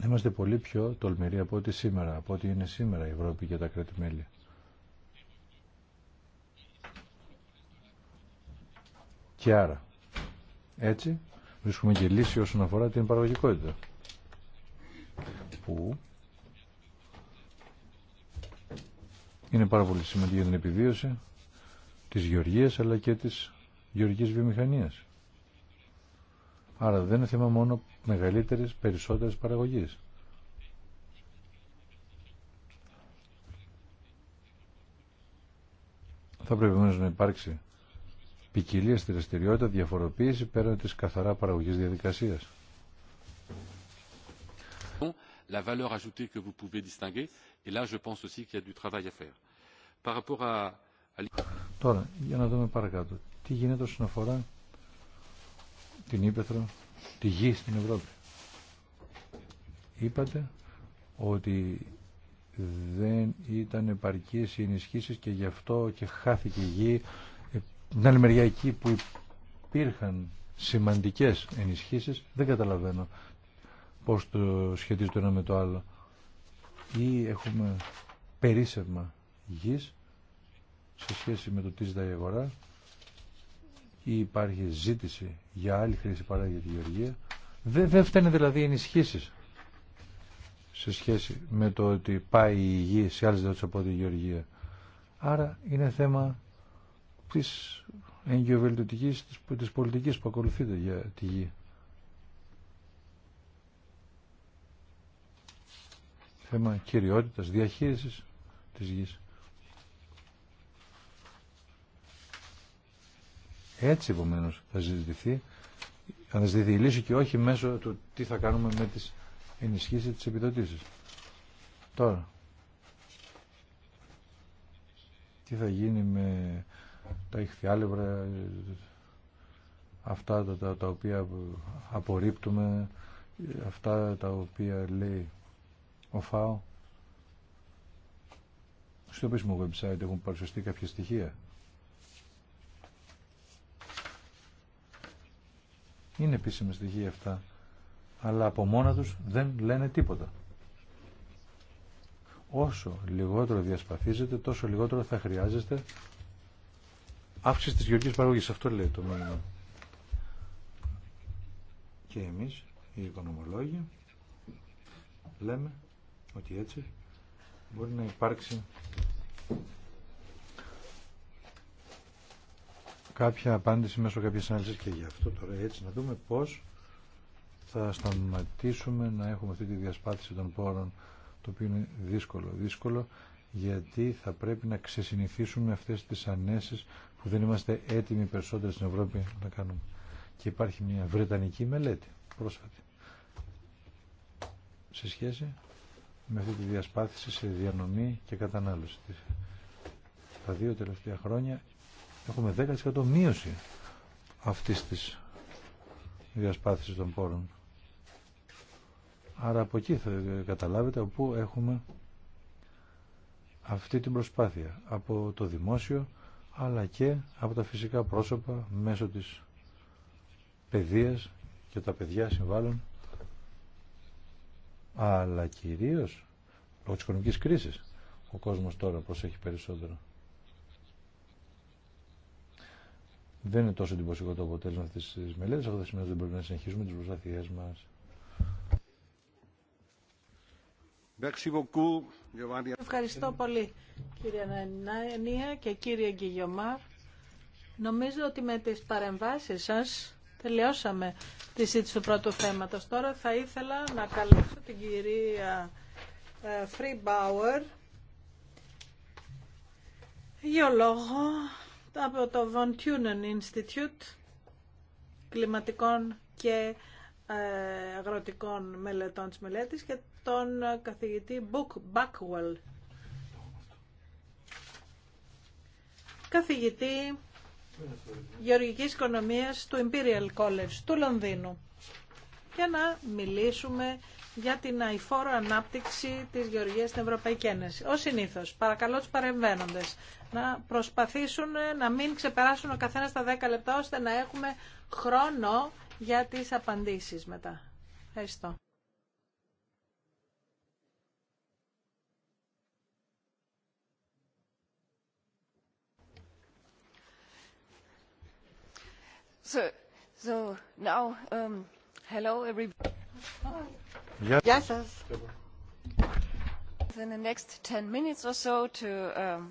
Είμαστε πολύ πιο τολμηροί από ό,τι σήμερα, από ό,τι είναι σήμερα η Ευρώπη και τα κράτη-μέλη. Και άρα, έτσι, βρίσκουμε και λύση όσον αφορά την παραγωγικότητα. Που είναι πάρα πολύ σημαντική για την επιβίωση της γεωργίας αλλά και της γεωργικής βιομηχανίας. Άρα δεν είναι θέμα μόνο μεγαλύτερης, περισσότερης παραγωγής. Θα πρέπει μόνος να υπάρξει ποικιλία στη δραστηριότητα, διαφοροποίηση πέραν της καθαρά παραγωγής διαδικασίας. La valeur ajoutée que vous pouvez distinguer, et là je pense aussi qu'il y a du travail à faire. Par rapport à... Τώρα, για να δούμε παρακάτω τι γίνεται όσον αφορά την ύπεθρο, τη γη στην Ευρώπη. Είπατε ότι δεν ήταν επαρκής οι ενισχύσεις και γι' αυτό και χάθηκε η γη. Ε, την άλλη μεριά εκεί που υπήρχαν σημαντικές ενισχύσεις, δεν καταλαβαίνω πώς το σχετίζει ένα με το άλλο. Ή έχουμε περίσευμα γης σε σχέση με το τι ζητάει η αγορά ή υπάρχει ζήτηση για άλλη χρήση παρά για τη γεωργία. Δεν δε φταίνε δηλαδή ενισχύσει σε σχέση με το ότι πάει η γη σε άλλες δόσεις από τη γεωργία. Άρα είναι θέμα τη εγκυοβελτιωτική της πολιτικής που ακολουθείται για τη γη. Θέμα κυριότητας, διαχείρισης της γης. Έτσι επομένω θα ζητηθεί θα συζητηθεί η λύση και όχι μέσω του τι θα κάνουμε με τις ενισχύσεις της επιδοτήσεις. Τώρα, τι θα γίνει με τα ηχθιάλευρα, αυτά τα, τα, οποία απορρίπτουμε, αυτά τα οποία λέει ο ΦΑΟ. Στο επίσημο website έχουν παρουσιαστεί κάποια στοιχεία Είναι επίσημα στοιχεία αυτά, αλλά από μόνα τους δεν λένε τίποτα. Όσο λιγότερο διασπαθίζετε, τόσο λιγότερο θα χρειάζεστε αύξηση της γεωργικής παραγωγής. Αυτό λέει το μήνυμα. Και εμείς, οι οικονομολόγοι, λέμε ότι έτσι μπορεί να υπάρξει κάποια απάντηση μέσω κάποιες ανάλυσης και γι' αυτό τώρα έτσι να δούμε πώς θα σταματήσουμε να έχουμε αυτή τη διασπάθηση των πόρων το οποίο είναι δύσκολο. Δύσκολο γιατί θα πρέπει να ξεσυνηθίσουμε αυτές τις ανέσεις που δεν είμαστε έτοιμοι περισσότερο στην Ευρώπη να κάνουμε. Και υπάρχει μια βρετανική μελέτη πρόσφατη σε σχέση με αυτή τη διασπάθηση σε διανομή και κατανάλωση. Τα δύο τελευταία χρόνια έχουμε 10% μείωση αυτής της διασπάθησης των πόρων. Άρα από εκεί θα καταλάβετε όπου έχουμε αυτή την προσπάθεια από το δημόσιο αλλά και από τα φυσικά πρόσωπα μέσω της παιδείας και τα παιδιά συμβάλλουν αλλά κυρίως λόγω της οικονομικής κρίσης ο κόσμος τώρα προσέχει περισσότερο. Δεν είναι τόσο εντυπωσιακό το αποτέλεσμα αυτή τη μελέτη. Αυτό σημαίνει ότι δεν πρέπει να συνεχίσουμε τι προσπάθειέ μα. Ευχαριστώ πολύ κύριε Νανία και κύριε Γκυγιομάρ. Νομίζω ότι με τις παρεμβάσεις σας τελειώσαμε τη σύντηση του πρώτου θέματος. Τώρα θα ήθελα να καλέσω την κυρία ε, Φρυμπάουερ γεωλόγο, λόγο από το Von Tunen Institute κλιματικών και ε, αγροτικών μελετών της μελέτης και τον καθηγητή Book Backwell. Καθηγητή γεωργικής οικονομίας του Imperial College του Λονδίνου για να μιλήσουμε για την αηφόρο ανάπτυξη της γεωργίας στην Ευρωπαϊκή Ένωση. Ως συνήθως, παρακαλώ τους παρεμβαίνοντες να προσπαθήσουν να μην ξεπεράσουν ο καθένας τα 10 λεπτά ώστε να έχουμε χρόνο για τις απαντήσεις μετά. Ευχαριστώ. So, so now, um, hello everybody. Yes. σας. In the next 10 minutes or so to um,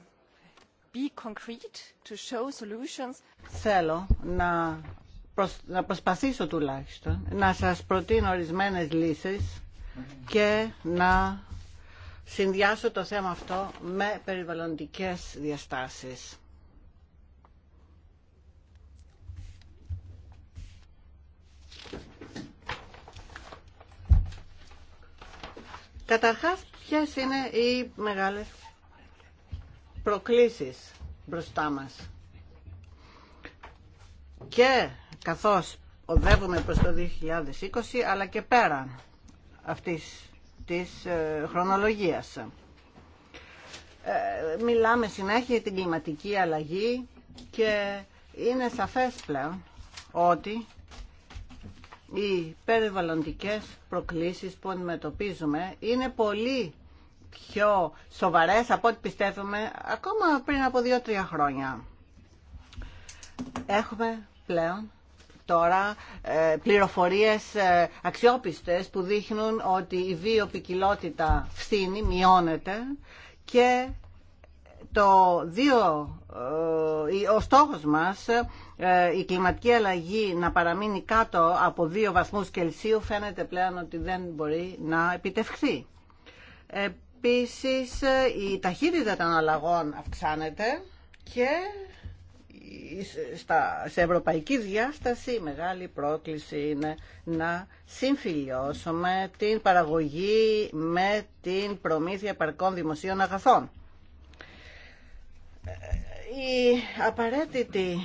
Θέλω να, να προσπαθήσω τουλάχιστον να σας προτείνω ορισμένες λύσεις και να συνδυάσω το θέμα αυτό με περιβαλλοντικές διαστάσεις. Καταρχάς, ποιες είναι οι μεγάλες προκλήσεις μπροστά μας. Και καθώς οδεύουμε προς το 2020 αλλά και πέρα αυτής της ε, χρονολογίας. Ε, μιλάμε συνέχεια για την κλιματική αλλαγή και είναι σαφές πλέον ότι οι περιβαλλοντικές προκλήσεις που αντιμετωπίζουμε είναι πολύ πιο σοβαρές από ό,τι πιστεύουμε ακόμα πριν από δύο-τρία χρόνια. Έχουμε πλέον τώρα ε, πληροφορίες ε, αξιόπιστες που δείχνουν ότι η βιοπικιλότητα φθήνει, μειώνεται και το δύο, ε, ο στόχος μας η κλιματική αλλαγή να παραμείνει κάτω από δύο βαθμούς Κελσίου φαίνεται πλέον ότι δεν μπορεί να επιτευχθεί. Επίσης ε, η ταχύτητα των αλλαγών αυξάνεται και στα, σε ευρωπαϊκή διάσταση η μεγάλη πρόκληση είναι να συμφιλιώσουμε την παραγωγή με την προμήθεια παρκών δημοσίων αγαθών. Ε, η απαραίτητη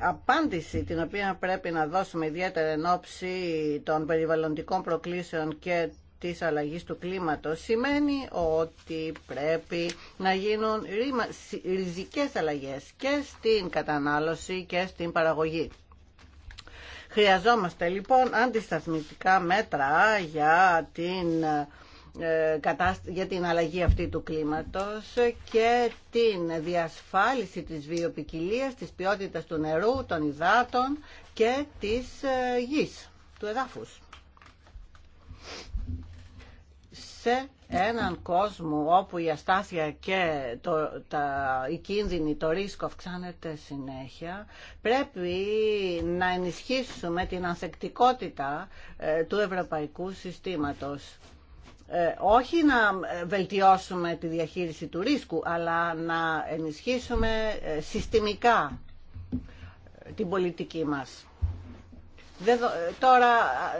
απάντηση την οποία πρέπει να δώσουμε ιδιαίτερα εν ώψη των περιβαλλοντικών προκλήσεων και της αλλαγής του κλίματος σημαίνει ότι πρέπει να γίνουν ριζικές αλλαγές και στην κατανάλωση και στην παραγωγή. Χρειαζόμαστε λοιπόν αντισταθμιστικά μέτρα για την, ε, για την αλλαγή αυτή του κλίματος και την διασφάλιση της βιοποικιλίας, της ποιότητας του νερού, των υδάτων και της ε, γης, του εδάφους. σε έναν κόσμο όπου η αστάθεια και το, τα, η κίνδυνη, το ρίσκο αυξάνεται συνέχεια, πρέπει να ενισχύσουμε την ανθεκτικότητα ε, του ευρωπαϊκού συστήματος. Ε, όχι να βελτιώσουμε τη διαχείριση του ρίσκου, αλλά να ενισχύσουμε ε, συστημικά την πολιτική μας. Ε, τώρα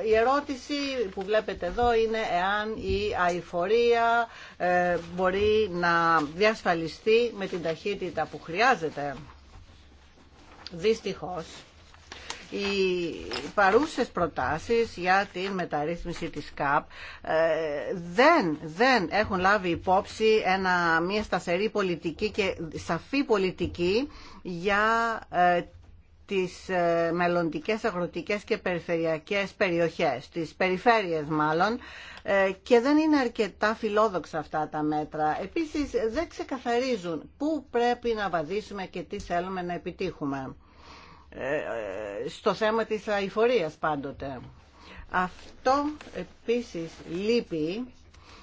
η ερώτηση που βλέπετε εδώ είναι εάν η αηφορία ε, μπορεί να διασφαλιστεί με την ταχύτητα που χρειάζεται. Δυστυχώς, οι παρούσες προτάσεις για την μεταρρύθμιση της ΚΑΠ ε, δεν, δεν έχουν λάβει υπόψη ένα, μια σταθερή πολιτική και σαφή πολιτική για τις ε, μελλοντικές αγροτικές και περιφερειακές περιοχές, τις περιφέρειες μάλλον, ε, και δεν είναι αρκετά φιλόδοξα αυτά τα μέτρα. Επίσης δεν ξεκαθαρίζουν πού πρέπει να βαδίσουμε και τι θέλουμε να επιτύχουμε. Ε, στο θέμα της αηφορίας πάντοτε. Αυτό επίσης λείπει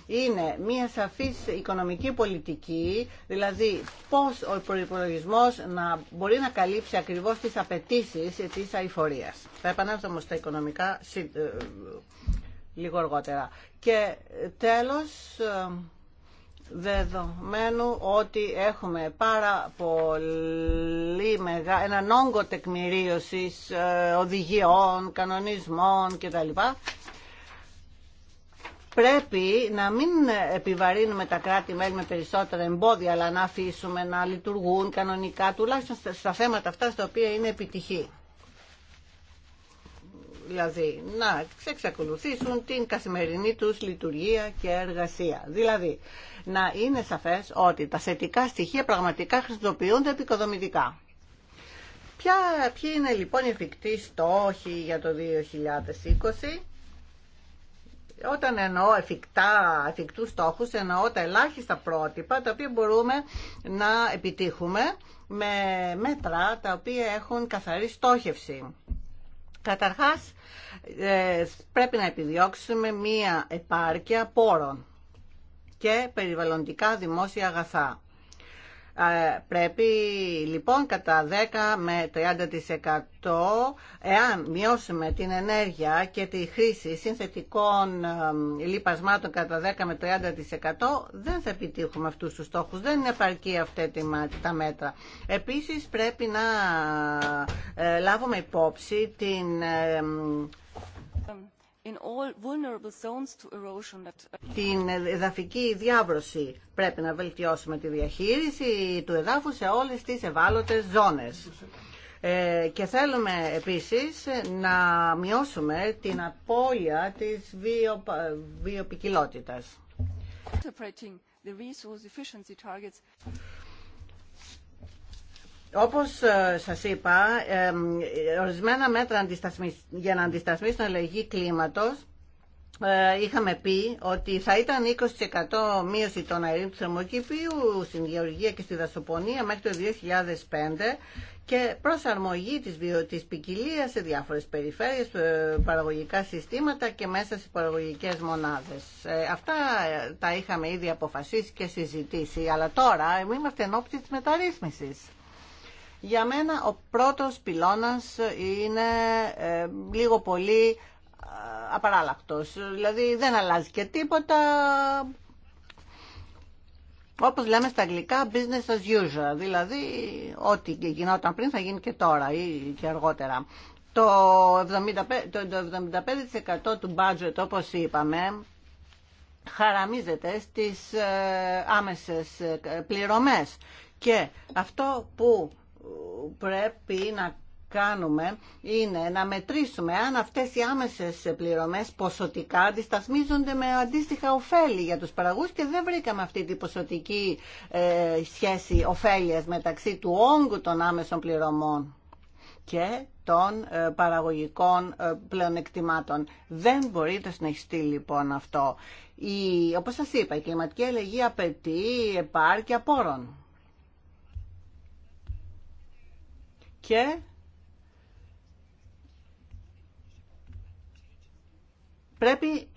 είναι μια σαφής οικονομική πολιτική, δηλαδή πώς ο προπολογισμό να μπορεί να καλύψει ακριβώς τις απαιτήσει της αηφορίας. Θα επανέλθω όμως στα οικονομικά ε, λίγο αργότερα. Και τέλος, ε, δεδομένου ότι έχουμε πάρα πολύ μεγάλο, έναν όγκο τεκμηρίωσης ε, οδηγιών, κανονισμών κτλ πρέπει να μην επιβαρύνουμε τα κράτη-μέλη με περισσότερα εμπόδια, αλλά να αφήσουμε να λειτουργούν κανονικά, τουλάχιστον στα θέματα αυτά στα οποία είναι επιτυχή. Δηλαδή, να εξακολουθήσουν την καθημερινή τους λειτουργία και εργασία. Δηλαδή, να είναι σαφές ότι τα θετικά στοιχεία πραγματικά χρησιμοποιούνται επικοδομητικά. Ποια, ποιοι είναι λοιπόν οι εφικτοί στόχοι για το 2020 όταν εννοώ εφικτά, εφικτούς στόχους, εννοώ τα ελάχιστα πρότυπα τα οποία μπορούμε να επιτύχουμε με μέτρα τα οποία έχουν καθαρή στόχευση. Καταρχάς, ε, πρέπει να επιδιώξουμε μία επάρκεια πόρων και περιβαλλοντικά δημόσια αγαθά. Πρέπει λοιπόν κατά 10 με 30% εάν μειώσουμε την ενέργεια και τη χρήση συνθετικών λιπασμάτων κατά 10 με 30% δεν θα επιτύχουμε αυτούς τους στόχους. Δεν είναι επαρκή αυτά τα μέτρα. Επίσης πρέπει να ε, λάβουμε υπόψη την την εδαφική διάβρωση πρέπει να βελτιώσουμε τη διαχείριση του εδάφου σε όλες τις ευάλωτες ζώνες. Ε, και θέλουμε επίσης να μειώσουμε την απώλεια της βιο, όπως ε, σας είπα, ορισμένα μέτρα για να αντισταθμίσουν αλλαγή κλίματος ε, είχαμε πει ότι θα ήταν 20% μείωση των αερίων του θερμοκηπίου στην γεωργία και στη δασοπονία μέχρι το 2005 και προσαρμογή της, βιο... ποικιλία σε διάφορες περιφέρειες, ε, παραγωγικά συστήματα και μέσα σε παραγωγικές μονάδες. Αυτά τα είχαμε ήδη αποφασίσει και συζητήσει, αλλά τώρα είμαστε ενώπιση της μεταρρύθμισης. Για μένα ο πρώτος πυλώνας είναι ε, λίγο πολύ ε, απαράλλακτος. Δηλαδή δεν αλλάζει και τίποτα. Όπως λέμε στα αγγλικά, business as usual. Δηλαδή, ό,τι γινόταν πριν θα γίνει και τώρα ή και αργότερα. Το 75%, το 75 του budget, όπως είπαμε, χαραμίζεται στις ε, άμεσες πληρωμές. Και αυτό που πρέπει να κάνουμε είναι να μετρήσουμε αν αυτές οι άμεσες πληρωμές ποσοτικά αντισταθμίζονται με αντίστοιχα ωφέλη για τους παραγούς και δεν βρήκαμε αυτή την ποσοτική ε, σχέση ωφέλειας μεταξύ του όγκου των άμεσων πληρωμών και των ε, παραγωγικών ε, πλεονεκτημάτων. Δεν μπορεί να συνεχιστεί λοιπόν αυτό. Η, όπως σας είπα, η κλιματική αλλαγή απαιτεί επάρκεια πόρων. και πρέπει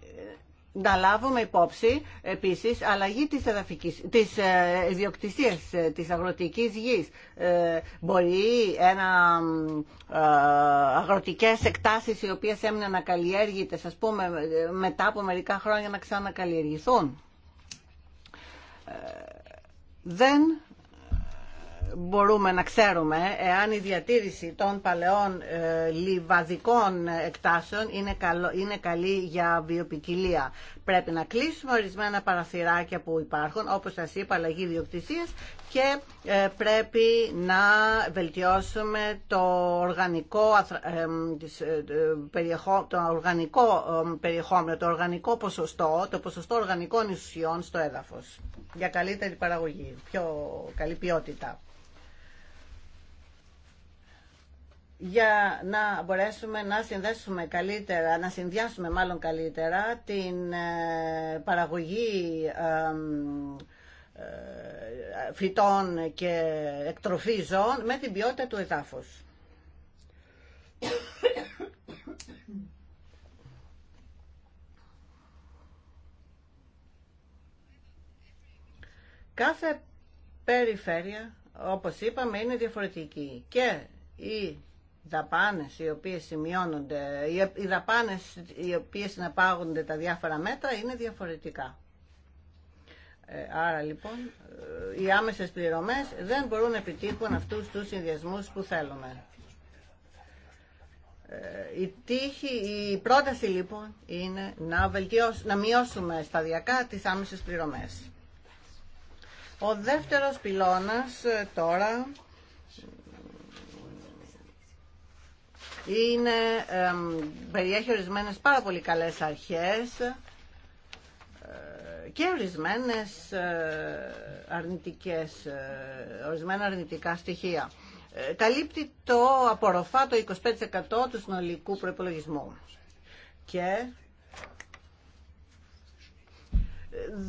να λάβουμε υπόψη επίσης αλλαγή της, εδαφικής, της ε, ιδιοκτησίας ε, της αγροτικής γης. Ε, μπορεί ένα αγροτικές εκτάσεις οι οποίες έμειναν ακαλλιέργητες ας πούμε μετά από μερικά χρόνια να ξανακαλλιεργηθούν. δεν μπορούμε να ξέρουμε εάν η διατήρηση των παλαιών ε, λιβαδικών εκτάσεων είναι, καλό, είναι καλή για βιοπικιλία. Πρέπει να κλείσουμε ορισμένα παραθυράκια που υπάρχουν, όπως σας είπα, αλλαγή διοκτησίας και ε, πρέπει να βελτιώσουμε το οργανικό, ε, το οργανικό περιεχόμενο, το οργανικό ποσοστό, το ποσοστό οργανικών ισουσιών στο έδαφος για καλύτερη παραγωγή, πιο καλή ποιότητα. για να μπορέσουμε να συνδέσουμε καλύτερα, να συνδυάσουμε μάλλον καλύτερα την ε, παραγωγή ε, φυτών και εκτροφή ζώων με την ποιότητα του εδάφους. Κάθε περιφέρεια, όπως είπαμε, είναι διαφορετική και η δαπάνες οι οποίες σημειώνονται, οι δαπάνες οι οποίες συναπάγονται τα διάφορα μέτρα είναι διαφορετικά. Ε, άρα λοιπόν ε, οι άμεσες πληρωμές δεν μπορούν να επιτύχουν αυτούς τους συνδυασμούς που θέλουμε. Ε, η, τύχη, η πρόταση λοιπόν είναι να, βελτιώσουμε, να μειώσουμε σταδιακά τις άμεσες πληρωμές. Ο δεύτερος πυλώνας τώρα είναι, περιέχει ορισμένες πάρα πολύ καλές αρχές ε, και ορισμένες ε, αρνητικές, ε, ορισμένα αρνητικά στοιχεία. Καλύπτει το απορροφά το 25% του συνολικού προϋπολογισμού. Και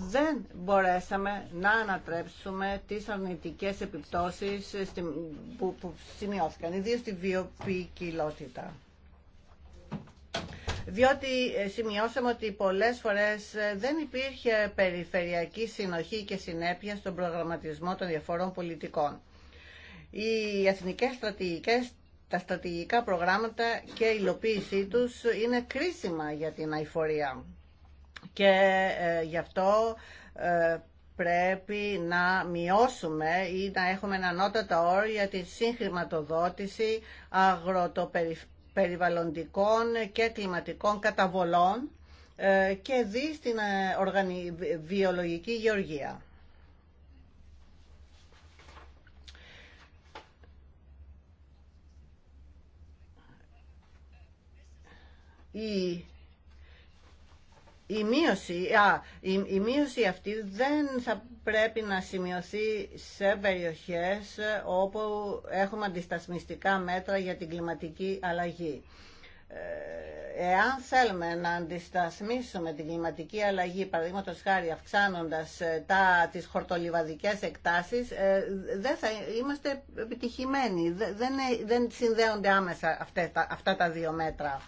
δεν μπορέσαμε να ανατρέψουμε τις αρνητικές επιπτώσεις που, που σημειώθηκαν, ιδίως στη βιοποικιλότητα. Διότι ε, σημειώσαμε ότι πολλές φορές ε, δεν υπήρχε περιφερειακή συνοχή και συνέπεια στον προγραμματισμό των διαφορών πολιτικών. Οι εθνικές στρατηγικές τα στρατηγικά προγράμματα και η υλοποίησή τους είναι κρίσιμα για την αηφορία και ε, γι' αυτό ε, πρέπει να μειώσουμε ή να έχουμε ένα όρια όριο για τη συγχρηματοδότηση αγροτοπεριβαλλοντικών και κλιματικών καταβολών ε, και δι' στην βιολογική γεωργία. Η η μείωση, α, η, μείωση αυτή δεν θα πρέπει να σημειωθεί σε περιοχές όπου έχουμε αντιστασμιστικά μέτρα για την κλιματική αλλαγή. Ε, εάν θέλουμε να αντιστασμίσουμε την κλιματική αλλαγή, παραδείγματο χάρη αυξάνοντα ε, τι χορτολιβαδικές εκτάσει, ε, δεν θα είμαστε επιτυχημένοι. Δεν, δεν συνδέονται άμεσα αυτά αυτά τα δύο μέτρα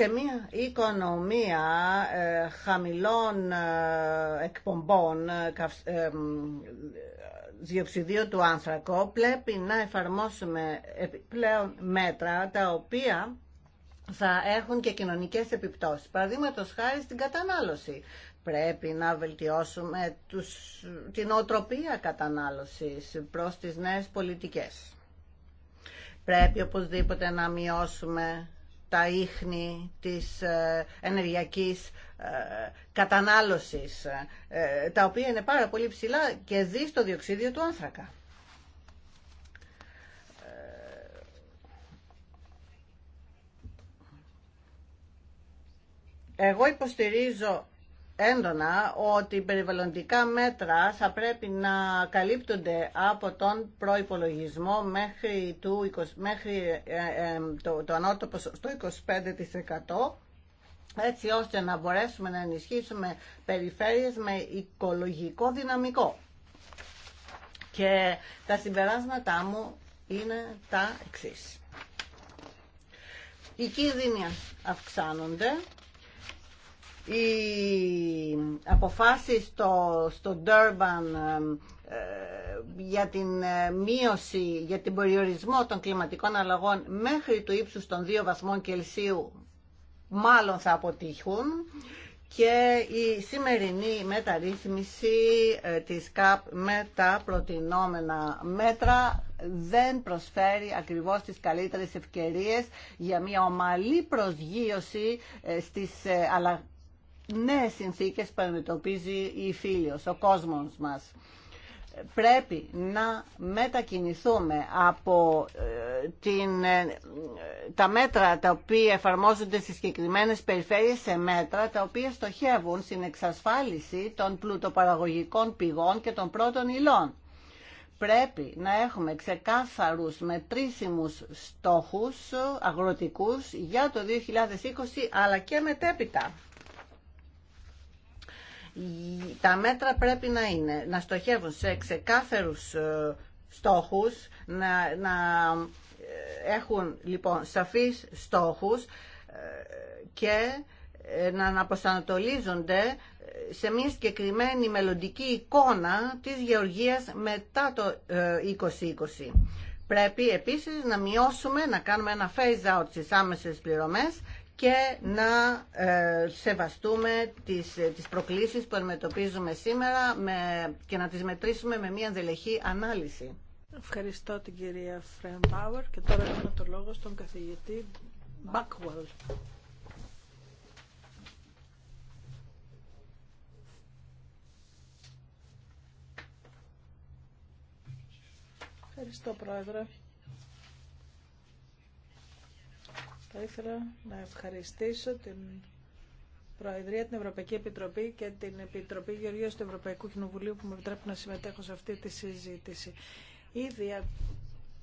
σε μια οικονομία ε, χαμηλών ε, εκπομπών ε, διοξιδίου του άνθρακο πρέπει να εφαρμόσουμε πλέον μέτρα τα οποία θα έχουν και κοινωνικές επιπτώσεις. Παραδείγματο χάρη στην κατανάλωση. Πρέπει να βελτιώσουμε την οτροπία κατανάλωσης προς τις νέες πολιτικές. Πρέπει οπωσδήποτε να μειώσουμε τα ίχνη της ε, ενεργειακής ε, κατανάλωσης, ε, τα οποία είναι πάρα πολύ ψηλά και δει στο διοξίδιο του άνθρακα. Εγώ υποστηρίζω έντονα ότι περιβαλλοντικά μέτρα θα πρέπει να καλύπτονται από τον προϋπολογισμό μέχρι, του, μέχρι ε, ε, το, το στο 25% έτσι ώστε να μπορέσουμε να ενισχύσουμε περιφέρειες με οικολογικό δυναμικό. Και τα συμπεράσματά μου είναι τα εξής. Οι κίνδυνοι αυξάνονται οι αποφάσεις στο, στο Durban ε, για την ε, μείωση, για την περιορισμό των κλιματικών αλλαγών μέχρι του ύψους των 2 βαθμών Κελσίου μάλλον θα αποτύχουν και η σημερινή μεταρρύθμιση ε, της ΚΑΠ με τα προτινόμενα μέτρα δεν προσφέρει ακριβώς τις καλύτερες ευκαιρίες για μια ομαλή προσγείωση στις νέες συνθήκες που αντιμετωπίζει η Φίλιος, ο κόσμος μας. Πρέπει να μετακινηθούμε από ε, την, ε, τα μέτρα τα οποία εφαρμόζονται στις συγκεκριμένε περιφέρειες σε μέτρα τα οποία στοχεύουν στην εξασφάλιση των πλουτοπαραγωγικών πηγών και των πρώτων υλών. Πρέπει να έχουμε ξεκάθαρους μετρήσιμους στόχους αγροτικούς για το 2020 αλλά και μετέπειτα. Τα μέτρα πρέπει να είναι να στοχεύουν σε ξεκάθαρους ε, στόχους, να, να ε, έχουν λοιπόν σαφείς στόχους ε, και να αναποσανατολίζονται σε μια συγκεκριμένη μελλοντική εικόνα της γεωργίας μετά το 2020. Πρέπει επίσης να μειώσουμε, να κάνουμε ένα phase out στις άμεσες πληρωμές και να ε, σεβαστούμε τις, ε, τις προκλήσεις που αντιμετωπίζουμε σήμερα και να τις μετρήσουμε με μια δελεχή ανάλυση. Ευχαριστώ την κυρία Φρέν Πάουερ και τώρα δίνω το λόγο στον καθηγητή Μπάκουαλ. Ευχαριστώ Πρόεδρε. Θα ήθελα να ευχαριστήσω την Προεδρία, την Ευρωπαϊκή Επιτροπή και την Επιτροπή Γεωργίας του Ευρωπαϊκού Κοινοβουλίου που με επιτρέπει να συμμετέχω σε αυτή τη συζήτηση. Ήδη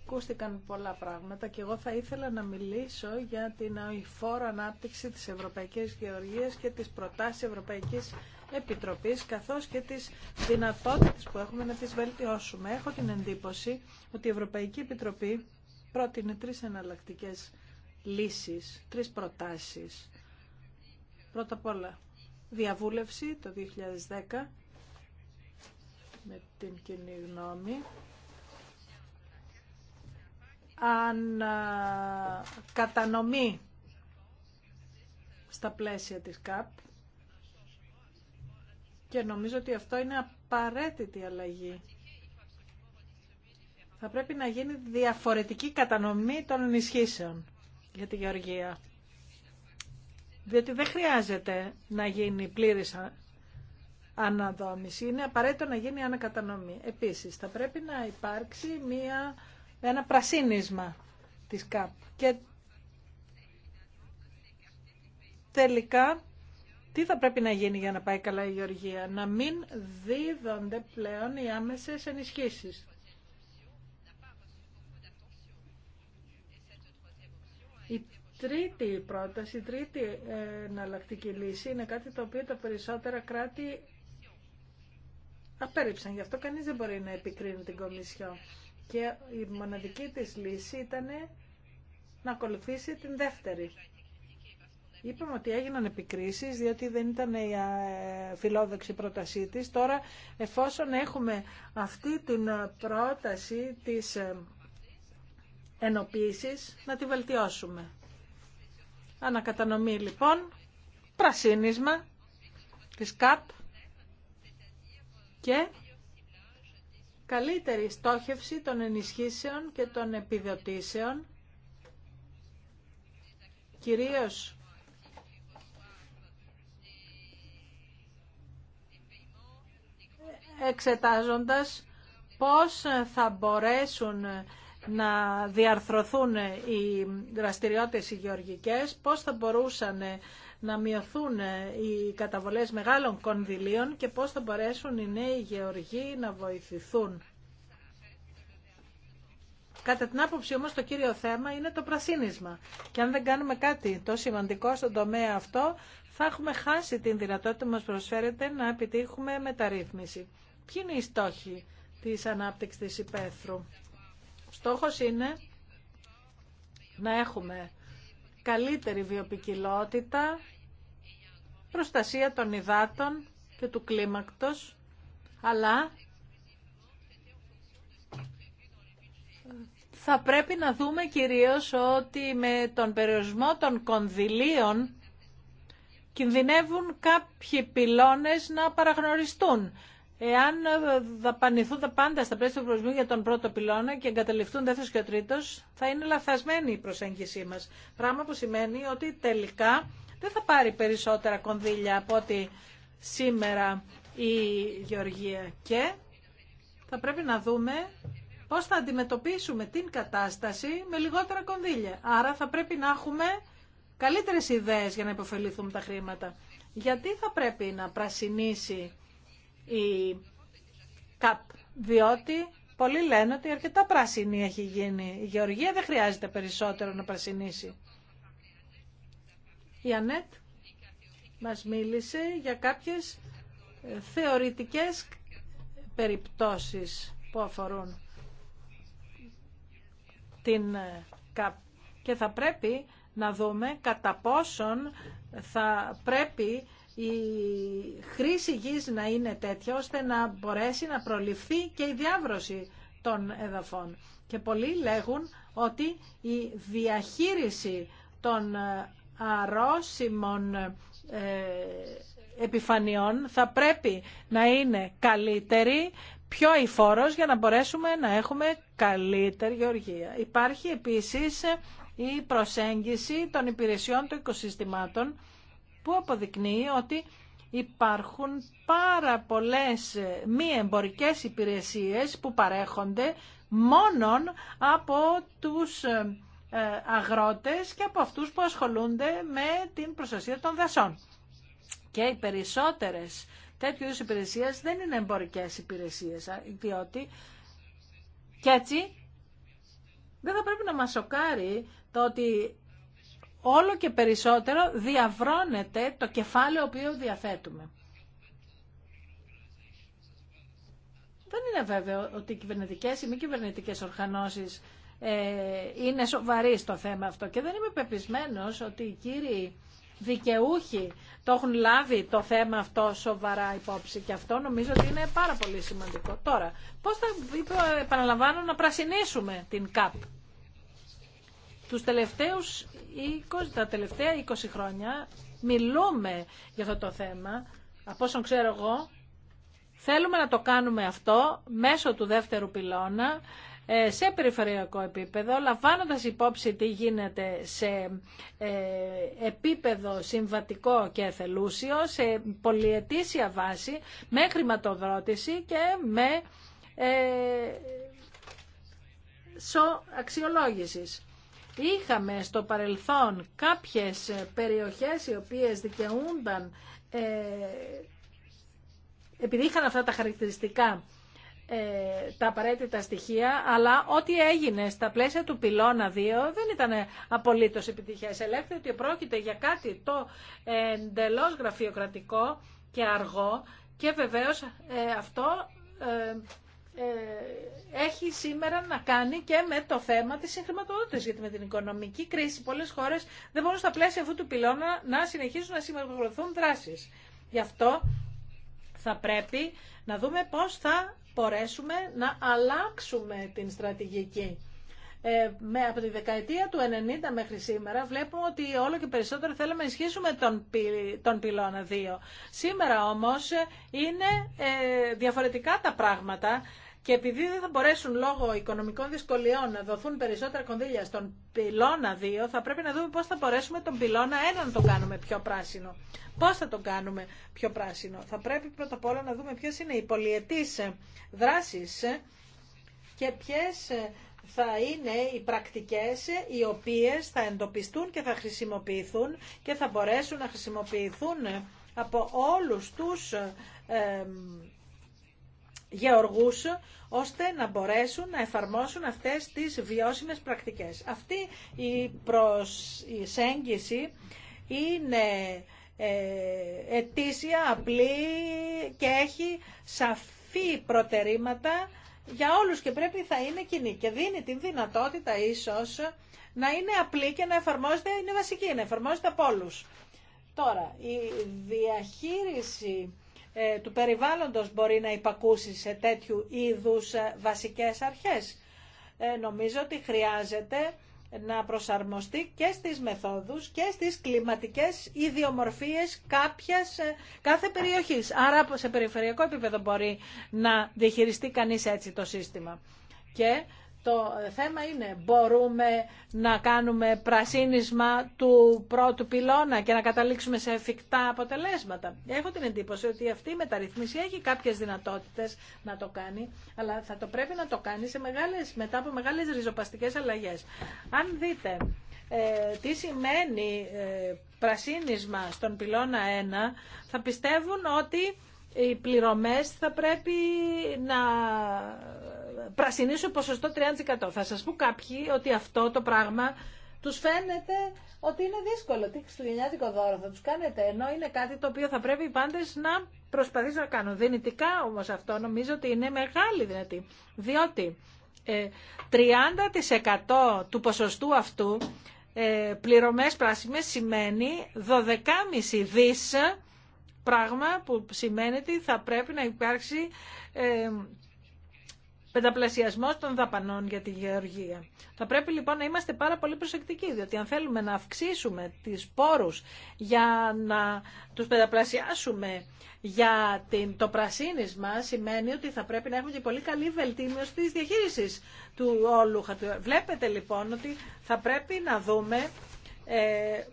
ακούστηκαν πολλά πράγματα και εγώ θα ήθελα να μιλήσω για την αηφόρο ανάπτυξη της Ευρωπαϊκής Γεωργίας και τις προτάσεις Ευρωπαϊκής Επιτροπής καθώς και τις δυνατότητες που έχουμε να τις βελτιώσουμε. Έχω την εντύπωση ότι η Ευρωπαϊκή Επιτροπή πρότεινε τρεις εναλλακτικέ λύσεις, τρεις προτάσεις. Πρώτα απ' όλα, διαβούλευση το 2010 με την κοινή γνώμη. Αν κατανομή στα πλαίσια της ΚΑΠ και νομίζω ότι αυτό είναι απαραίτητη αλλαγή. Θα πρέπει να γίνει διαφορετική κατανομή των ενισχύσεων για τη Γεωργία. Διότι δεν χρειάζεται να γίνει πλήρης αναδόμηση. Είναι απαραίτητο να γίνει ανακατανομή. Επίσης, θα πρέπει να υπάρξει μια, ένα πρασίνισμα της ΚΑΠ. Και τελικά, τι θα πρέπει να γίνει για να πάει καλά η Γεωργία. Να μην δίδονται πλέον οι άμεσες ενισχύσεις. τρίτη πρόταση, τρίτη ε, εναλλακτική λύση είναι κάτι το οποίο τα περισσότερα κράτη απέρριψαν. Γι' αυτό κανείς δεν μπορεί να επικρίνει την Κομισιό. Και η μοναδική της λύση ήταν να ακολουθήσει την δεύτερη. Είπαμε ότι έγιναν επικρίσεις διότι δεν ήταν η ε, φιλόδοξη πρότασή της. Τώρα εφόσον έχουμε αυτή την ε, πρόταση της ενοποίησης να τη βελτιώσουμε. Ανακατανομή λοιπόν, πρασίνισμα της ΚΑΠ και καλύτερη στόχευση των ενισχύσεων και των επιδοτήσεων, κυρίως εξετάζοντας πώς θα μπορέσουν να διαρθρωθούν οι δραστηριότητες οι γεωργικές, πώς θα μπορούσαν να μειωθούν οι καταβολές μεγάλων κονδυλίων και πώς θα μπορέσουν οι νέοι γεωργοί να βοηθηθούν. Κατά την άποψη όμως το κύριο θέμα είναι το πρασίνισμα. Και αν δεν κάνουμε κάτι το σημαντικό στον τομέα αυτό, θα έχουμε χάσει την δυνατότητα που μας προσφέρεται να επιτύχουμε μεταρρύθμιση. Ποιοι είναι οι στόχοι της ανάπτυξης υπαίθρου. Στόχος είναι να έχουμε καλύτερη βιοπικιλότητα, προστασία των υδάτων και του κλίμακτος, αλλά θα πρέπει να δούμε κυρίως ότι με τον περιορισμό των κονδυλίων κινδυνεύουν κάποιοι πυλώνες να παραγνωριστούν. Εάν ε, δαπανηθούν τα πάντα στα πλαίσια του προορισμού για τον πρώτο πυλώνα και εγκαταλειφθούν δεύτερο και ο τρίτο, θα είναι λαθασμένη η προσέγγιση μα. Πράγμα που σημαίνει ότι τελικά δεν θα πάρει περισσότερα κονδύλια από ό,τι σήμερα η Γεωργία. Και θα πρέπει να δούμε πώς θα αντιμετωπίσουμε την κατάσταση με λιγότερα κονδύλια. Άρα θα πρέπει να έχουμε καλύτερες ιδέες για να υποφελήθουμε τα χρήματα. Γιατί θα πρέπει να πρασινίσει η ΚΑΠ, διότι πολλοί λένε ότι αρκετά πράσινη έχει γίνει. Η Γεωργία δεν χρειάζεται περισσότερο να πρασινίσει. Η Ανέτ μας μίλησε για κάποιες θεωρητικές περιπτώσεις που αφορούν την ΚΑΠ και θα πρέπει να δούμε κατά πόσον θα πρέπει η χρήση γης να είναι τέτοια ώστε να μπορέσει να προληφθεί και η διάβρωση των εδαφών. Και πολλοί λέγουν ότι η διαχείριση των ε, αρρώσιμων ε, επιφανειών θα πρέπει να είναι καλύτερη, πιο υφόρος για να μπορέσουμε να έχουμε καλύτερη γεωργία. Υπάρχει επίσης η προσέγγιση των υπηρεσιών των οικοσυστημάτων που αποδεικνύει ότι υπάρχουν πάρα πολλές μη εμπορικές υπηρεσίες που παρέχονται μόνον από τους ε, ε, αγρότες και από αυτούς που ασχολούνται με την προστασία των δασών. Και οι περισσότερες τέτοιου είδους υπηρεσίες δεν είναι εμπορικές υπηρεσίες, διότι και έτσι δεν θα πρέπει να μας σοκάρει το ότι όλο και περισσότερο διαβρώνεται το κεφάλαιο οποίο διαθέτουμε. Δεν είναι βέβαιο ότι οι κυβερνητικές ή μη κυβερνητικές οργανώσεις ε, είναι σοβαροί στο θέμα αυτό και δεν είμαι πεπισμένος ότι οι κύριοι δικαιούχοι το έχουν λάβει το θέμα αυτό σοβαρά υπόψη και αυτό νομίζω ότι είναι πάρα πολύ σημαντικό. Τώρα, πώς θα επαναλαμβάνω να πρασινίσουμε την ΚΑΠ. Τους τελευταίους 20, τα τελευταία 20 χρόνια μιλούμε για αυτό το θέμα. Από όσον ξέρω εγώ, θέλουμε να το κάνουμε αυτό μέσω του δεύτερου πυλώνα, ε, σε περιφερειακό επίπεδο, λαμβάνοντας υπόψη τι γίνεται σε ε, επίπεδο συμβατικό και εθελούσιο, σε πολυετήσια βάση, με χρηματοδότηση και με ε, σο αξιολόγησης είχαμε στο παρελθόν κάποιες περιοχές οι οποίες δικαιούνταν ε, επειδή είχαν αυτά τα χαρακτηριστικά ε, τα απαραίτητα στοιχεία, αλλά ό,τι έγινε στα πλαίσια του πυλώνα 2 δεν ήταν απολύτως επιτυχές. Ελέγχεται ότι πρόκειται για κάτι το εντελώ γραφειοκρατικό και αργό και βεβαίως ε, αυτό ε, ε, έχει σήμερα να κάνει και με το θέμα της συγχρηματοδότησης, γιατί με την οικονομική κρίση πολλές χώρες δεν μπορούν στα πλαίσια αυτού του πυλώνα να συνεχίσουν να συμμετοχωρηθούν δράσεις. Γι' αυτό θα πρέπει να δούμε πώς θα μπορέσουμε να αλλάξουμε την στρατηγική. Ε, με, από τη δεκαετία του 90 μέχρι σήμερα βλέπουμε ότι όλο και περισσότερο θέλουμε να ισχύσουμε τον, τον πυλώνα 2. Σήμερα όμως είναι ε, διαφορετικά τα πράγματα και επειδή δεν θα μπορέσουν λόγω οικονομικών δυσκολιών να δοθούν περισσότερα κονδύλια στον πυλώνα 2, θα πρέπει να δούμε πώς θα μπορέσουμε τον πυλώνα 1 να τον κάνουμε πιο πράσινο. Πώς θα τον κάνουμε πιο πράσινο. Θα πρέπει πρώτα απ' όλα να δούμε ποιε είναι οι πολιετής δράσεις και ποιε θα είναι οι πρακτικές οι οποίες θα εντοπιστούν και θα χρησιμοποιηθούν και θα μπορέσουν να χρησιμοποιηθούν από όλους τους γεωργούς ώστε να μπορέσουν να εφαρμόσουν αυτές τις βιώσιμες πρακτικές. Αυτή η προσέγγιση είναι ε, ετήσια, απλή και έχει σαφή προτερήματα για όλους και πρέπει θα είναι κοινή και δίνει την δυνατότητα ίσως να είναι απλή και να εφαρμόζεται, είναι βασική, να εφαρμόζεται από όλους. Τώρα, η διαχείριση ε, του περιβάλλοντος μπορεί να υπακούσει σε τέτοιου είδους ε, βασικές αρχές. Ε, νομίζω ότι χρειάζεται να προσαρμοστεί και στις μεθόδους και στις κλιματικές ιδιομορφίες κάποιας, κάθε περιοχής. Άρα σε περιφερειακό επίπεδο μπορεί να διαχειριστεί κανείς έτσι το σύστημα. Και το θέμα είναι, μπορούμε να κάνουμε πρασίνισμα του πρώτου πυλώνα και να καταλήξουμε σε εφικτά αποτελέσματα. Έχω την εντύπωση ότι αυτή η μεταρρύθμιση έχει κάποιες δυνατότητες να το κάνει, αλλά θα το πρέπει να το κάνει σε μεγάλες, μετά από μεγάλες ριζοπαστικές αλλαγές. Αν δείτε ε, τι σημαίνει ε, πρασίνισμα στον πυλώνα 1, θα πιστεύουν ότι οι πληρωμές θα πρέπει να Πρασινίσου ποσοστό 30%. Θα σας πω κάποιοι ότι αυτό το πράγμα τους φαίνεται ότι είναι δύσκολο. Τι χριστουγεννιάτικο δώρο θα τους κάνετε, ενώ είναι κάτι το οποίο θα πρέπει οι πάντες να προσπαθήσουν να κάνουν. Δυνητικά όμως αυτό νομίζω ότι είναι μεγάλη δυνατή, διότι 30% ε, του ποσοστού αυτού ε, πληρωμές πράσιμες σημαίνει 12,5 δις πράγμα που σημαίνει ότι θα πρέπει να υπάρξει ε, πενταπλασιασμό των δαπανών για τη γεωργία. Θα πρέπει λοιπόν να είμαστε πάρα πολύ προσεκτικοί, διότι αν θέλουμε να αυξήσουμε τις πόρους για να τους πενταπλασιάσουμε για την, το πρασίνισμα, σημαίνει ότι θα πρέπει να έχουμε και πολύ καλή βελτίωση της διαχείρισης του όλου. Βλέπετε λοιπόν ότι θα πρέπει να δούμε ε,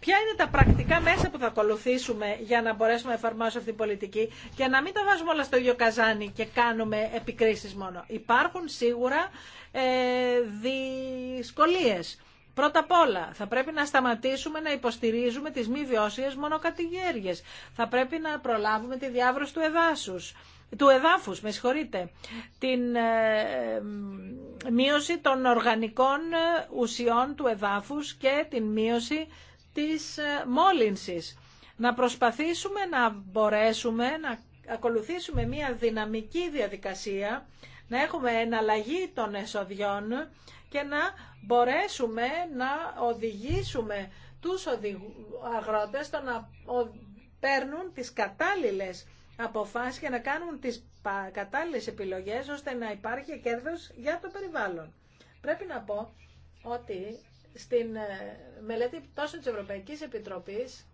ποια είναι τα πρακτικά μέσα που θα ακολουθήσουμε για να μπορέσουμε να εφαρμόσουμε αυτή την πολιτική και να μην τα βάζουμε όλα στο ίδιο καζάνι και κάνουμε επικρίσεις μόνο. Υπάρχουν σίγουρα ε, δυσκολίες. Πρώτα απ' όλα, θα πρέπει να σταματήσουμε να υποστηρίζουμε τις μη βιώσιες μονοκατηγέργειες. Θα πρέπει να προλάβουμε τη διάβρωση του εδάσους του εδάφους, με συγχωρείτε, την ε, μείωση των οργανικών ε, ουσιών του εδάφους και την μείωση της ε, μόλυνσης. Να προσπαθήσουμε να μπορέσουμε να ακολουθήσουμε μια δυναμική διαδικασία, να έχουμε εναλλαγή των εσοδιών και να μπορέσουμε να οδηγήσουμε τους αγρότες στο να παίρνουν τις κατάλληλες αποφάσεις και να κάνουν τις κατάλληλες επιλογές ώστε να υπάρχει κέρδος για το περιβάλλον. Πρέπει να πω ότι στην ε, μελέτη τόσο της Ευρωπαϊκής Επιτροπής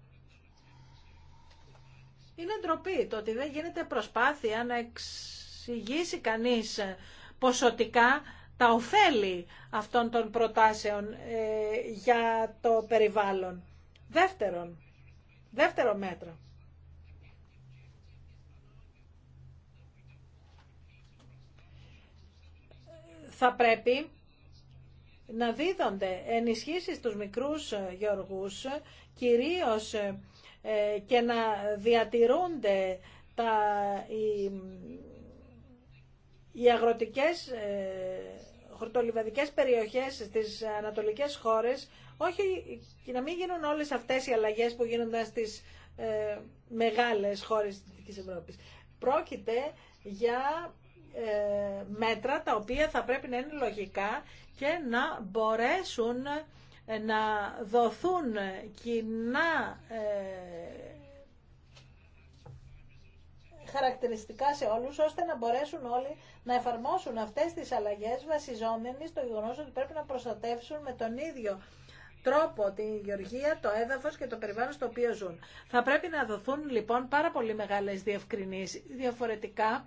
είναι ντροπή το ότι δεν γίνεται προσπάθεια να εξηγήσει κανείς ε, ποσοτικά τα ωφέλη αυτών των προτάσεων ε, για το περιβάλλον. Δεύτερον, δεύτερο μέτρο. Θα πρέπει να δίδονται ενισχύσεις στους μικρούς ε, γεωργούς, ε, κυρίως ε, και να διατηρούνται τα, οι, οι αγροτικές χορτολιβαδικές περιοχές στις ανατολικές χώρες, όχι και να μην γίνουν όλες αυτές οι αλλαγές που γίνονται στις μεγάλες χώρες της Ευρώπης. Πρόκειται για ε, μέτρα τα οποία θα πρέπει να είναι λογικά και να μπορέσουν ε, να δοθούν κοινά ε, χαρακτηριστικά σε όλους, ώστε να μπορέσουν όλοι να εφαρμόσουν αυτές τις αλλαγές βασιζόμενοι στο γεγονός ότι πρέπει να προστατεύσουν με τον ίδιο τρόπο τη γεωργία, το έδαφος και το περιβάλλον στο οποίο ζουν. Θα πρέπει να δοθούν λοιπόν πάρα πολύ μεγάλες διευκρινήσεις, διαφορετικά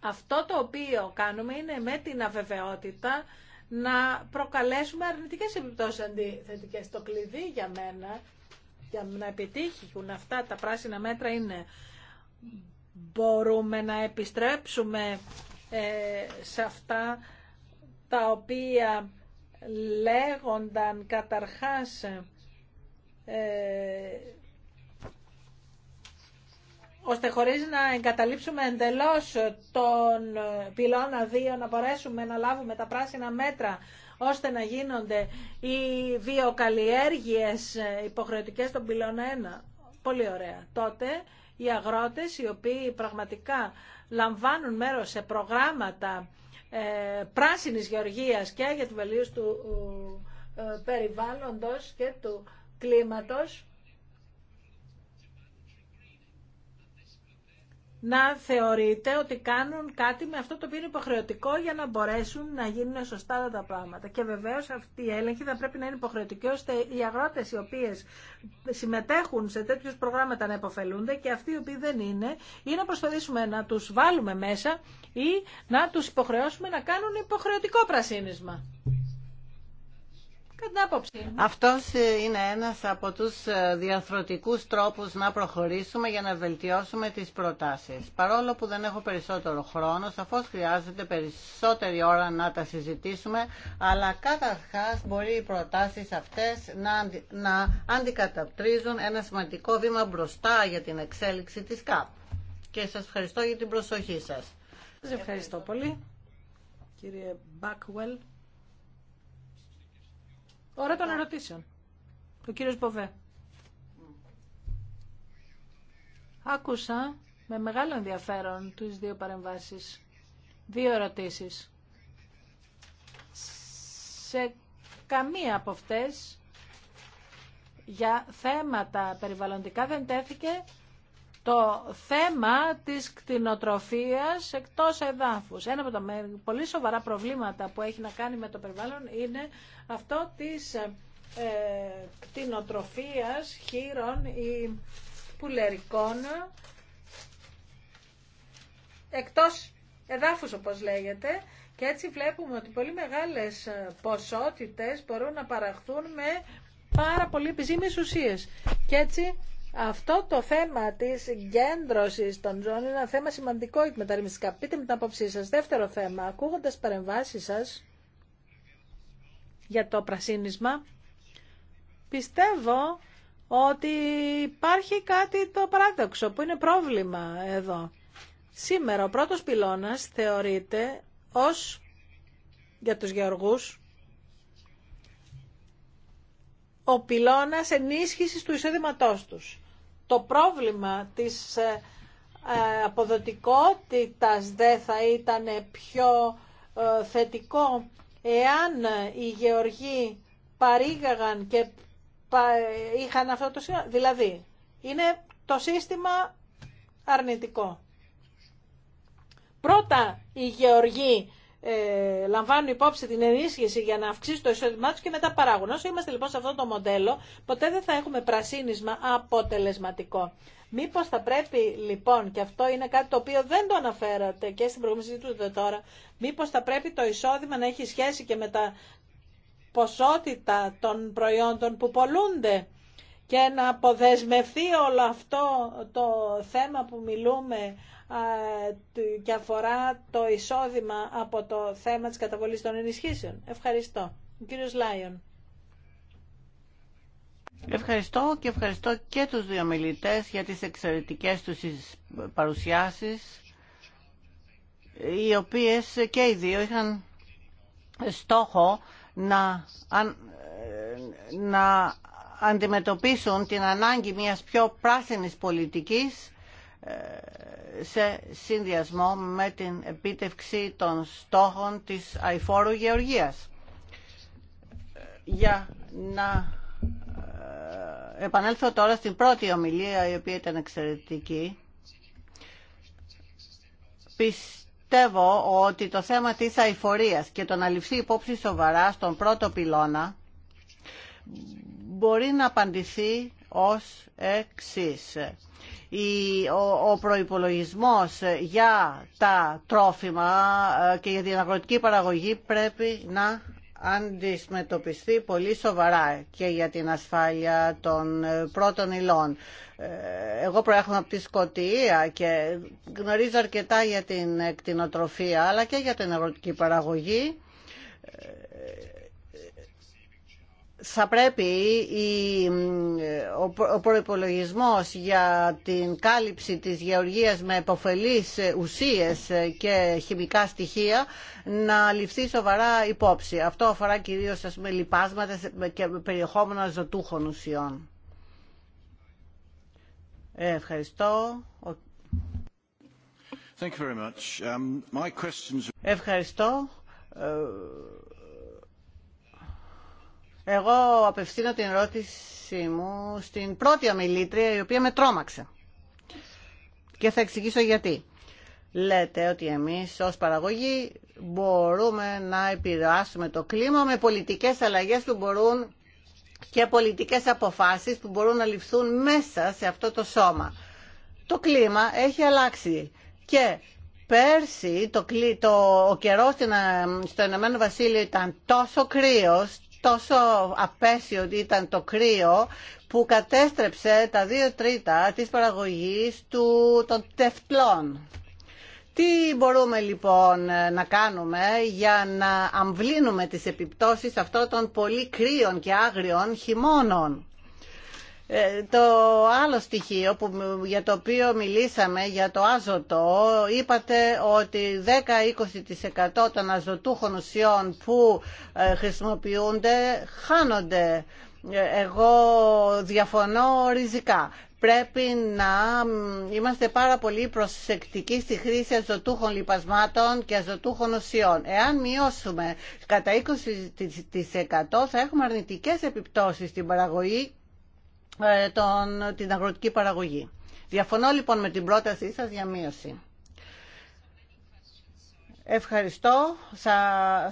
αυτό το οποίο κάνουμε είναι με την αβεβαιότητα να προκαλέσουμε αρνητικές επιπτώσεις αντιθετικές. Το κλειδί για μένα, για να επιτύχουν αυτά τα πράσινα μέτρα είναι μπορούμε να επιστρέψουμε ε, σε αυτά τα οποία λέγονταν καταρχάς ε, ώστε χωρίς να εγκαταλείψουμε εντελώς τον πυλώνα 2 να μπορέσουμε να λάβουμε τα πράσινα μέτρα ώστε να γίνονται οι βιοκαλλιέργειες υποχρεωτικές στον πυλώνα 1. Πολύ ωραία. Τότε οι αγρότες οι οποίοι πραγματικά λαμβάνουν μέρος σε προγράμματα ε, πράσινης γεωργίας και για του βελίούς του περιβάλλοντος και του κλίματος να θεωρείται ότι κάνουν κάτι με αυτό το οποίο είναι υποχρεωτικό για να μπορέσουν να γίνουν σωστά τα πράγματα. Και βεβαίως αυτή η έλεγχη θα πρέπει να είναι υποχρεωτική ώστε οι αγρότες οι οποίες συμμετέχουν σε τέτοιους προγράμματα να υποφελούνται και αυτοί οι οποίοι δεν είναι ή να προσπαθήσουμε να τους βάλουμε μέσα ή να τους υποχρεώσουμε να κάνουν υποχρεωτικό πρασίνισμα. Αυτός ε, είναι ένα από του ε, διαθροτικούς τρόπους να προχωρήσουμε για να βελτιώσουμε τις προτάσεις. Παρόλο που δεν έχω περισσότερο χρόνο, σαφώ χρειάζεται περισσότερη ώρα να τα συζητήσουμε, αλλά καταρχά μπορεί οι προτάσεις αυτές να, να αντικαταπτρίζουν ένα σημαντικό βήμα μπροστά για την εξέλιξη της ΚΑΠ. Και σα ευχαριστώ για την προσοχή σα. Σα ευχαριστώ πολύ, κύριε Μπάκουελ. Ώρα των ερωτήσεων. Ο κύριος Μποβέ. Άκουσα με μεγάλο ενδιαφέρον τις δύο παρεμβάσεις. Δύο ερωτήσεις. Σε καμία από αυτές για θέματα περιβαλλοντικά δεν τέθηκε το θέμα της κτηνοτροφίας εκτός εδάφους. Ένα από τα πολύ σοβαρά προβλήματα που έχει να κάνει με το περιβάλλον είναι αυτό της ε, κτηνοτροφίας χείρων ή πουλερικών εκτός εδάφους όπως λέγεται και έτσι βλέπουμε ότι πολύ μεγάλες ε, ποσότητες μπορούν να παραχθούν με πάρα πολύ επιζήμιες ουσίες. Και έτσι αυτό το θέμα της γέντρωση των ζώων είναι ένα θέμα σημαντικό για τη μεταρρυθμιστικά. Πείτε με την απόψή σα. Δεύτερο θέμα, ακούγοντας παρεμβάσει σας για το πρασίνισμα, πιστεύω ότι υπάρχει κάτι το παράδοξο που είναι πρόβλημα εδώ. Σήμερα ο πρώτος πυλώνας θεωρείται ως για τους γεωργούς ο πυλώνας ενίσχυσης του εισόδηματός τους το πρόβλημα της ε, ε, αποδοτικότητας δεν θα ήταν πιο ε, θετικό εάν οι γεωργοί παρήγαγαν και είχαν αυτό το σύστημα. Δηλαδή, είναι το σύστημα αρνητικό. Πρώτα οι γεωργοί ε, λαμβάνουν υπόψη την ενίσχυση για να αυξήσει το εισόδημά του και μετά παράγουν. Όσο είμαστε λοιπόν σε αυτό το μοντέλο, ποτέ δεν θα έχουμε πρασίνισμα αποτελεσματικό. Μήπως θα πρέπει λοιπόν, και αυτό είναι κάτι το οποίο δεν το αναφέρατε και στην προηγούμενη συζήτηση τώρα, μήπως θα πρέπει το εισόδημα να έχει σχέση και με τα ποσότητα των προϊόντων που πολλούνται και να αποδεσμευτεί όλο αυτό το θέμα που μιλούμε και αφορά το εισόδημα από το θέμα της καταβολής των ενισχύσεων. Ευχαριστώ. Ο κύριος Λάιον. Ευχαριστώ και ευχαριστώ και τους δύο μιλητές για τις εξαιρετικές τους παρουσιάσεις οι οποίες και οι δύο είχαν στόχο να, να αντιμετωπίσουν την ανάγκη μιας πιο πράσινης πολιτικής ε, σε συνδυασμό με την επίτευξη των στόχων της αηφόρου γεωργίας. Για να ε, επανέλθω τώρα στην πρώτη ομιλία η οποία ήταν εξαιρετική. Πιστεύω ότι το θέμα της αηφορίας και το να ληφθεί υπόψη σοβαρά στον πρώτο πυλώνα μπορεί να απαντηθεί ως εξής ο, ο προϋπολογισμός για τα τρόφιμα ε, και για την αγροτική παραγωγή πρέπει να αντισμετωπιστεί πολύ σοβαρά και για την ασφάλεια των ε, πρώτων υλών. Ε, εγώ προέρχομαι από τη Σκωτία και γνωρίζω αρκετά για την εκτινοτροφία αλλά και για την αγροτική παραγωγή θα πρέπει ο προϋπολογισμός για την κάλυψη της γεωργίας με επωφελείς ουσίες και χημικά στοιχεία να ληφθεί σοβαρά υπόψη. Αυτό αφορά κυρίως ας πούμε, λιπάσματα και περιεχόμενα ζωτούχων ουσιών. Ε, ευχαριστώ. Thank you very much. Um, my questions... Ευχαριστώ. Ε, εγώ απευθύνω την ερώτησή μου στην πρώτη ομιλήτρια η οποία με τρόμαξε. Και θα εξηγήσω γιατί. Λέτε ότι εμείς ως παραγωγή μπορούμε να επηρεάσουμε το κλίμα με πολιτικές αλλαγές που μπορούν και πολιτικές αποφάσεις που μπορούν να ληφθούν μέσα σε αυτό το σώμα. Το κλίμα έχει αλλάξει και πέρσι το, το, ο καιρός στην, ε, στο Ηνωμένο Βασίλειο ήταν τόσο κρύος, τόσο απέσιο ήταν το κρύο που κατέστρεψε τα δύο τρίτα της παραγωγής του, των τεφτλών. Τι μπορούμε λοιπόν να κάνουμε για να αμβλύνουμε τις επιπτώσεις αυτών των πολύ κρύων και άγριων χειμώνων. Ε, το άλλο στοιχείο που, για το οποίο μιλήσαμε, για το άζωτο, είπατε ότι 10-20% των αζωτούχων ουσιών που ε, χρησιμοποιούνται χάνονται. Ε, εγώ διαφωνώ ριζικά. Πρέπει να είμαστε πάρα πολύ προσεκτικοί στη χρήση αζωτούχων λιπασμάτων και αζωτούχων ουσιών. Εάν μειώσουμε κατά 20% θα έχουμε αρνητικές επιπτώσεις στην παραγωγή ε, τον, την αγροτική παραγωγή. Διαφωνώ λοιπόν με την πρότασή σας για μείωση. Ευχαριστώ. Θα,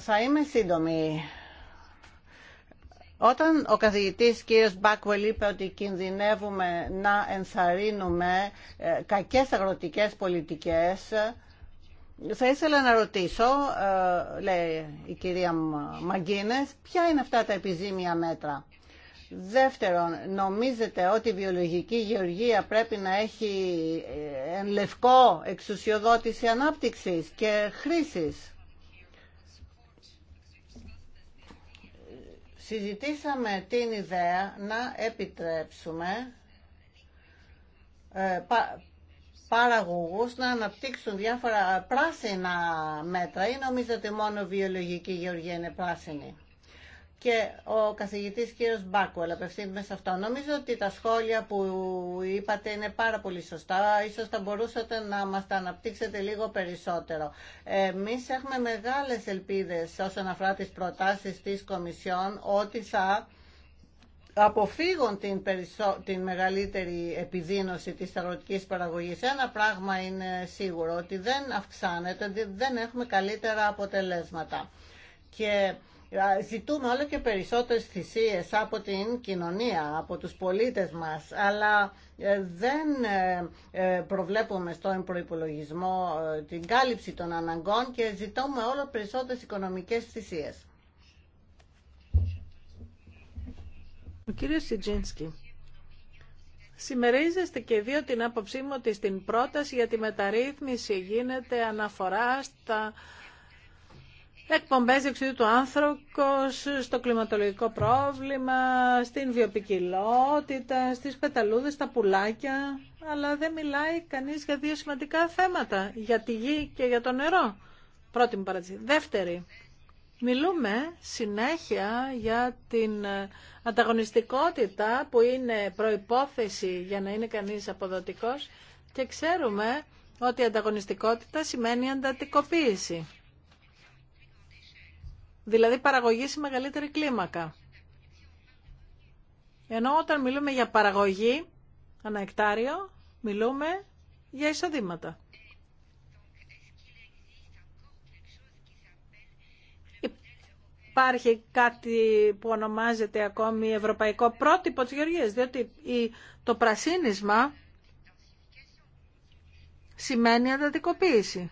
θα είμαι σύντομη. Όταν ο καθηγητής κύριος Μπάκουελ είπε ότι κινδυνεύουμε να ενθαρρύνουμε ε, κακές αγροτικές πολιτικές, θα ήθελα να ρωτήσω, ε, λέει η κυρία Μαγκίνες, ποια είναι αυτά τα επιζήμια μέτρα. Δεύτερον, νομίζετε ότι η βιολογική γεωργία πρέπει να έχει ε, εν λευκό εξουσιοδότηση ανάπτυξης και χρήσης. Συζητήσαμε την ιδέα να επιτρέψουμε ε, παραγωγούς να αναπτύξουν διάφορα πράσινα μέτρα ή νομίζετε μόνο βιολογική γεωργία είναι πράσινη και ο καθηγητής κύριος Μπάκουελ απευθύνουμε σε αυτό. Νομίζω ότι τα σχόλια που είπατε είναι πάρα πολύ σωστά. Ίσως θα μπορούσατε να μας τα αναπτύξετε λίγο περισσότερο. Εμείς έχουμε μεγάλες ελπίδες όσον αφορά τις προτάσεις της Κομισιόν ότι θα αποφύγουν την, μεγαλύτερη επιδείνωση της αγροτικής παραγωγής. Ένα πράγμα είναι σίγουρο, ότι δεν αυξάνεται, ότι δεν έχουμε καλύτερα αποτελέσματα. Και Ζητούμε όλο και περισσότερες θυσίες από την κοινωνία, από τους πολίτες μας, αλλά ε, δεν ε, ε, προβλέπουμε στον προϋπολογισμό την κάλυψη των αναγκών και ζητούμε όλο περισσότερες οικονομικές θυσίες. Ο κύριος Σιτζίνσκι, συμμερίζεστε και δύο την άποψή μου ότι στην πρόταση για τη μεταρρύθμιση γίνεται αναφορά στα εκπομπές διοξιδίου του άνθρωπο στο κλιματολογικό πρόβλημα, στην βιοπικιλότητα, στις πεταλούδες, στα πουλάκια, αλλά δεν μιλάει κανείς για δύο σημαντικά θέματα, για τη γη και για το νερό. Πρώτη μου παρατήρηση. Δεύτερη, μιλούμε συνέχεια για την ανταγωνιστικότητα που είναι προϋπόθεση για να είναι κανείς αποδοτικός και ξέρουμε ότι η ανταγωνιστικότητα σημαίνει αντατικοποίηση δηλαδή παραγωγή σε μεγαλύτερη κλίμακα. Ενώ όταν μιλούμε για παραγωγή ένα εκτάριο, μιλούμε για εισοδήματα. Υπάρχει κάτι που ονομάζεται ακόμη ευρωπαϊκό πρότυπο της Γεωργίας, διότι το πρασίνισμα σημαίνει ανταδικοποίηση.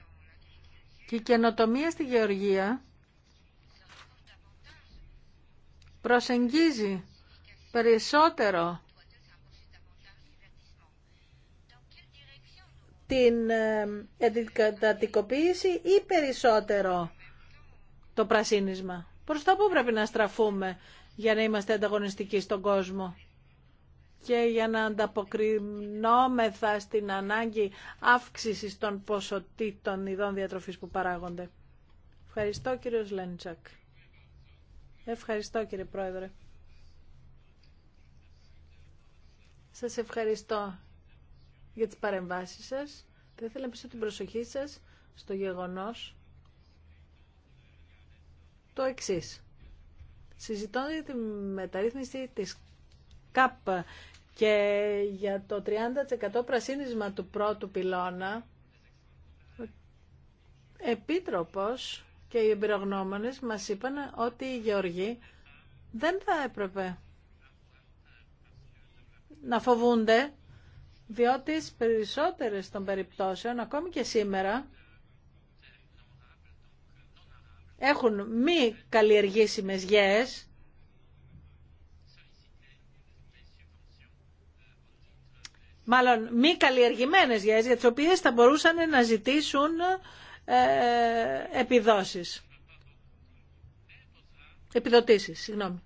Και η καινοτομία στη Γεωργία προσεγγίζει περισσότερο την ε, εντατικοποίηση ή περισσότερο το πρασίνισμα. Προς τα πού πρέπει να στραφούμε για να είμαστε ανταγωνιστικοί στον κόσμο και για να ανταποκρινόμεθα στην ανάγκη αύξησης των ποσοτήτων ειδών διατροφής που παράγονται. Ευχαριστώ κύριος Λέντσακ. Ευχαριστώ κύριε Πρόεδρε. Σας ευχαριστώ για τις παρεμβάσεις σας. Θα ήθελα να πείσω την προσοχή σας στο γεγονός το εξής. Συζητώντα για τη μεταρρύθμιση της ΚΑΠ και για το 30% πρασίνισμα του πρώτου πυλώνα, Επίτροπος και οι εμπειρογνώμονες μας είπαν ότι οι γεωργοί δεν θα έπρεπε να φοβούνται, διότι στις περισσότερες των περιπτώσεων, ακόμη και σήμερα, έχουν μη καλλιεργήσιμες γέες, μάλλον μη καλλιεργημένες γέες, για τις οποίες θα μπορούσαν να ζητήσουν ε, ε, επιδόσεις. Επιδοτήσεις, συγγνώμη.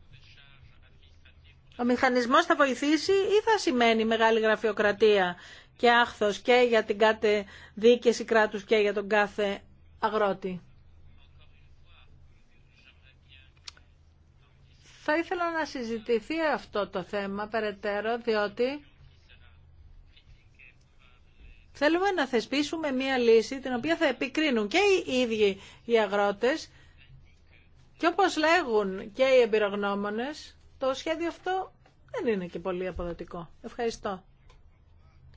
Ο μηχανισμός θα βοηθήσει ή θα σημαίνει μεγάλη γραφειοκρατία και άχθος και για την κάθε δίκαιση κράτους και για τον κάθε αγρότη. Θα ήθελα να συζητηθεί αυτό το θέμα περαιτέρω, διότι Θέλουμε να θεσπίσουμε μία λύση την οποία θα επικρίνουν και οι ίδιοι οι αγρότες και όπως λέγουν και οι εμπειρογνώμονες, το σχέδιο αυτό δεν είναι και πολύ αποδοτικό. Ευχαριστώ.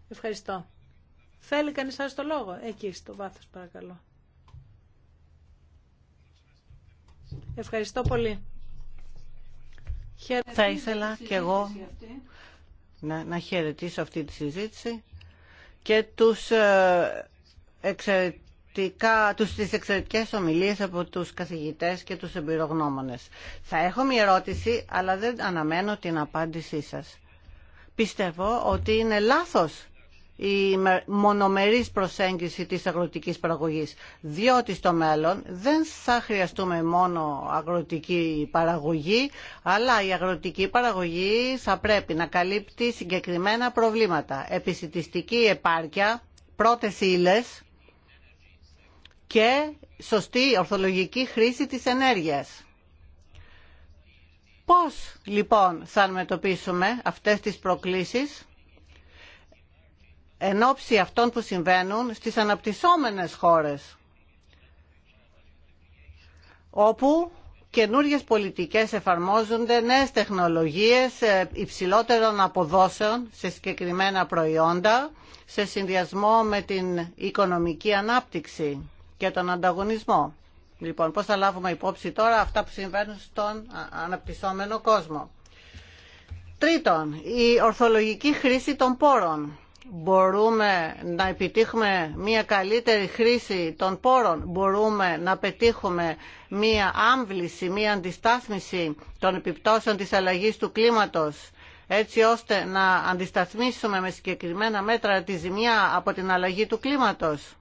Ευχαριστώ. Θέλει κανείς άλλο το λόγο. Εκεί στο βάθος παρακαλώ. Ευχαριστώ πολύ. Θα ήθελα και εγώ να, να χαιρετήσω αυτή τη συζήτηση και τους ε, εξαιρετικά, τους, τις εξαιρετικές ομιλίες από τους καθηγητές και τους εμπειρογνώμονες. Θα έχω μια ερώτηση, αλλά δεν αναμένω την απάντησή σας. Πιστεύω ότι είναι λάθος η μονομερής προσέγγιση της αγροτικής παραγωγής. Διότι στο μέλλον δεν θα χρειαστούμε μόνο αγροτική παραγωγή, αλλά η αγροτική παραγωγή θα πρέπει να καλύπτει συγκεκριμένα προβλήματα. Επισητιστική επάρκεια, πρώτες ύλες και σωστή ορθολογική χρήση της ενέργειας. Πώς λοιπόν θα αντιμετωπίσουμε αυτές τις προκλήσεις εν ώψη αυτών που συμβαίνουν στις αναπτυσσόμενες χώρες όπου καινούριε πολιτικές εφαρμόζονται, νέες τεχνολογίες ε, υψηλότερων αποδόσεων σε συγκεκριμένα προϊόντα, σε συνδυασμό με την οικονομική ανάπτυξη και τον ανταγωνισμό. Λοιπόν, πώς θα λάβουμε υπόψη τώρα αυτά που συμβαίνουν στον αναπτυσσόμενο κόσμο. Τρίτον, η ορθολογική χρήση των πόρων μπορούμε να επιτύχουμε μια καλύτερη χρήση των πόρων, μπορούμε να πετύχουμε μια άμβληση, μια αντιστάθμιση των επιπτώσεων της αλλαγής του κλίματος, έτσι ώστε να αντισταθμίσουμε με συγκεκριμένα μέτρα τη ζημιά από την αλλαγή του κλίματος.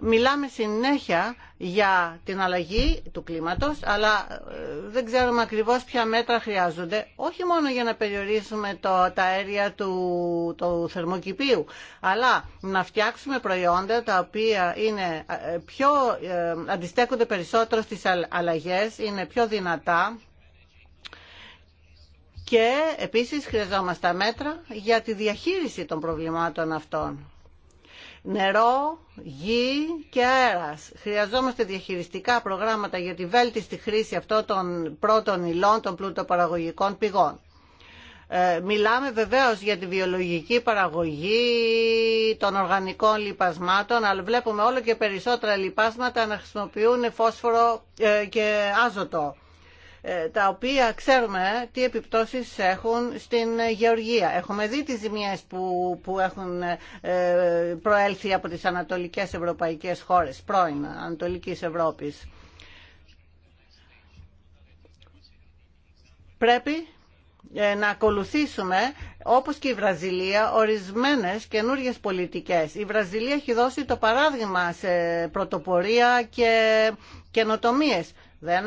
Μιλάμε συνέχεια για την αλλαγή του κλίματος, αλλά ε, δεν ξέρουμε ακριβώς ποια μέτρα χρειάζονται, όχι μόνο για να περιορίσουμε το, τα αέρια του, του θερμοκηπίου, αλλά να φτιάξουμε προϊόντα τα οποία είναι ε, πιο, ε, αντιστέκονται περισσότερο στις αλλαγές, είναι πιο δυνατά και επίσης χρειαζόμαστε μέτρα για τη διαχείριση των προβλημάτων αυτών νερό, γη και αέρας. Χρειαζόμαστε διαχειριστικά προγράμματα για τη βέλτιστη χρήση αυτών των πρώτων υλών των πλουτοπαραγωγικών πηγών. Ε, μιλάμε βεβαίως για τη βιολογική παραγωγή των οργανικών λιπασμάτων, αλλά βλέπουμε όλο και περισσότερα λιπάσματα να χρησιμοποιούν φόσφορο ε, και άζωτο. Ε, τα οποία ξέρουμε τι επιπτώσεις έχουν στην γεωργία. Έχουμε δει τις ζημίες που, που έχουν ε, προέλθει από τις ανατολικές ευρωπαϊκές χώρες, πρώην Ανατολικής Ευρώπης. Πρέπει ε, να ακολουθήσουμε όπως και η Βραζιλία ορισμένες καινούργιες πολιτικές. Η Βραζιλία έχει δώσει το παράδειγμα σε πρωτοπορία και καινοτομίες. Δεν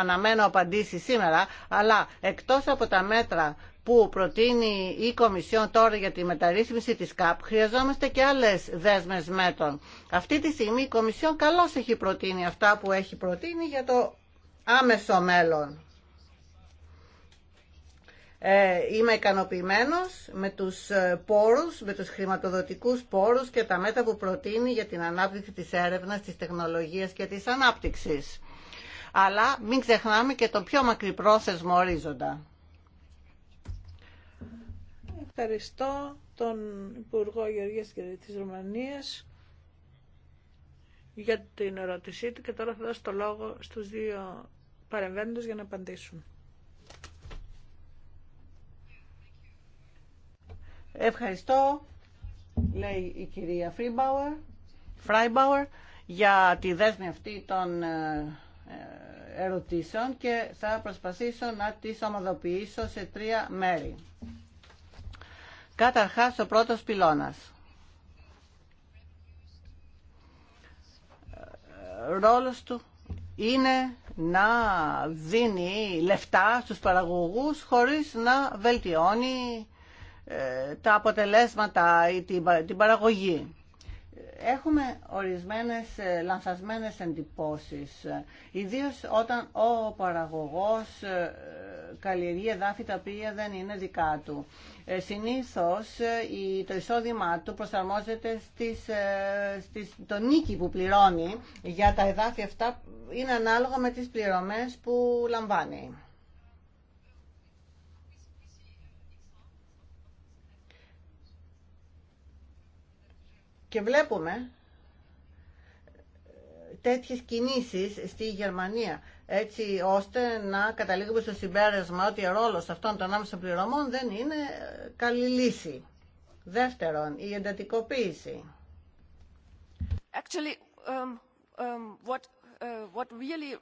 αναμένω απαντήσει σήμερα, αλλά εκτός από τα μέτρα που προτείνει η Κομισιόν τώρα για τη μεταρρύθμιση της ΚΑΠ, χρειαζόμαστε και άλλες δέσμες μέτρων. Αυτή τη στιγμή η Κομισιόν καλώς έχει προτείνει αυτά που έχει προτείνει για το άμεσο μέλλον. Ε, είμαι ικανοποιημένος με τους ε, πόρους, με τους χρηματοδοτικούς πόρους και τα μέτρα που προτείνει για την ανάπτυξη της έρευνας, της τεχνολογίας και της ανάπτυξης αλλά μην ξεχνάμε και τον πιο πρόθεσμο ορίζοντα. Ευχαριστώ τον Υπουργό Γεωργίας και της Ρουμανίας για την ερώτησή του και τώρα θα δώσω το λόγο στους δύο παρεμβαίνοντες για να απαντήσουν. Ευχαριστώ, λέει η κυρία Φρίμπαουερ, Φράιμπαουερ, για τη δέσμη αυτή των ε, ε, ερωτήσεων και θα προσπαθήσω να τις ομοδοποιήσω σε τρία μέρη. Καταρχάς, ο πρώτος πυλώνας. Ρόλος του είναι να δίνει λεφτά στους παραγωγούς χωρίς να βελτιώνει ε, τα αποτελέσματα ή την παραγωγή έχουμε ορισμένες ε, λανθασμένες εντυπώσεις, ε, ιδίως όταν ο παραγωγός ε, καλλιεργεί εδάφη τα οποία δεν είναι δικά του. Συνήθως το εισόδημά του προσαρμόζεται στις, στις, νίκη που πληρώνει για τα εδάφη αυτά είναι ανάλογα με τις πληρωμές που λαμβάνει. Και βλέπουμε ε, τέτοιες κινήσεις στη Γερμανία έτσι ώστε να καταλήγουμε στο συμπέρασμα ότι ο ρόλος αυτών των άμεσων πληρωμών δεν είναι ε, καλή λύση. Δεύτερον, η εντατικοποίηση. Actually, um, um, what, uh, what really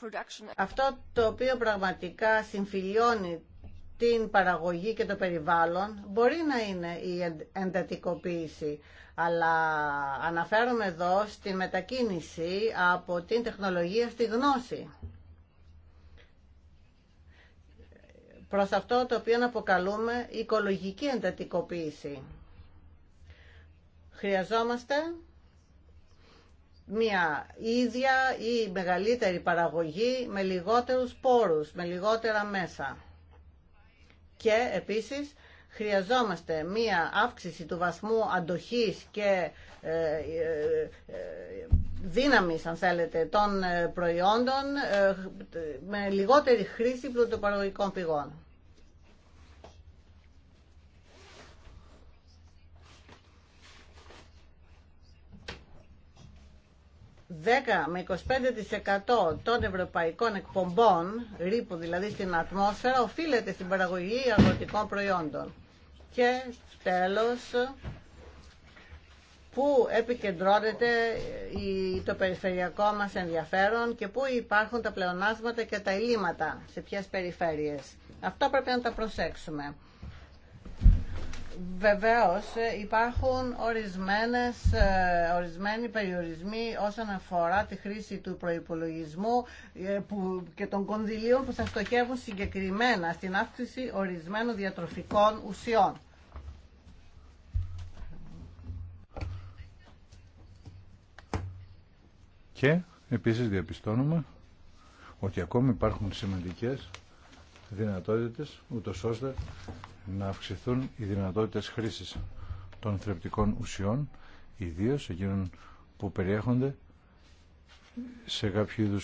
production... Αυτό το οποίο πραγματικά συμφιλιώνει την παραγωγή και το περιβάλλον μπορεί να είναι η εντατικοποίηση. Αλλά αναφέρομαι εδώ στην μετακίνηση από την τεχνολογία στη γνώση. Προς αυτό το οποίο αποκαλούμε οικολογική εντατικοποίηση. Χρειαζόμαστε μια ίδια ή μεγαλύτερη παραγωγή με λιγότερους πόρους, με λιγότερα μέσα και επίσης χρειαζόμαστε μία αύξηση του βαθμού αντοχής και ε, ε, ε, δύναμης, αν θέλετε, των προϊόντων με λιγότερη χρήση πρωτοπαραγωγικών πηγών. 10 με 25% των ευρωπαϊκών εκπομπών, ρήπου δηλαδή στην ατμόσφαιρα, οφείλεται στην παραγωγή αγροτικών προϊόντων. Και τέλος, πού επικεντρώνεται το περιφερειακό μας ενδιαφέρον και πού υπάρχουν τα πλεονάσματα και τα ελλείμματα, σε ποιες περιφέρειες. Αυτό πρέπει να τα προσέξουμε. Βεβαίως ε, υπάρχουν ορισμένες, ε, ορισμένοι περιορισμοί όσον αφορά τη χρήση του προϋπολογισμού ε, και των κονδυλίων που θα στοχεύουν συγκεκριμένα στην αύξηση ορισμένων διατροφικών ουσιών. Και επίσης διαπιστώνουμε ότι ακόμη υπάρχουν σημαντικές δυνατότητες ούτως ώστε να αυξηθούν οι δυνατότητες χρήσης των θρεπτικών ουσιών, ιδίως εκείνων που περιέχονται σε κάποιο είδου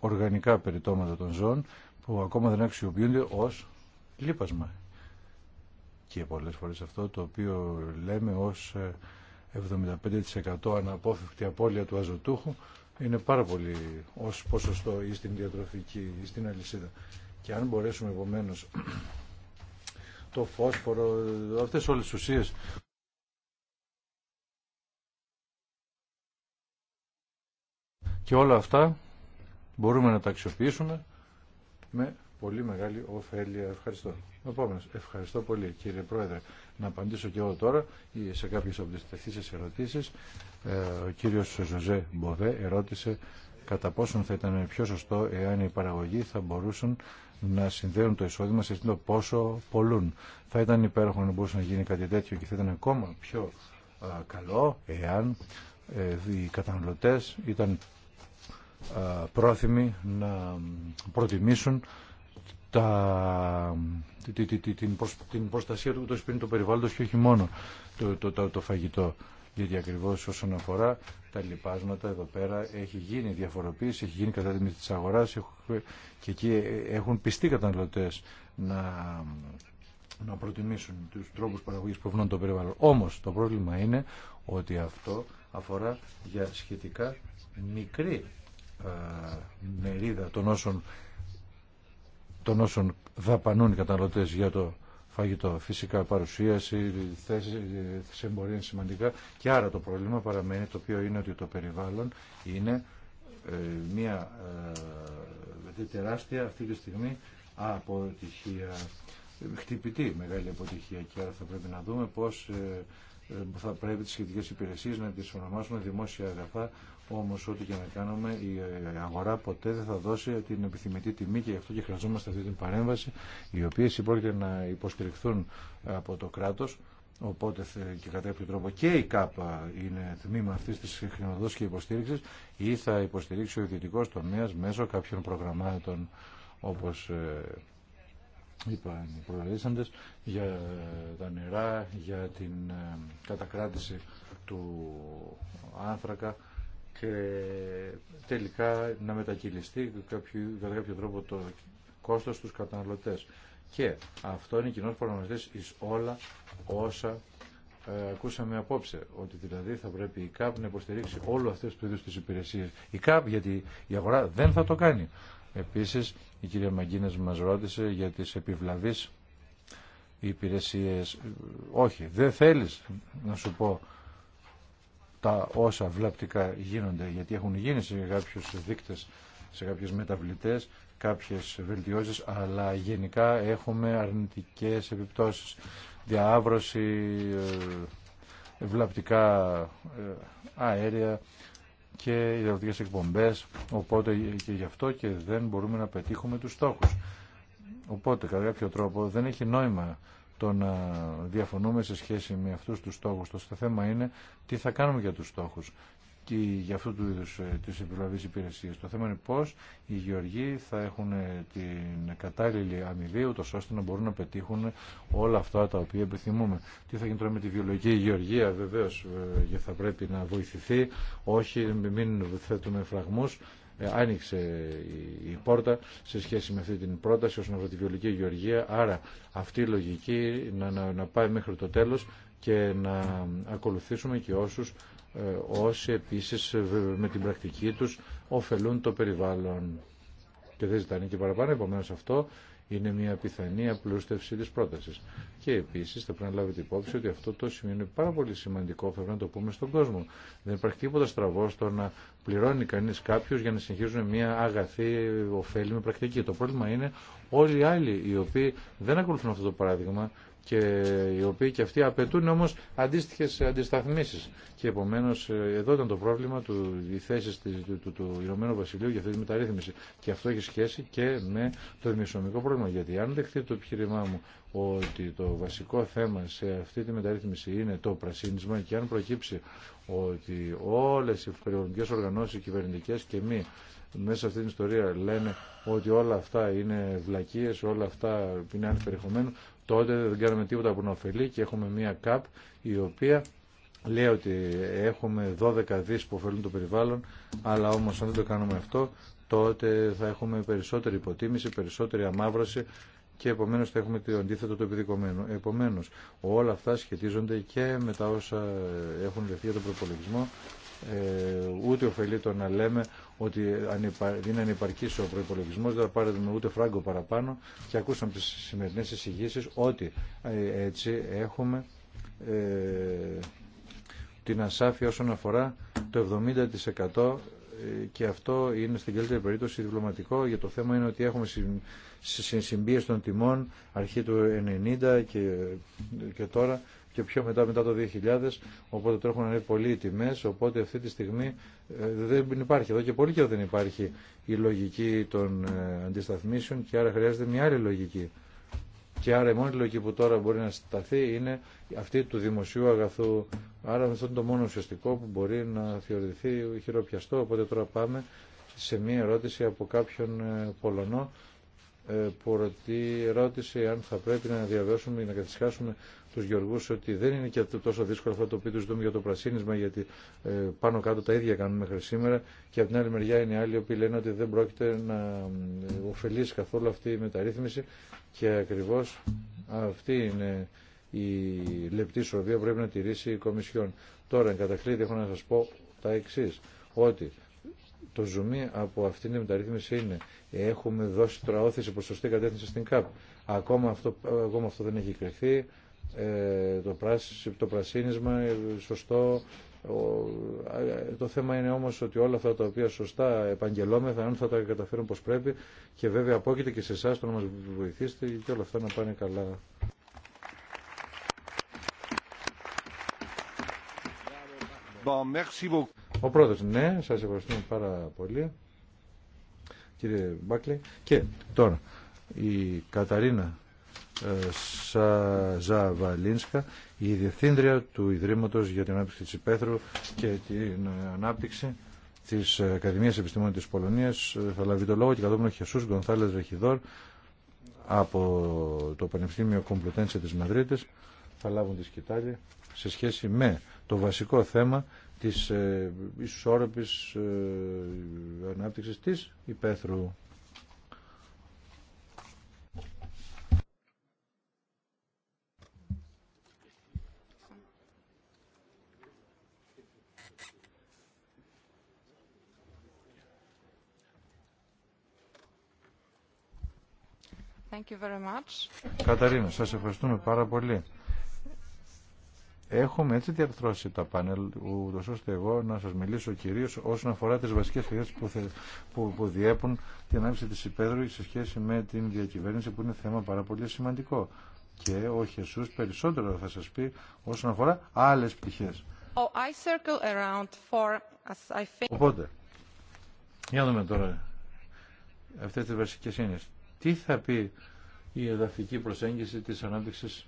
οργανικά περιτώματα των ζώων που ακόμα δεν αξιοποιούνται ως λίπασμα. Και πολλές φορές αυτό το οποίο λέμε ως 75% ε, αναπόφευκτη απώλεια του αζωτούχου είναι πάρα πολύ ως ποσοστό ή στην διατροφική ή στην αλυσίδα. Και αν μπορέσουμε επομένω το φόσφορο, αυτές όλες τις ουσίες. Και όλα αυτά μπορούμε να τα αξιοποιήσουμε με πολύ μεγάλη ωφέλεια. Ευχαριστώ. Επόμενος, ευχαριστώ πολύ κύριε Πρόεδρε. Να απαντήσω και εγώ τώρα σε κάποιες από τις τεθήσεις ερωτήσεις. Ε, ο κύριος Ζωζέ Μποβέ ερώτησε κατά πόσον θα ήταν πιο σωστό εάν οι παραγωγοί θα μπορούσαν να συνδέουν το εισόδημα σε το πόσο πολλούν. Θα ήταν υπέροχο να μπορούσε να γίνει κάτι τέτοιο και θα ήταν ακόμα πιο καλό εάν ε, οι καταναλωτές ήταν πρόθυμοι να προτιμήσουν τα, την προστασία του, του περιβάλλοντος και όχι μόνο το, το, το φαγητό γιατί ακριβώς όσον αφορά τα λοιπάσματα εδώ πέρα έχει γίνει διαφοροποίηση, έχει γίνει κατά τιμή της αγοράς και εκεί έχουν πιστεί καταναλωτές να, να προτιμήσουν τους τρόπους παραγωγής που ευνούν το περιβάλλον. Όμως το πρόβλημα είναι ότι αυτό αφορά για σχετικά μικρή μερίδα των όσων, των όσων δαπανούν οι καταναλωτές για το φαγητό. Φυσικά παρουσίαση, θέση σε εμπορία είναι σημαντικά και άρα το πρόβλημα παραμένει το οποίο είναι ότι το περιβάλλον είναι ε, μια ε, τεράστια αυτή τη στιγμή αποτυχία χτυπητή μεγάλη αποτυχία και άρα θα πρέπει να δούμε πώς ε, θα πρέπει τις σχετικές υπηρεσίες να τις ονομάσουμε δημόσια αγαθά Όμω ό,τι και να κάνουμε η αγορά ποτέ δεν θα δώσει την επιθυμητή τιμή και γι' αυτό και χρειαζόμαστε αυτή την παρέμβαση οι οποίε υπόκειται να υποστηριχθούν από το κράτο, Οπότε και κατά κάποιο τρόπο και η ΚΑΠΑ είναι τμήμα αυτή τη χρηματοδότηση και υποστήριξη ή θα υποστηρίξει ο ιδιωτικό τομέα μέσω κάποιων προγραμμάτων όπω ε, είπαν οι προλαλήσαντε για τα νερά, για την ε, κατακράτηση του άνθρακα τελικά να μετακυλιστεί κάποιο, κατά κάποιο τρόπο το κόστος στους καταναλωτές. Και αυτό είναι κοινό προγραμματής εις όλα όσα ε, ακούσαμε απόψε, ότι δηλαδή θα πρέπει η ΚΑΠ να υποστηρίξει όλο αυτές τις είδους τις υπηρεσίες. Η ΚΑΠ γιατί η αγορά δεν θα το κάνει. Επίσης η κυρία Μαγκίνες μας ρώτησε για τις επιβλαβείς υπηρεσίες. Ε, όχι, δεν θέλεις να σου πω τα όσα βλαπτικά γίνονται, γιατί έχουν γίνει σε κάποιους δείκτες, σε κάποιες μεταβλητές, κάποιες βελτιώσεις, αλλά γενικά έχουμε αρνητικές επιπτώσεις. Διαάβρωση, ε, βλαπτικά ε, αέρια και υδατικές εκπομπές, οπότε και γι' αυτό και δεν μπορούμε να πετύχουμε τους στόχους. Οπότε, κατά κάποιο τρόπο, δεν έχει νόημα το να διαφωνούμε σε σχέση με αυτούς τους στόχους. Το θέμα είναι τι θα κάνουμε για τους στόχους και για αυτού του είδους ε, της επιβλαβείς υπηρεσίες. Το θέμα είναι πώς οι γεωργοί θα έχουν ε, την κατάλληλη αμοιβή, ούτως ώστε να μπορούν να πετύχουν όλα αυτά τα οποία επιθυμούμε. Τι θα γίνει τώρα με τη βιολογική γεωργία, βεβαίως ε, θα πρέπει να βοηθηθεί, όχι μην θέτουμε φραγμούς, ε, άνοιξε η πόρτα σε σχέση με αυτή την πρόταση όσον αφορά τη βιολική γεωργία. Άρα αυτή η λογική να, να, να πάει μέχρι το τέλος και να ακολουθήσουμε και όσους ε, όσοι επίσης ε, με την πρακτική τους ωφελούν το περιβάλλον και δεν ζητάνε και παραπάνω. Επομένως αυτό είναι μια πιθανή απλούστευση της πρότασης. Και επίσης θα πρέπει να λάβετε υπόψη ότι αυτό το σημείο είναι πάρα πολύ σημαντικό, θα πρέπει να το πούμε στον κόσμο. Δεν υπάρχει τίποτα στραβό στο να πληρώνει κανείς κάποιους για να συνεχίζουν μια αγαθή ωφέλιμη πρακτική. Το πρόβλημα είναι όλοι οι άλλοι οι οποίοι δεν ακολουθούν αυτό το παράδειγμα και οι οποίοι και αυτοί απαιτούν όμως αντίστοιχες αντισταθμίσεις. Και επομένως ε, εδώ ήταν το πρόβλημα του, οι θέση του, του, Ηνωμένου Βασιλείου για αυτή τη μεταρρύθμιση. Και αυτό έχει σχέση και με το δημοσιονομικό πρόβλημα. Γιατί αν δεχτεί το επιχείρημά μου ότι το βασικό θέμα σε αυτή τη μεταρρύθμιση είναι το πρασίνισμα και αν προκύψει ότι όλες οι φρονικέ οργανώσεις, κυβερνητικές και μη μέσα σε αυτή την ιστορία λένε ότι όλα αυτά είναι βλακίε, όλα αυτά είναι περιεχομένου, τότε δεν κάνουμε τίποτα που να ωφελεί και έχουμε μία ΚΑΠ η οποία λέει ότι έχουμε 12 δις που ωφελούν το περιβάλλον, αλλά όμως αν δεν το κάνουμε αυτό, τότε θα έχουμε περισσότερη υποτίμηση, περισσότερη αμάβρωση και επομένω θα έχουμε το αντίθετο το επιδικομένου. Επομένω, όλα αυτά σχετίζονται και με τα όσα έχουν λεφθεί για τον προπολογισμό. Ε, ούτε ωφελεί το να λέμε ότι δεν είναι επαρκή ο προπολογισμό, δεν θα πάρουμε ούτε φράγκο παραπάνω και ακούσαμε τι σημερινέ εισηγήσεις ότι ε, έτσι έχουμε ε, την ασάφεια όσον αφορά το 70% και αυτό είναι στην καλύτερη περίπτωση διπλωματικό για το θέμα είναι ότι έχουμε συμπίεση των τιμών αρχή του 90 και, και τώρα και πιο μετά μετά το 2000 οπότε τρέχουν έχουν είναι πολλοί οι τιμές οπότε αυτή τη στιγμή ε, δεν υπάρχει εδώ και πολύ και δεν υπάρχει η λογική των ε, αντισταθμίσεων και άρα χρειάζεται μια άλλη λογική. Και άρα η μόνη λογική που τώρα μπορεί να σταθεί είναι αυτή του δημοσίου αγαθού. Άρα αυτό είναι το μόνο ουσιαστικό που μπορεί να θεωρηθεί χειροπιαστό. Οπότε τώρα πάμε σε μία ερώτηση από κάποιον ε, Πολωνό ε, που ρώτησε αν θα πρέπει να διαβάσουμε ή να καθισχάσουμε τους γεωργούς ότι δεν είναι και τόσο δύσκολο αυτό το οποίο του δούμε για το πρασίνισμα γιατί ε, πάνω κάτω τα ίδια κάνουν μέχρι σήμερα και από την άλλη μεριά είναι άλλοι που λένε ότι δεν πρόκειται να ε, ωφελήσει καθόλου αυτή η μεταρρύθμιση και ακριβώς αυτή είναι η λεπτή σοβία που πρέπει να τηρήσει η Κομισιόν. Τώρα, εν κατακλείδη, έχω να σας πω τα εξής, ότι το ζουμί από αυτήν την μεταρρύθμιση είναι έχουμε δώσει τώρα όθηση προς σωστή κατεύθυνση στην ΚΑΠ. Ακόμα αυτό, ακόμα αυτό δεν έχει κρυφθεί. Ε, το, πράσι, το πρασίνισμα ε, σωστό. Ε, το θέμα είναι όμως ότι όλα αυτά τα οποία σωστά επαγγελόμεθα, αν θα τα καταφέρουν πως πρέπει και βέβαια απόκειται και σε εσά το να μας βοηθήσετε και όλα αυτά να πάνε καλά. Bon, merci ο πρώτο, ναι, σας ευχαριστούμε πάρα πολύ, κύριε Μπάκλε. Και τώρα, η Καταρίνα ε, Σαζαβαλίνσκα, η Διευθύντρια του Ιδρύματος για την Ανάπτυξη της Υπέθρου και την Ανάπτυξη της Ακαδημίας Επιστημών της Πολωνίας. Ε, θα λάβει το λόγο και κατόπιν ο Χεσούς Γκονθάλες Ρεχιδόρ από το Πανεπιστήμιο Κομπλουτένσια της Μαδρίτης θα λάβουν τη σκητάλη σε σχέση με το βασικό θέμα της ε, ισόρροπης ε, ανάπτυξης της υπαίθρου. Thank you Καταρίνα, σας ευχαριστούμε πάρα πολύ έχουμε έτσι διαρθρώσει τα πάνελ, ούτως ώστε εγώ να σας μιλήσω κυρίως όσον αφορά τις βασικές θέσεις που, που, διέπουν την ανάπτυξη της υπέδρου σε σχέση με την διακυβέρνηση που είναι θέμα πάρα πολύ σημαντικό. Και ο Χεσούς περισσότερο θα σας πει όσον αφορά άλλες πτυχές. Oh, Οπότε, για να δούμε τώρα αυτές τις βασικές έννοιες. Τι θα πει η εδαφική προσέγγιση της ανάπτυξης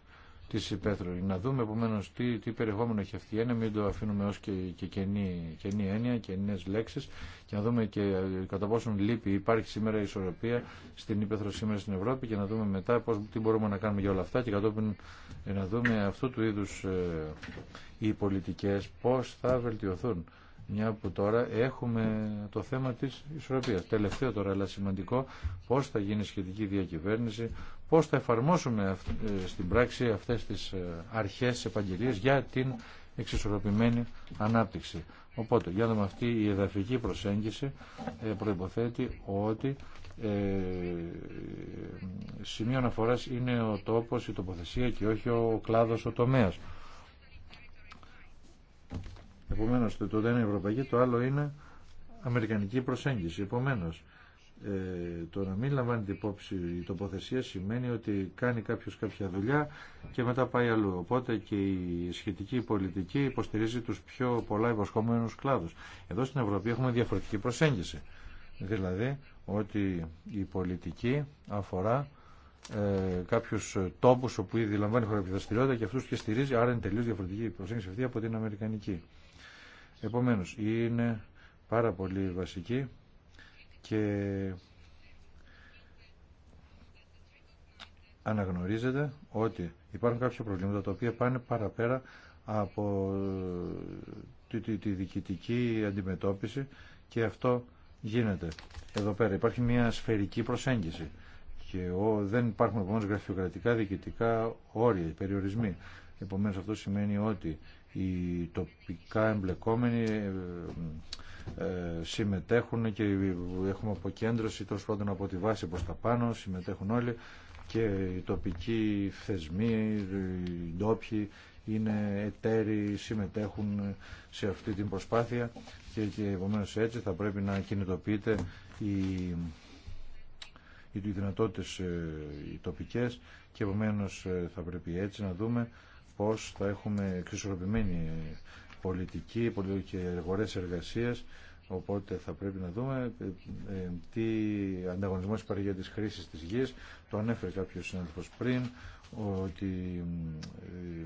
υπαίθρου. Να δούμε επομένω τι, τι περιεχόμενο έχει αυτή η έννοια, μην το αφήνουμε ω και, και κενή, έννοια, κενέ λέξεις και να δούμε και ε, κατά πόσον λείπει, υπάρχει σήμερα ισορροπία στην υπαίθρο σήμερα στην Ευρώπη και να δούμε μετά πώς, τι μπορούμε να κάνουμε για όλα αυτά και κατόπιν ε, να δούμε αυτού του είδου ε, οι πολιτικέ πώ θα βελτιωθούν μια που τώρα έχουμε το θέμα της ισορροπίας. Τελευταίο τώρα, αλλά σημαντικό, πώς θα γίνει σχετική διακυβέρνηση, πώς θα εφαρμόσουμε ε, στην πράξη αυτές τις ε, αρχές επαγγελίες για την εξισορροπημένη ανάπτυξη. Οπότε, για να δούμε αυτή η εδαφική προσέγγιση ε, προϋποθέτει ότι σημείο αναφοράς είναι ο τόπος, η τοποθεσία και όχι ο κλάδος, ο τομέας. Επομένω, το ένα είναι ευρωπαϊκή, το άλλο είναι αμερικανική προσέγγιση. Επομένως ε, το να μην λαμβάνεται υπόψη η τοποθεσία σημαίνει ότι κάνει κάποιο κάποια δουλειά και μετά πάει αλλού. Οπότε και η σχετική πολιτική υποστηρίζει του πιο πολλά υποσχόμενου κλάδου. Εδώ στην Ευρωπή έχουμε διαφορετική προσέγγιση. Δηλαδή ότι η πολιτική αφορά ε, κάποιου τόπου όπου ήδη λαμβάνει χώρα και αυτού και στηρίζει, άρα είναι τελείω διαφορετική η προσέγγιση αυτή από την Αμερικανική. Επομένως, είναι πάρα πολύ βασική και αναγνωρίζεται ότι υπάρχουν κάποια προβλήματα τα οποία πάνε παραπέρα από τη, τη, διοικητική αντιμετώπιση και αυτό γίνεται. Εδώ πέρα υπάρχει μια σφαιρική προσέγγιση και ο, δεν υπάρχουν επομένως γραφειοκρατικά διοικητικά όρια, περιορισμοί. Επομένως αυτό σημαίνει ότι οι τοπικά εμπλεκόμενοι ε, ε, συμμετέχουν και έχουμε αποκέντρωση τέλο πάντων από τη βάση προς τα πάνω, συμμετέχουν όλοι και οι τοπικοί θεσμοί, οι ντόπιοι είναι εταίροι, συμμετέχουν σε αυτή την προσπάθεια και, και έτσι θα πρέπει να κινητοποιείται η οι δυνατότητες ε, οι τοπικές και επομένως θα πρέπει έτσι να δούμε πώς θα έχουμε εξισορροπημένη πολιτική, και αγορές εργασίας, οπότε θα πρέπει να δούμε ε, ε, τι ανταγωνισμός υπάρχει για τις χρήσεις της γης. Το ανέφερε κάποιος συνάδελφος πριν, ότι ε,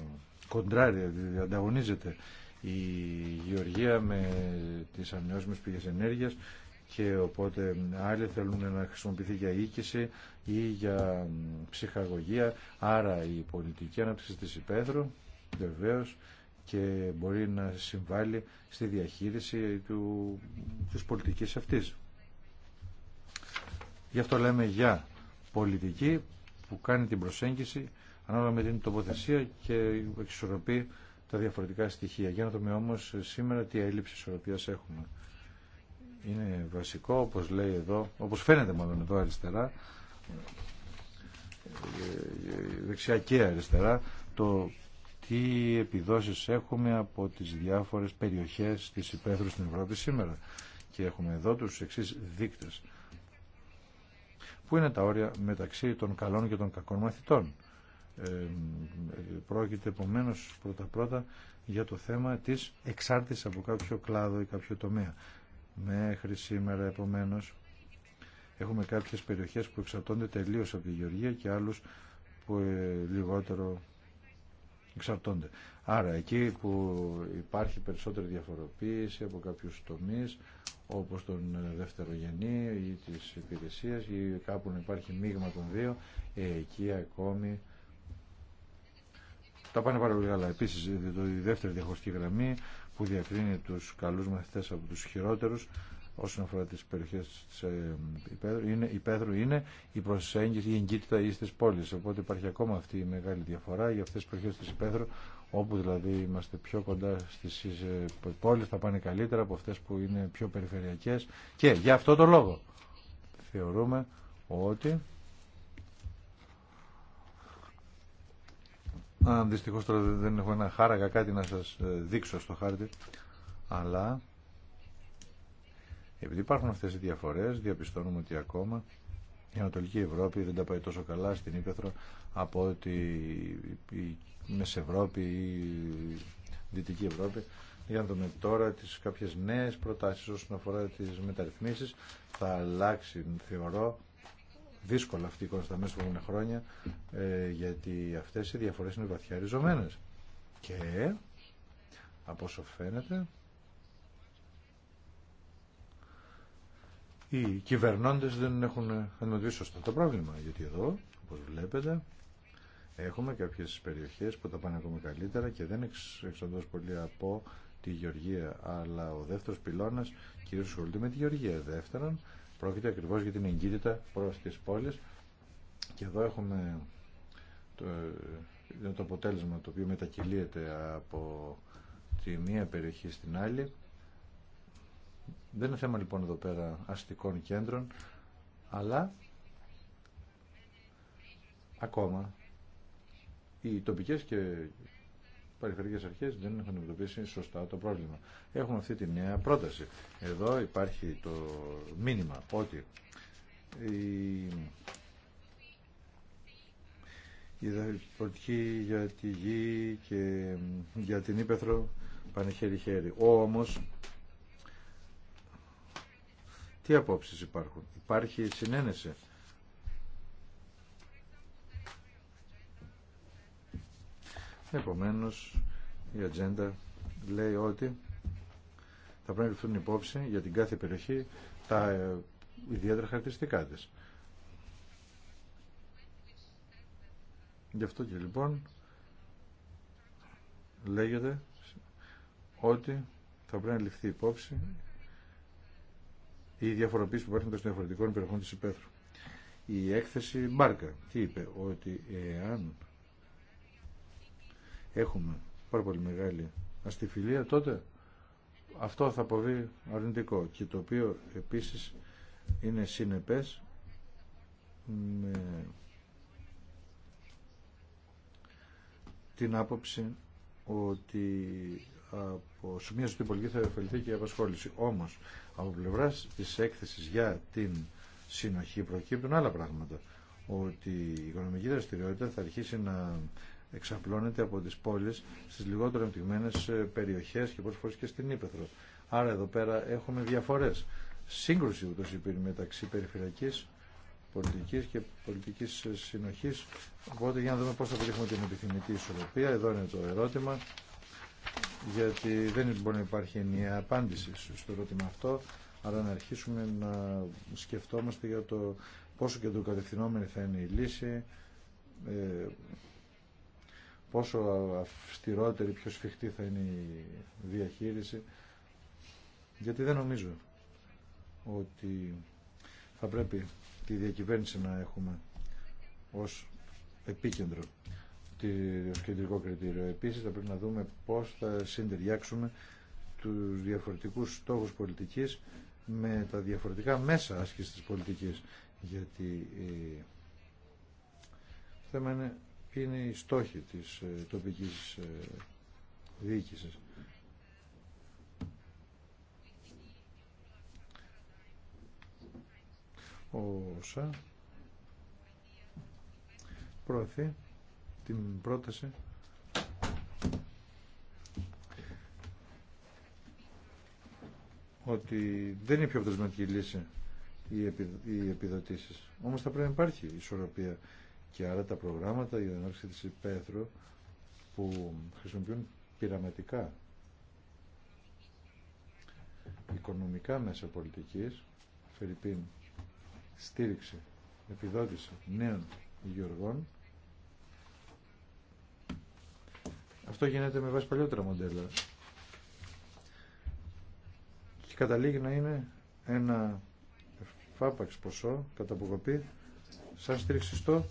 κοντράρει, δηλαδή ανταγωνίζεται η γεωργία με τις ανανεώσιμες πηγές ενέργειας και οπότε άλλοι θέλουν να χρησιμοποιηθεί για οίκηση ή για ψυχαγωγία. Άρα η πολιτική ανάπτυξη της υπαίθρου βεβαίω και μπορεί να συμβάλλει στη διαχείριση του, της πολιτικής αυτής. Γι' αυτό λέμε για πολιτική που κάνει την προσέγγιση ανάλογα με την τοποθεσία και εξισορροπεί τα διαφορετικά στοιχεία. Για να δούμε όμως σήμερα τι έλλειψη ισορροπίας έχουμε είναι βασικό όπως λέει εδώ, όπως φαίνεται μάλλον εδώ αριστερά ε, ε, δεξιά και αριστερά το τι επιδόσεις έχουμε από τις διάφορες περιοχές της υπαίθρου στην Ευρώπη σήμερα και έχουμε εδώ τους εξής δείκτες που είναι τα όρια μεταξύ των καλών και των κακών μαθητών ε, πρόκειται επομένω πρώτα πρώτα για το θέμα της εξάρτησης από κάποιο κλάδο ή κάποιο τομέα μέχρι σήμερα επομένως έχουμε κάποιες περιοχές που εξαρτώνται τελείως από τη γεωργία και άλλους που ε, λιγότερο εξαρτώνται. Άρα εκεί που υπάρχει περισσότερη διαφοροποίηση από κάποιους τομείς όπως τον ε, δευτερογενή ή της υπηρεσίας ή κάπου να υπάρχει μείγμα των δύο ε, εκεί ακόμη τα πάνε πάρα πολύ καλά. Επίσης η δεύτερη διαχωριστική γραμμή που διακρίνει τους καλούς μαθητές από τους χειρότερους όσον αφορά τις περιοχές της ε, Υπέδρου είναι, Υπέδρου είναι η προσέγγιση, η εγκύτητα ή στις πόλεις. Οπότε υπάρχει ακόμα αυτή η μεγάλη διαφορά για αυτές τις περιοχές της Υπέδρου όπου δηλαδή είμαστε πιο κοντά στις ε, πόλεις θα πάνε καλύτερα από αυτές που είναι πιο περιφερειακές και για αυτό το λόγο θεωρούμε ότι Αντιστοιχώς τώρα δεν έχω ένα χάραγα κάτι να σας ε, δείξω στο χάρτη, αλλά επειδή υπάρχουν αυτές οι διαφορές, διαπιστώνουμε ότι ακόμα η Ανατολική Ευρώπη δεν τα πάει τόσο καλά στην Ήπεθρο από ότι η Μεσευρώπη ή η Δυτική Ευρώπη. Για να δούμε τώρα τις κάποιες νέες προτάσεις όσον αφορά τις μεταρρυθμίσεις. Θα αλλάξει, θεωρώ, δύσκολα αυτή η εικόνα μέσα χρόνια, ε, γιατί αυτές οι διαφορές είναι βαθιά ριζωμένες. Και, από όσο φαίνεται, οι κυβερνώντες δεν έχουν αντιμετωπίσει σωστά το πρόβλημα, γιατί εδώ, όπως βλέπετε, Έχουμε κάποιες περιοχές που τα πάνε ακόμα καλύτερα και δεν εξοντώς πολύ από τη γεωργία, αλλά ο δεύτερος πυλώνας κυρίως ασχολείται με τη γεωργία. Δεύτερον, Πρόκειται ακριβώς για την εγκύτητα προς τις πόλεις και εδώ έχουμε το, το αποτέλεσμα το οποίο μετακυλίεται από τη μία περιοχή στην άλλη. Δεν είναι θέμα λοιπόν εδώ πέρα αστικών κέντρων, αλλά ακόμα οι τοπικές και περιφερειακέ αρχές δεν έχουν αντιμετωπίσει σωστά το πρόβλημα. Έχουμε αυτή τη νέα πρόταση. Εδώ υπάρχει το μήνυμα ότι η, η πολιτική για τη γη και για την υπεθρο πανε πάνε χέρι-χέρι. Όμως, τι απόψει υπάρχουν. Υπάρχει συνένεση Επομένως, η ατζέντα λέει ότι θα πρέπει να ληφθούν υπόψη για την κάθε περιοχή τα ε, ιδιαίτερα χαρακτηριστικά της. Γι' αυτό και λοιπόν λέγεται ότι θα πρέπει να ληφθεί υπόψη η διαφοροποίηση που υπάρχουν των διαφορετικών περιοχών της υπαίθρου. Η έκθεση Μπάρκα τι είπε, ότι εάν έχουμε πάρα πολύ μεγάλη αστιφιλία, τότε αυτό θα αποβεί αρνητικό και το οποίο επίσης είναι συνεπές με την άποψη ότι από σημεία του πολιτική θα και η απασχόληση. Όμως, από πλευρά της έκθεσης για την συνοχή προκύπτουν άλλα πράγματα. Ότι η οικονομική δραστηριότητα θα αρχίσει να εξαπλώνεται από τις πόλεις στις λιγότερο εμπτυγμένες ε, περιοχές και πολλές φορές και στην Ήπεθρο. Άρα εδώ πέρα έχουμε διαφορές. Σύγκρουση ούτως υπήρχε μεταξύ περιφερειακής πολιτικής και πολιτικής ε, συνοχής. Οπότε για να δούμε πώς θα πετύχουμε την επιθυμητή ισορροπία. Εδώ είναι το ερώτημα. Γιατί δεν μπορεί να υπάρχει ενιαία απάντηση στο ερώτημα αυτό. Άρα να αρχίσουμε να σκεφτόμαστε για το πόσο κεντροκατευθυνόμενη θα είναι η λύση, ε, πόσο αυστηρότερη, πιο σφιχτή θα είναι η διαχείριση. Γιατί δεν νομίζω ότι θα πρέπει τη διακυβέρνηση να έχουμε ως επίκεντρο ως κεντρικό κριτήριο. Επίσης θα πρέπει να δούμε πώς θα συντεριάξουμε τους διαφορετικούς στόχους πολιτικής με τα διαφορετικά μέσα άσκησης της πολιτικής. Γιατί το θέμα είναι ποιοι είναι οι στόχοι της ε, τοπικής ε, διοίκησης. όσα προωθεί την πρόταση ότι δεν είναι πιο αποτελεσματική λύση οι επιδοτήσεις. Όμως θα πρέπει να υπάρχει ισορροπία και άρα τα προγράμματα για την της υπαίθρου που χρησιμοποιούν πειραματικά οικονομικά μέσα πολιτικής, Φερρυπίν, στήριξη, επιδότηση νέων γεωργών. Αυτό γίνεται με βάση παλιότερα μοντέλα. Και καταλήγει να είναι ένα φάπαξ ποσό κατά αποκοπή σαν στήριξη στο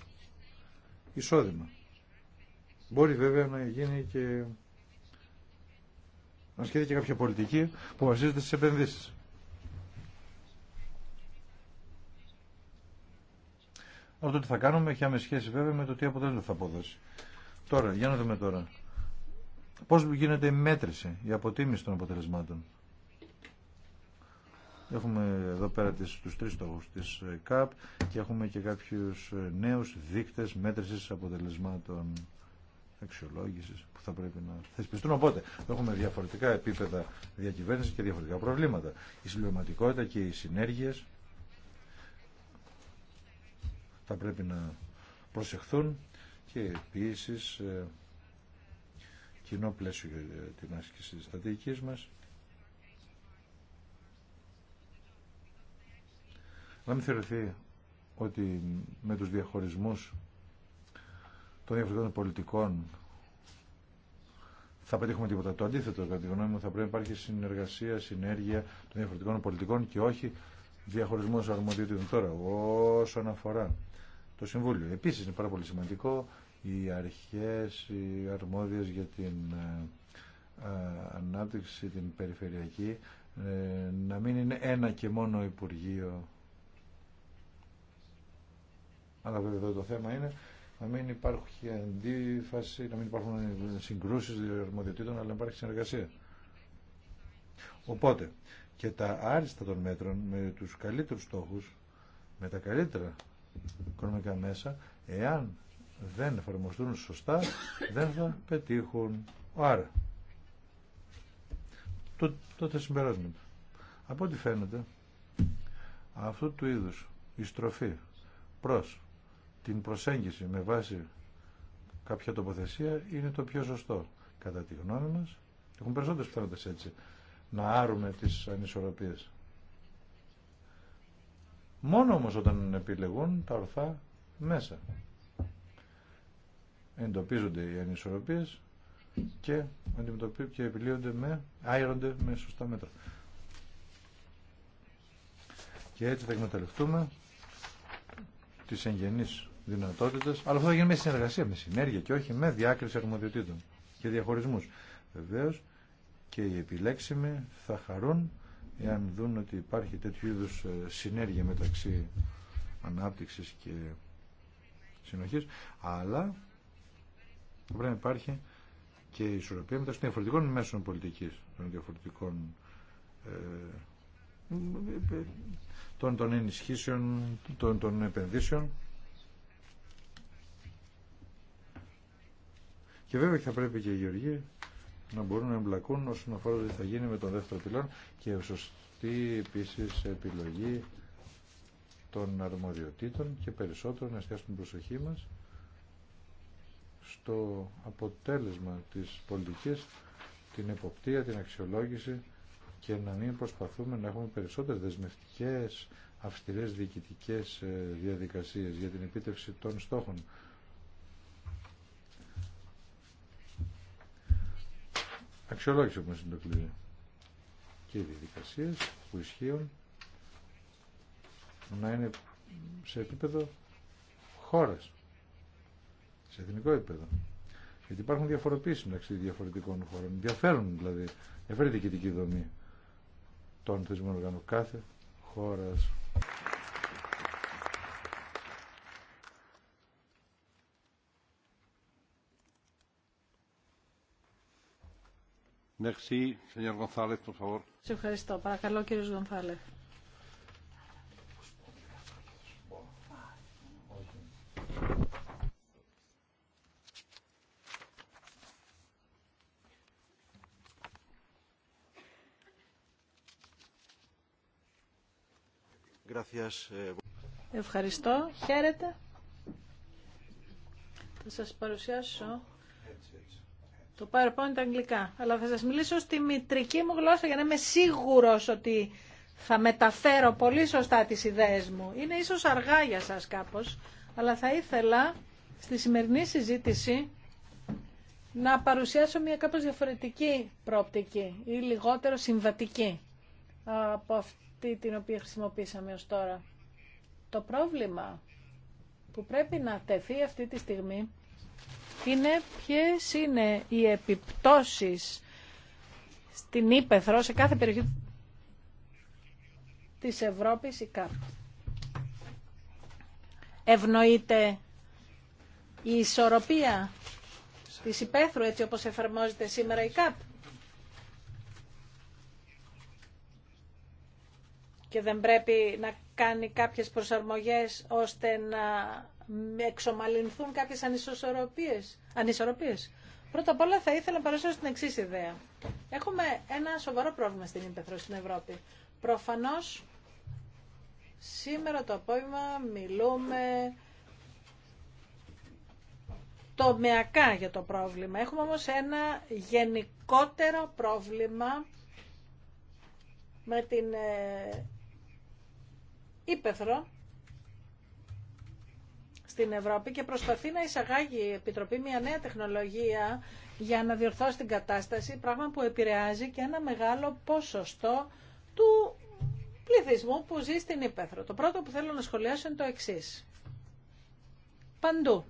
εισόδημα. Μπορεί βέβαια να γίνει και να σχέδει και κάποια πολιτική που βασίζεται στις επενδύσεις. Αυτό τι θα κάνουμε έχει άμεση σχέση βέβαια με το τι αποτέλεσμα θα αποδώσει. Τώρα, για να δούμε τώρα. Πώς γίνεται η μέτρηση, η αποτίμηση των αποτελεσμάτων. Έχουμε εδώ πέρα του τους τρεις τη ε, ΚΑΠ και έχουμε και κάποιους ε, νέους δείκτε μέτρησης αποτελεσμάτων αξιολόγηση που θα πρέπει να θεσπιστούν. Οπότε έχουμε διαφορετικά επίπεδα διακυβέρνηση και διαφορετικά προβλήματα. Η συμπληρωματικότητα και οι συνέργειες θα πρέπει να προσεχθούν και επίσης ε, κοινό πλαίσιο για την άσκηση της στρατηγικής μας να μην θεωρηθεί ότι με τους διαχωρισμούς των διαφορετικών πολιτικών θα πετύχουμε τίποτα. Το αντίθετο, κατά τη γνώμη μου, θα πρέπει να υπάρχει συνεργασία, συνέργεια των διαφορετικών πολιτικών και όχι διαχωρισμός αρμοδιότητων τώρα, όσον αφορά το Συμβούλιο. Επίσης, είναι πάρα πολύ σημαντικό οι αρχέ οι αρμόδιε για την ε, ανάπτυξη, την περιφερειακή, ε, να μην είναι ένα και μόνο Υπουργείο αλλά βέβαια το θέμα είναι να μην υπάρχει αντίφαση, να μην υπάρχουν συγκρούσεις αρμοδιοτήτων, αλλά να υπάρχει συνεργασία. Οπότε, και τα άριστα των μέτρων με τους καλύτερους στόχους, με τα καλύτερα οικονομικά μέσα, εάν δεν εφαρμοστούν σωστά, δεν θα πετύχουν. Άρα, τότε συμπεράσματα. Από ό,τι φαίνεται, αυτού του είδους η στροφή προς την προσέγγιση με βάση κάποια τοποθεσία είναι το πιο σωστό. Κατά τη γνώμη μας, έχουν περισσότερες πιθανότητες έτσι, να άρουμε τις ανισορροπίες. Μόνο όμως όταν επιλεγούν τα ορθά μέσα. Εντοπίζονται οι ανισορροπίες και αντιμετωπίζονται και επιλύονται με, άειρονται με σωστά μέτρα. Και έτσι θα εκμεταλλευτούμε τις εγγενείς αλλά αυτό θα γίνει με συνεργασία, με συνέργεια και όχι με διάκριση αρμοδιοτήτων και διαχωρισμού. Βεβαίω και οι επιλέξιμοι θα χαρούν εάν δουν ότι υπάρχει τέτοιου είδου ε, συνέργεια μεταξύ ανάπτυξη και συνοχή, αλλά θα πρέπει να υπάρχει και η ισορροπία μεταξύ των διαφορετικών μέσων πολιτική των διαφορετικών ε, ε, των, ενισχύσεων, των επενδύσεων Και βέβαια θα πρέπει και οι γεωργοί να μπορούν να εμπλακούν όσον αφορά το τι θα γίνει με τον δεύτερο πυλόν και σωστή επίση επιλογή των αρμοδιοτήτων και περισσότερο να εστιάσουν την προσοχή μας στο αποτέλεσμα της πολιτικής, την εποπτεία, την αξιολόγηση και να μην προσπαθούμε να έχουμε περισσότερες δεσμευτικές, αυστηρές διοικητικές ε, διαδικασίες για την επίτευξη των στόχων. αξιολόγηση που είναι το κλειδί και οι διαδικασίες που ισχύουν να είναι σε επίπεδο χώρας, σε εθνικό επίπεδο. Γιατί υπάρχουν διαφοροποίησεις μεταξύ διαφορετικών χωρών. Διαφέρουν δηλαδή, διαφέρει η διοικητική δομή των θεσμών οργάνων κάθε χώρας. Σε ευχαριστώ. Παρακαλώ, κύριος Γονθάλεφ. Eh, ευχαριστώ. Χαίρετε. Θα σας παρουσιάσω το PowerPoint αγγλικά. Αλλά θα σας μιλήσω στη μητρική μου γλώσσα για να είμαι σίγουρος ότι θα μεταφέρω πολύ σωστά τις ιδέες μου. Είναι ίσως αργά για σας κάπως, αλλά θα ήθελα στη σημερινή συζήτηση να παρουσιάσω μια κάπως διαφορετική πρόπτικη ή λιγότερο συμβατική από αυτή την οποία χρησιμοποίησαμε ως τώρα. Το πρόβλημα που πρέπει να τεθεί αυτή τη στιγμή είναι ποιες είναι οι επιπτώσεις στην Ήπεθρο, σε κάθε περιοχή της Ευρώπης η ΚΑΠ. Ευνοείται η ισορροπία της Υπέθρου έτσι όπως εφαρμόζεται σήμερα η ΚΑΠ. Και δεν πρέπει να κάνει κάποιες προσαρμογές ώστε να με εξομαλυνθούν κάποιες ανισορροπίες. ανισορροπίες. Πρώτα απ' όλα θα ήθελα να παρουσιάσω την εξή ιδέα. Έχουμε ένα σοβαρό πρόβλημα στην Ήπεθρο, στην Ευρώπη. Προφανώς σήμερα το απόγευμα μιλούμε τομεακά για το πρόβλημα. Έχουμε όμως ένα γενικότερο πρόβλημα με την ε, Ήπεθρο στην Ευρώπη και προσπαθεί να εισαγάγει η Επιτροπή μια νέα τεχνολογία για να διορθώσει την κατάσταση, πράγμα που επηρεάζει και ένα μεγάλο ποσοστό του πληθυσμού που ζει στην Ήπεθρο. Το πρώτο που θέλω να σχολιάσω είναι το εξή. Παντού,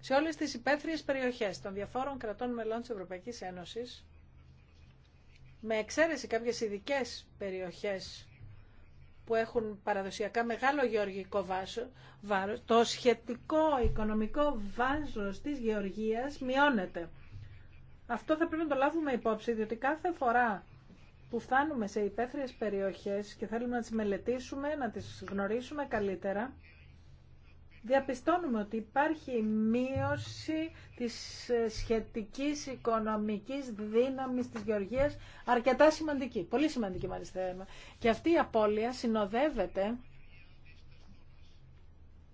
σε όλες τις υπαίθριες περιοχές των διαφόρων κρατών μελών της Ευρωπαϊκής Ένωσης, με εξαίρεση κάποιες ειδικέ περιοχές που έχουν παραδοσιακά μεγάλο γεωργικό βάσο, βάρος, το σχετικό οικονομικό βάζος της γεωργίας μειώνεται. Αυτό θα πρέπει να το λάβουμε υπόψη, διότι κάθε φορά που φτάνουμε σε υπαίθριες περιοχές και θέλουμε να τις μελετήσουμε, να τις γνωρίσουμε καλύτερα, διαπιστώνουμε ότι υπάρχει μείωση της σχετικής οικονομικής δύναμης της Γεωργίας αρκετά σημαντική, πολύ σημαντική μάλιστα. Και αυτή η απώλεια συνοδεύεται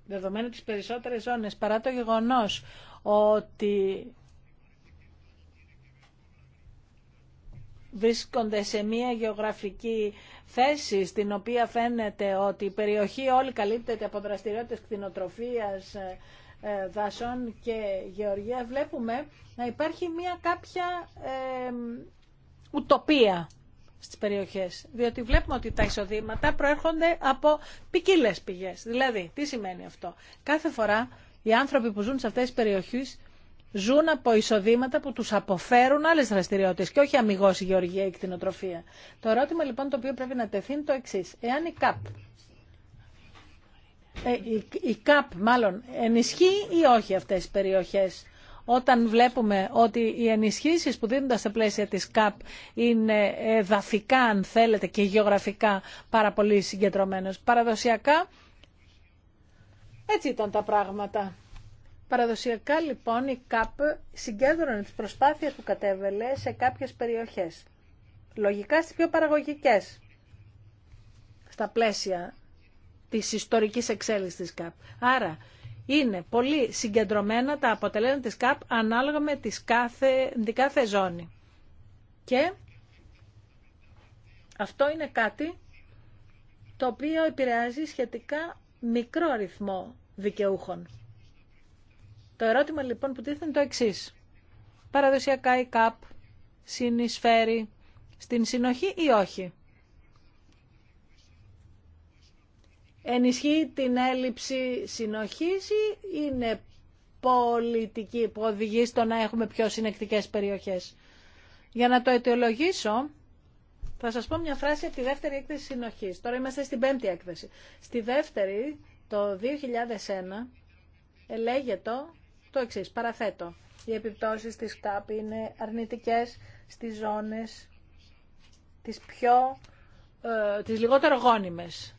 δεδομένου τις περισσότερες ζώνες, παρά το γεγονός ότι βρίσκονται σε μια γεωγραφική θέση στην οποία φαίνεται ότι η περιοχή όλη καλύπτεται από δραστηριότητες κτηνοτροφίας, ε, ε, δασών και γεωργία, βλέπουμε να υπάρχει μια κάποια ε, ουτοπία στις περιοχές. Διότι βλέπουμε ότι τα εισοδήματα προέρχονται από ποικίλε πηγές. Δηλαδή, τι σημαίνει αυτό. Κάθε φορά οι άνθρωποι που ζουν σε αυτές τις περιοχές ζουν από εισοδήματα που τους αποφέρουν άλλες δραστηριότητες και όχι αμυγός η γεωργία ή η κτηνοτροφία. Το ερώτημα λοιπόν το οποίο πρέπει να τεθεί είναι το εξή. Εάν η ΚΑΠ, ε, η, η, ΚΑΠ μάλλον ενισχύει ή όχι αυτές τις περιοχές όταν βλέπουμε ότι οι ενισχύσεις που δίνονται στα πλαίσια της ΚΑΠ είναι εδαφικά αν θέλετε και γεωγραφικά πάρα πολύ συγκεντρωμένες. Παραδοσιακά έτσι ήταν τα πράγματα. Παραδοσιακά λοιπόν η ΚΑΠ συγκέντρωνε τις προσπάθειες που κατέβελε σε κάποιες περιοχές. Λογικά στις πιο παραγωγικές, στα πλαίσια της ιστορικής εξέλιξης της ΚΑΠ. Άρα είναι πολύ συγκεντρωμένα τα αποτελέσματα της ΚΑΠ ανάλογα με τις κάθε, την κάθε ζώνη. Και αυτό είναι κάτι το οποίο επηρεάζει σχετικά μικρό αριθμό δικαιούχων. Το ερώτημα λοιπόν που τίθεται είναι το εξή. Παραδοσιακά η ΚΑΠ συνεισφέρει στην συνοχή ή όχι. Ενισχύει την έλλειψη συνοχής ή είναι πολιτική που οδηγεί στο να έχουμε πιο συνεκτικές περιοχές. Για να το αιτιολογήσω, θα σας πω μια φράση από τη δεύτερη έκθεση συνοχής. Τώρα είμαστε στην πέμπτη έκθεση. Στη δεύτερη, το 2001, ελέγεται το εξής, παραθέτω. Οι επιπτώσεις της ΚΑΠ είναι αρνητικές στις ζώνες τις πιο, ε, τις λιγότερο γόνιμες,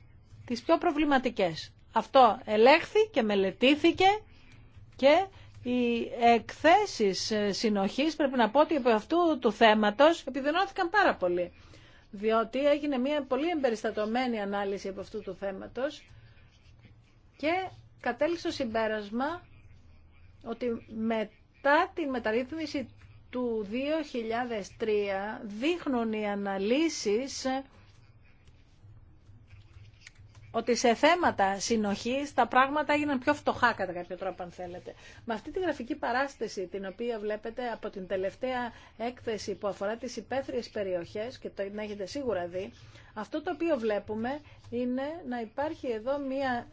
τις πιο προβληματικές. Αυτό ελέγχθη και μελετήθηκε και οι εκθέσεις συνοχής, πρέπει να πω ότι από αυτού του θέματος επιδεινώθηκαν πάρα πολύ. Διότι έγινε μια πολύ εμπεριστατωμένη ανάλυση από αυτού του θέματος και κατέληξε το συμπέρασμα ότι μετά την μεταρρύθμιση του 2003 δείχνουν οι αναλύσεις ότι σε θέματα συνοχής τα πράγματα έγιναν πιο φτωχά κατά κάποιο τρόπο αν θέλετε. Με αυτή τη γραφική παράσταση την οποία βλέπετε από την τελευταία έκθεση που αφορά τις υπαίθριες περιοχές και το έχετε σίγουρα δει, αυτό το οποίο βλέπουμε είναι να υπάρχει εδώ μία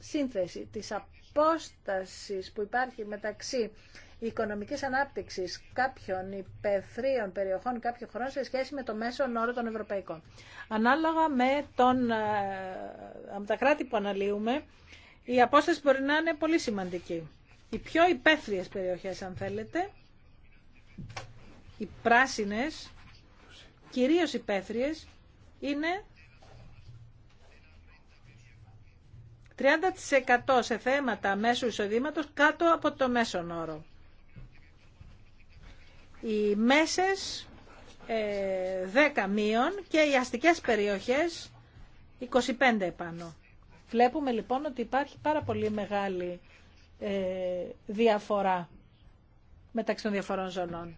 σύνθεση της που υπάρχει μεταξύ οικονομικής ανάπτυξης κάποιων υπεθρίων περιοχών κάποιων χωρών σε σχέση με το μέσο όρο των ευρωπαϊκών. Ανάλογα με, τον, ε, με τα κράτη που αναλύουμε, η απόσταση μπορεί να είναι πολύ σημαντική. Οι πιο υπαίθριες περιοχές, αν θέλετε, οι πράσινες, κυρίως υπαίθριες, είναι 30% σε θέματα μέσου εισοδήματος κάτω από το μέσον όρο. Οι μέσες 10 ε, μείων και οι αστικές περιοχές 25 επάνω. Βλέπουμε λοιπόν ότι υπάρχει πάρα πολύ μεγάλη ε, διαφορά μεταξύ των διαφορών ζωνών.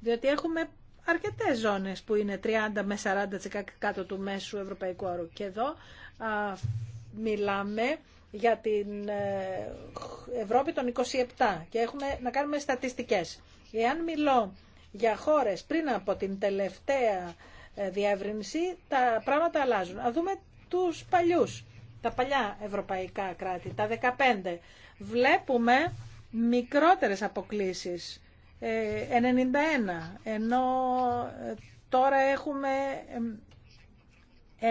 Διότι έχουμε αρκετές ζώνες που είναι 30 με 40% κάτω του μέσου ευρωπαϊκού όρου. Και εδώ μιλάμε για την ε, Ευρώπη των 27 και έχουμε να κάνουμε στατιστικές. Εάν μιλώ για χώρες πριν από την τελευταία ε, διεύρυνση, τα πράγματα αλλάζουν. Α δούμε τους παλιούς, τα παλιά ευρωπαϊκά κράτη, τα 15. Βλέπουμε μικρότερες αποκλήσεις. 91, ε, ενώ τώρα έχουμε 90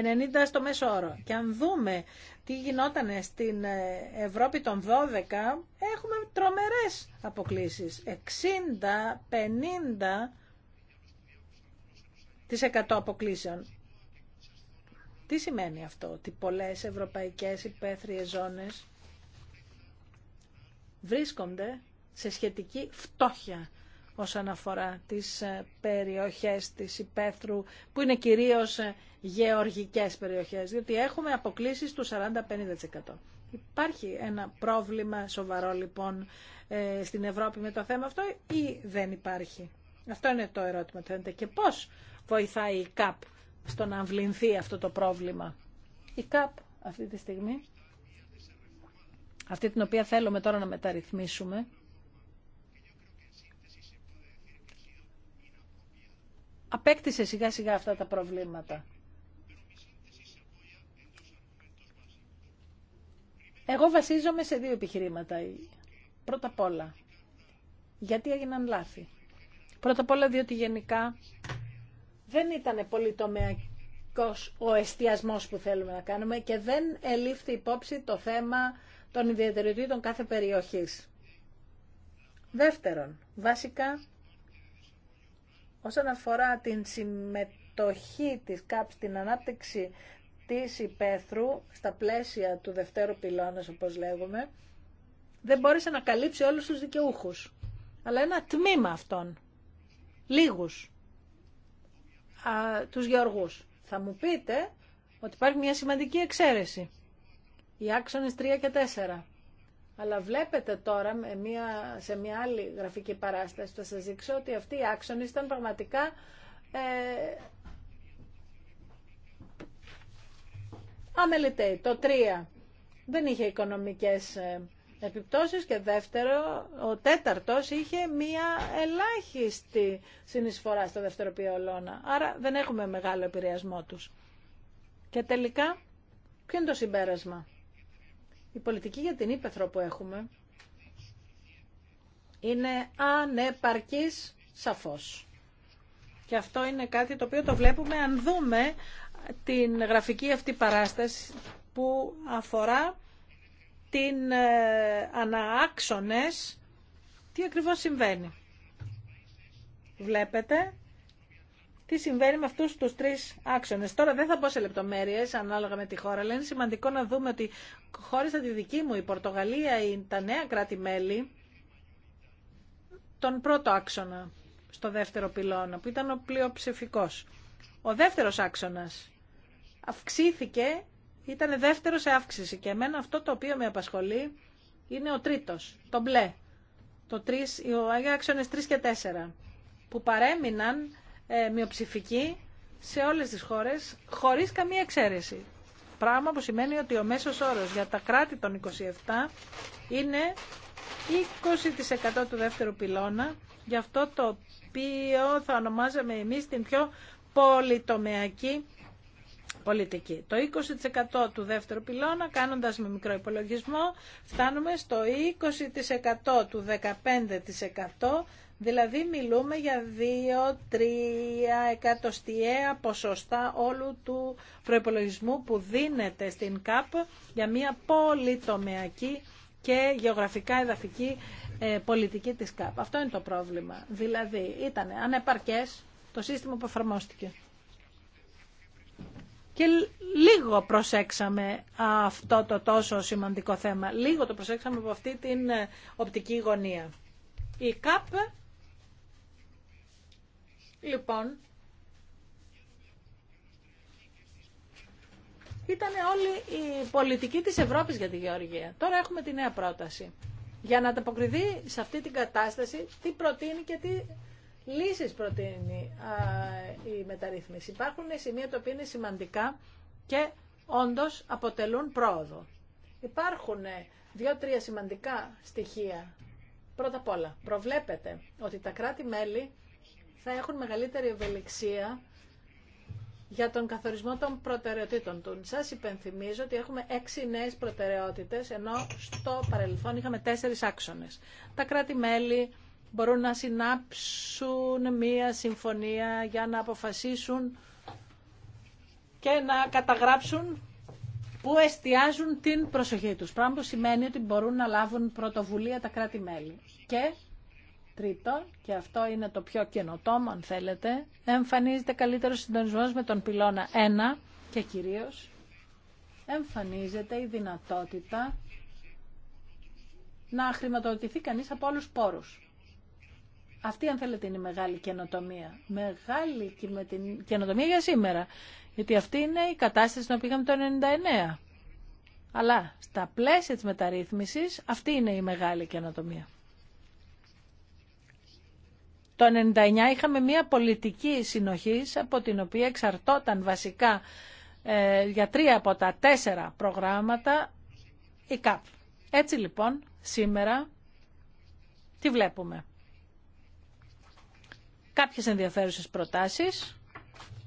στο μέσο όρο. Και αν δούμε τι γινόταν στην ε, Ευρώπη των 12, έχουμε τρομερές αποκλήσεις. 60-50% αποκλήσεων. Τι σημαίνει αυτό, ότι πολλές ευρωπαϊκές υπαίθριες ζώνες βρίσκονται σε σχετική φτώχεια όσον αφορά τις ε, περιοχές της υπαίθρου που είναι κυρίως ε, γεωργικές περιοχές, διότι έχουμε αποκλήσεις του 40-50%. Υπάρχει ένα πρόβλημα σοβαρό λοιπόν ε, στην Ευρώπη με το θέμα αυτό ή δεν υπάρχει. Αυτό είναι το ερώτημα θέλετε. Και πώς βοηθάει η ΚΑΠ στο να αμβληνθεί αυτό το πρόβλημα. Η ΚΑΠ αυτή τη στιγμή, αυτή την οποία θέλουμε τώρα να μεταρρυθμίσουμε, απέκτησε σιγά σιγά αυτά τα προβλήματα. Εγώ βασίζομαι σε δύο επιχειρήματα. Πρώτα απ' όλα, γιατί έγιναν λάθη. Πρώτα απ' όλα διότι γενικά δεν ήταν τομεακός ο εστιασμός που θέλουμε να κάνουμε και δεν ελήφθη υπόψη το θέμα των ιδιαιτεριοτήτων κάθε περιοχής. Δεύτερον, βασικά, όσον αφορά την συμμετοχή της ΚΑΠ στην ανάπτυξη της υπαίθρου στα πλαίσια του δευτέρου πυλώνας όπως λέγουμε δεν μπόρεσε να καλύψει όλους τους δικαιούχους αλλά ένα τμήμα αυτών λίγους α, τους γεωργούς θα μου πείτε ότι υπάρχει μια σημαντική εξαίρεση οι άξονες 3 και 4 αλλά βλέπετε τώρα σε μια άλλη γραφική παράσταση θα σας δείξω ότι αυτοί οι άξονες ήταν πραγματικά ε, Αμελητε. Το 3 δεν είχε οικονομικές ε, επιπτώσεις και δεύτερο, ο τέταρτος είχε μία ελάχιστη συνεισφορά στο δεύτερο ΛΟΝΑ. Άρα δεν έχουμε μεγάλο επηρεασμό τους. Και τελικά, ποιο είναι το συμπέρασμα. Η πολιτική για την ύπεθρο που έχουμε είναι ανεπαρκής σαφώς. Και αυτό είναι κάτι το οποίο το βλέπουμε αν δούμε την γραφική αυτή παράσταση που αφορά την ε, αναάξονες τι ακριβώς συμβαίνει. Βλέπετε τι συμβαίνει με αυτούς τους τρεις άξονες. Τώρα δεν θα πω σε λεπτομέρειες ανάλογα με τη χώρα, αλλά είναι σημαντικό να δούμε ότι χώρες τη δική μου, η Πορτογαλία ή τα νέα κράτη-μέλη, τον πρώτο άξονα στο δεύτερο πυλώνα, που ήταν ο πλειοψηφικός. Ο δεύτερος άξονας αυξήθηκε, ήταν δεύτερο σε αύξηση. Και εμένα αυτό το οποίο με απασχολεί είναι ο τρίτος, το μπλε. Το τρεις, οι άξονε 3 και 4, που παρέμειναν ε, μειοψηφικοί σε όλες τις χώρες, χωρίς καμία εξαίρεση. Πράγμα που σημαίνει ότι ο μέσος όρος για τα κράτη των 27 είναι 20% του δεύτερου πυλώνα, γι' αυτό το οποίο θα ονομάζαμε εμείς την πιο πολυτομεακή πολιτική. Το 20% του δεύτερου πυλώνα, κάνοντας με μικρό υπολογισμό, φτάνουμε στο 20% του 15%, δηλαδή μιλούμε για 2-3 εκατοστιαία ποσοστά όλου του προϋπολογισμού που δίνεται στην ΚΑΠ για μια πολυτομεακή και γεωγραφικά εδαφική ε, πολιτική της ΚΑΠ. Αυτό είναι το πρόβλημα. Δηλαδή ήταν ανεπαρκές το σύστημα που εφαρμόστηκε. Και λίγο προσέξαμε αυτό το τόσο σημαντικό θέμα. Λίγο το προσέξαμε από αυτή την ε, οπτική γωνία. Η ΚΑΠ, λοιπόν, ήταν όλη η πολιτική της Ευρώπης για τη Γεωργία. Τώρα έχουμε τη νέα πρόταση. Για να ανταποκριθεί σε αυτή την κατάσταση, τι προτείνει και τι λύσεις προτείνει η μεταρρύθμιση. Υπάρχουν σημεία τα οποία είναι σημαντικά και όντως αποτελούν πρόοδο. Υπάρχουν ε, δύο-τρία σημαντικά στοιχεία. Πρώτα απ' όλα, προβλέπεται ότι τα κράτη-μέλη θα έχουν μεγαλύτερη ευελιξία για τον καθορισμό των προτεραιοτήτων του. Σας υπενθυμίζω ότι έχουμε έξι νέες προτεραιότητες, ενώ στο παρελθόν είχαμε τέσσερις άξονες. Τα κράτη-μέλη μπορούν να συνάψουν μία συμφωνία για να αποφασίσουν και να καταγράψουν που εστιάζουν την προσοχή τους. Πράγμα που σημαίνει ότι μπορούν να λάβουν πρωτοβουλία τα κράτη-μέλη. Και τρίτο, και αυτό είναι το πιο καινοτόμο αν θέλετε, εμφανίζεται καλύτερο συντονισμός με τον πυλώνα 1 και κυρίως εμφανίζεται η δυνατότητα να χρηματοδοτηθεί κανείς από όλους πόρους. Αυτή, αν θέλετε, είναι η μεγάλη καινοτομία. Μεγάλη και με την καινοτομία για σήμερα. Γιατί αυτή είναι η κατάσταση που πήγαμε το 1999. Αλλά στα πλαίσια της μεταρρύθμισης αυτή είναι η μεγάλη καινοτομία. Το 1999 είχαμε μια πολιτική συνοχή από την οποία εξαρτόταν βασικά ε, για τρία από τα τέσσερα προγράμματα η ΚΑΠ. Έτσι λοιπόν σήμερα τι βλέπουμε κάποιες ενδιαφέρουσες προτάσεις,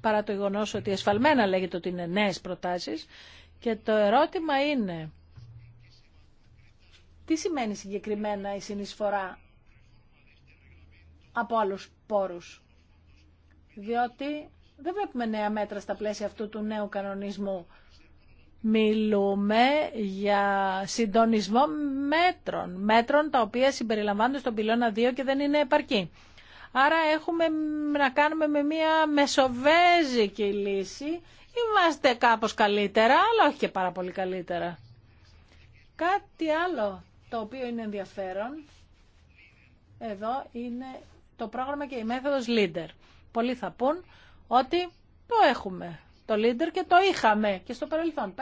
παρά το γεγονό ότι εσφαλμένα λέγεται ότι είναι νέες προτάσεις. Και το ερώτημα είναι, τι σημαίνει συγκεκριμένα η συνεισφορά από άλλους πόρους. Διότι δεν βλέπουμε νέα μέτρα στα πλαίσια αυτού του νέου κανονισμού. Μιλούμε για συντονισμό μέτρων, μέτρων τα οποία συμπεριλαμβάνονται στον πυλώνα 2 και δεν είναι επαρκή. Άρα έχουμε να κάνουμε με μια μεσοβέζικη λύση. Είμαστε κάπως καλύτερα, αλλά όχι και πάρα πολύ καλύτερα. Κάτι άλλο το οποίο είναι ενδιαφέρον εδώ είναι το πρόγραμμα και η μέθοδος Leader. Πολλοί θα πούν ότι το έχουμε το Leader και το είχαμε και στο παρελθόν.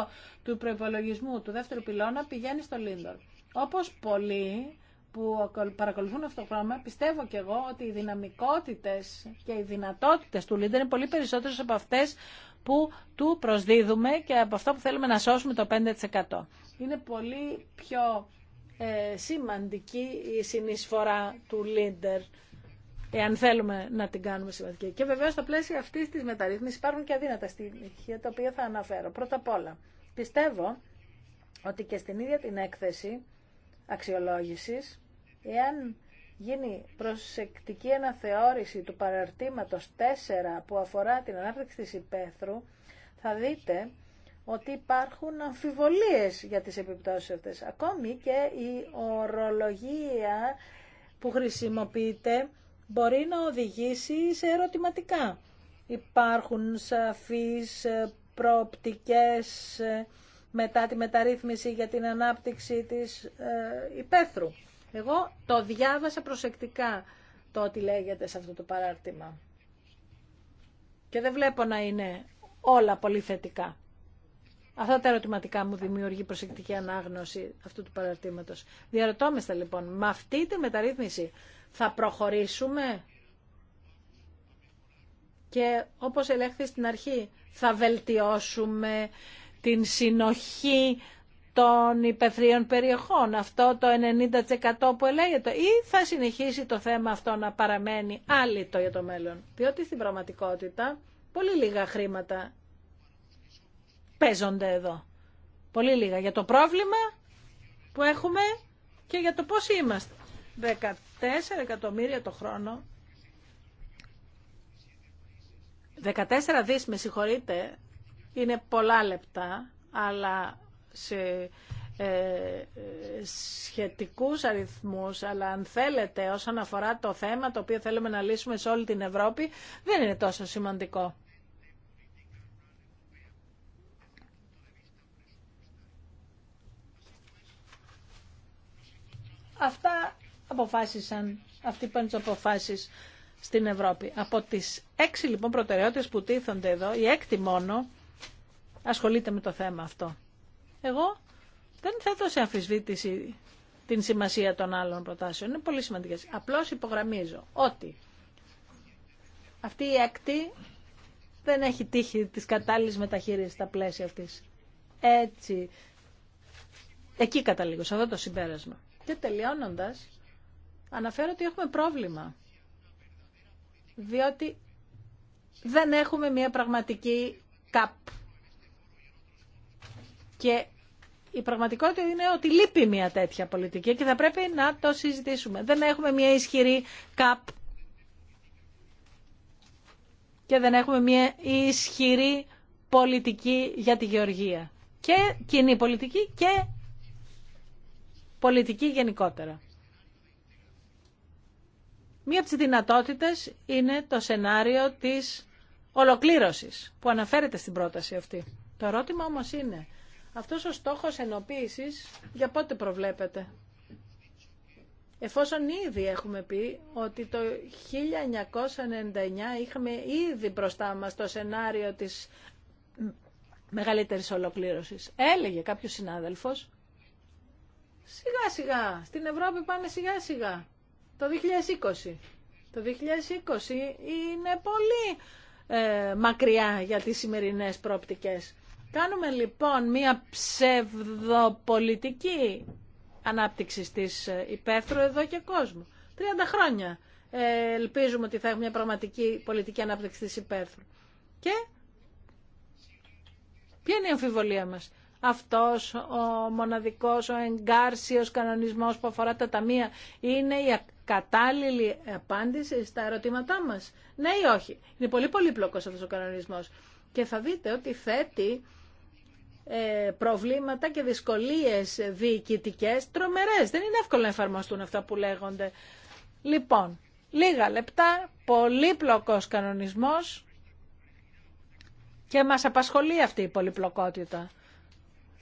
5% του προπολογισμού του δεύτερου πυλώνα πηγαίνει στο Leader. Όπως πολλοί που παρακολουθούν αυτό το πράγμα, πιστεύω και εγώ ότι οι δυναμικότητες και οι δυνατότητες του Λίντερ είναι πολύ περισσότερες από αυτές που του προσδίδουμε και από αυτό που θέλουμε να σώσουμε το 5%. Είναι πολύ πιο ε, σημαντική η συνεισφορά του Λίντερ εάν θέλουμε να την κάνουμε σημαντική. Και βεβαίω στο πλαίσιο αυτή τη μεταρρύθμιση υπάρχουν και αδύνατα στοιχεία τα οποία θα αναφέρω. Πρώτα απ' όλα, πιστεύω ότι και στην ίδια την έκθεση αξιολόγηση. Εάν γίνει προσεκτική αναθεώρηση του παραρτήματος 4 που αφορά την ανάπτυξη της υπαίθρου, θα δείτε ότι υπάρχουν αμφιβολίες για τις επιπτώσεις αυτές. Ακόμη και η ορολογία που χρησιμοποιείται μπορεί να οδηγήσει σε ερωτηματικά. Υπάρχουν σαφείς προοπτικές μετά τη μεταρρύθμιση για την ανάπτυξη της ε, υπαίθρου. Εγώ το διάβασα προσεκτικά το ότι λέγεται σε αυτό το παράρτημα. Και δεν βλέπω να είναι όλα πολύ θετικά. Αυτά τα ερωτηματικά μου δημιουργεί προσεκτική ανάγνωση αυτού του παραρτήματος. Διαρωτώμεστε λοιπόν, με αυτή τη μεταρρύθμιση θα προχωρήσουμε και όπως ελέγχθη στην αρχή θα βελτιώσουμε την συνοχή των υπευθείων περιοχών, αυτό το 90% που ελέγεται, ή θα συνεχίσει το θέμα αυτό να παραμένει άλυτο για το μέλλον. Διότι στην πραγματικότητα πολύ λίγα χρήματα παίζονται εδώ. Πολύ λίγα για το πρόβλημα που έχουμε και για το πώς είμαστε. 14 εκατομμύρια το χρόνο. 14 δις, με συγχωρείτε, είναι πολλά λεπτά, αλλά σε ε, σχετικούς αριθμούς, αλλά αν θέλετε όσον αφορά το θέμα το οποίο θέλουμε να λύσουμε σε όλη την Ευρώπη, δεν είναι τόσο σημαντικό. Αυτά αποφάσισαν, αυτοί πάνε τις αποφάσεις στην Ευρώπη. Από τις έξι λοιπόν προτεραιότητες που τίθονται εδώ, η έκτη μόνο ασχολείται με το θέμα αυτό εγώ δεν θέτω σε αμφισβήτηση την σημασία των άλλων προτάσεων. Είναι πολύ σημαντικέ. Απλώ υπογραμμίζω ότι αυτή η έκτη δεν έχει τύχει τη κατάλληλη μεταχείριση στα πλαίσια αυτή. Έτσι. Εκεί καταλήγω, σε αυτό το συμπέρασμα. Και τελειώνοντα, αναφέρω ότι έχουμε πρόβλημα. Διότι δεν έχουμε μια πραγματική ΚΑΠ και η πραγματικότητα είναι ότι λείπει μια τέτοια πολιτική και θα πρέπει να το συζητήσουμε. Δεν έχουμε μια ισχυρή ΚΑΠ και δεν έχουμε μια ισχυρή πολιτική για τη γεωργία. Και κοινή πολιτική και πολιτική γενικότερα. Μία από τις δυνατότητες είναι το σενάριο της ολοκλήρωσης που αναφέρεται στην πρόταση αυτή. Το ερώτημα όμως είναι αυτός ο στόχος ενοποίησης για πότε προβλέπεται. Εφόσον ήδη έχουμε πει ότι το 1999 είχαμε ήδη μπροστά μας το σενάριο της μεγαλύτερης ολοκλήρωσης. Έλεγε κάποιος συνάδελφος, σιγά σιγά, στην Ευρώπη πάμε σιγά σιγά, το 2020. Το 2020 είναι πολύ ε, μακριά για τις σημερινές πρόπτικες. Κάνουμε λοιπόν μία ψευδοπολιτική ανάπτυξη της ε, υπαίθρου εδώ και κόσμου. 30 χρόνια ε, ελπίζουμε ότι θα έχουμε μια πραγματική πολιτική ανάπτυξη της υπαιθρου εδω και κοσμου 30 χρονια ελπιζουμε οτι θα εχουμε μια πραγματικη πολιτικη αναπτυξη τη υπαιθρου Και ποια είναι η αμφιβολία μας. Αυτός ο μοναδικός, ο εγκάρσιος κανονισμός που αφορά τα ταμεία είναι η κατάλληλη απάντηση στα ερωτήματά μας. Ναι ή όχι. Είναι πολύ πολύπλοκος αυτός ο κανονισμός. Και θα δείτε ότι θέτει ε, προβλήματα και δυσκολίες διοικητικές τρομερές. Δεν είναι εύκολο να εφαρμοστούν αυτά που λέγονται. Λοιπόν, λίγα λεπτά, πολύπλοκος κανονισμός και μας απασχολεί αυτή η πολυπλοκότητα.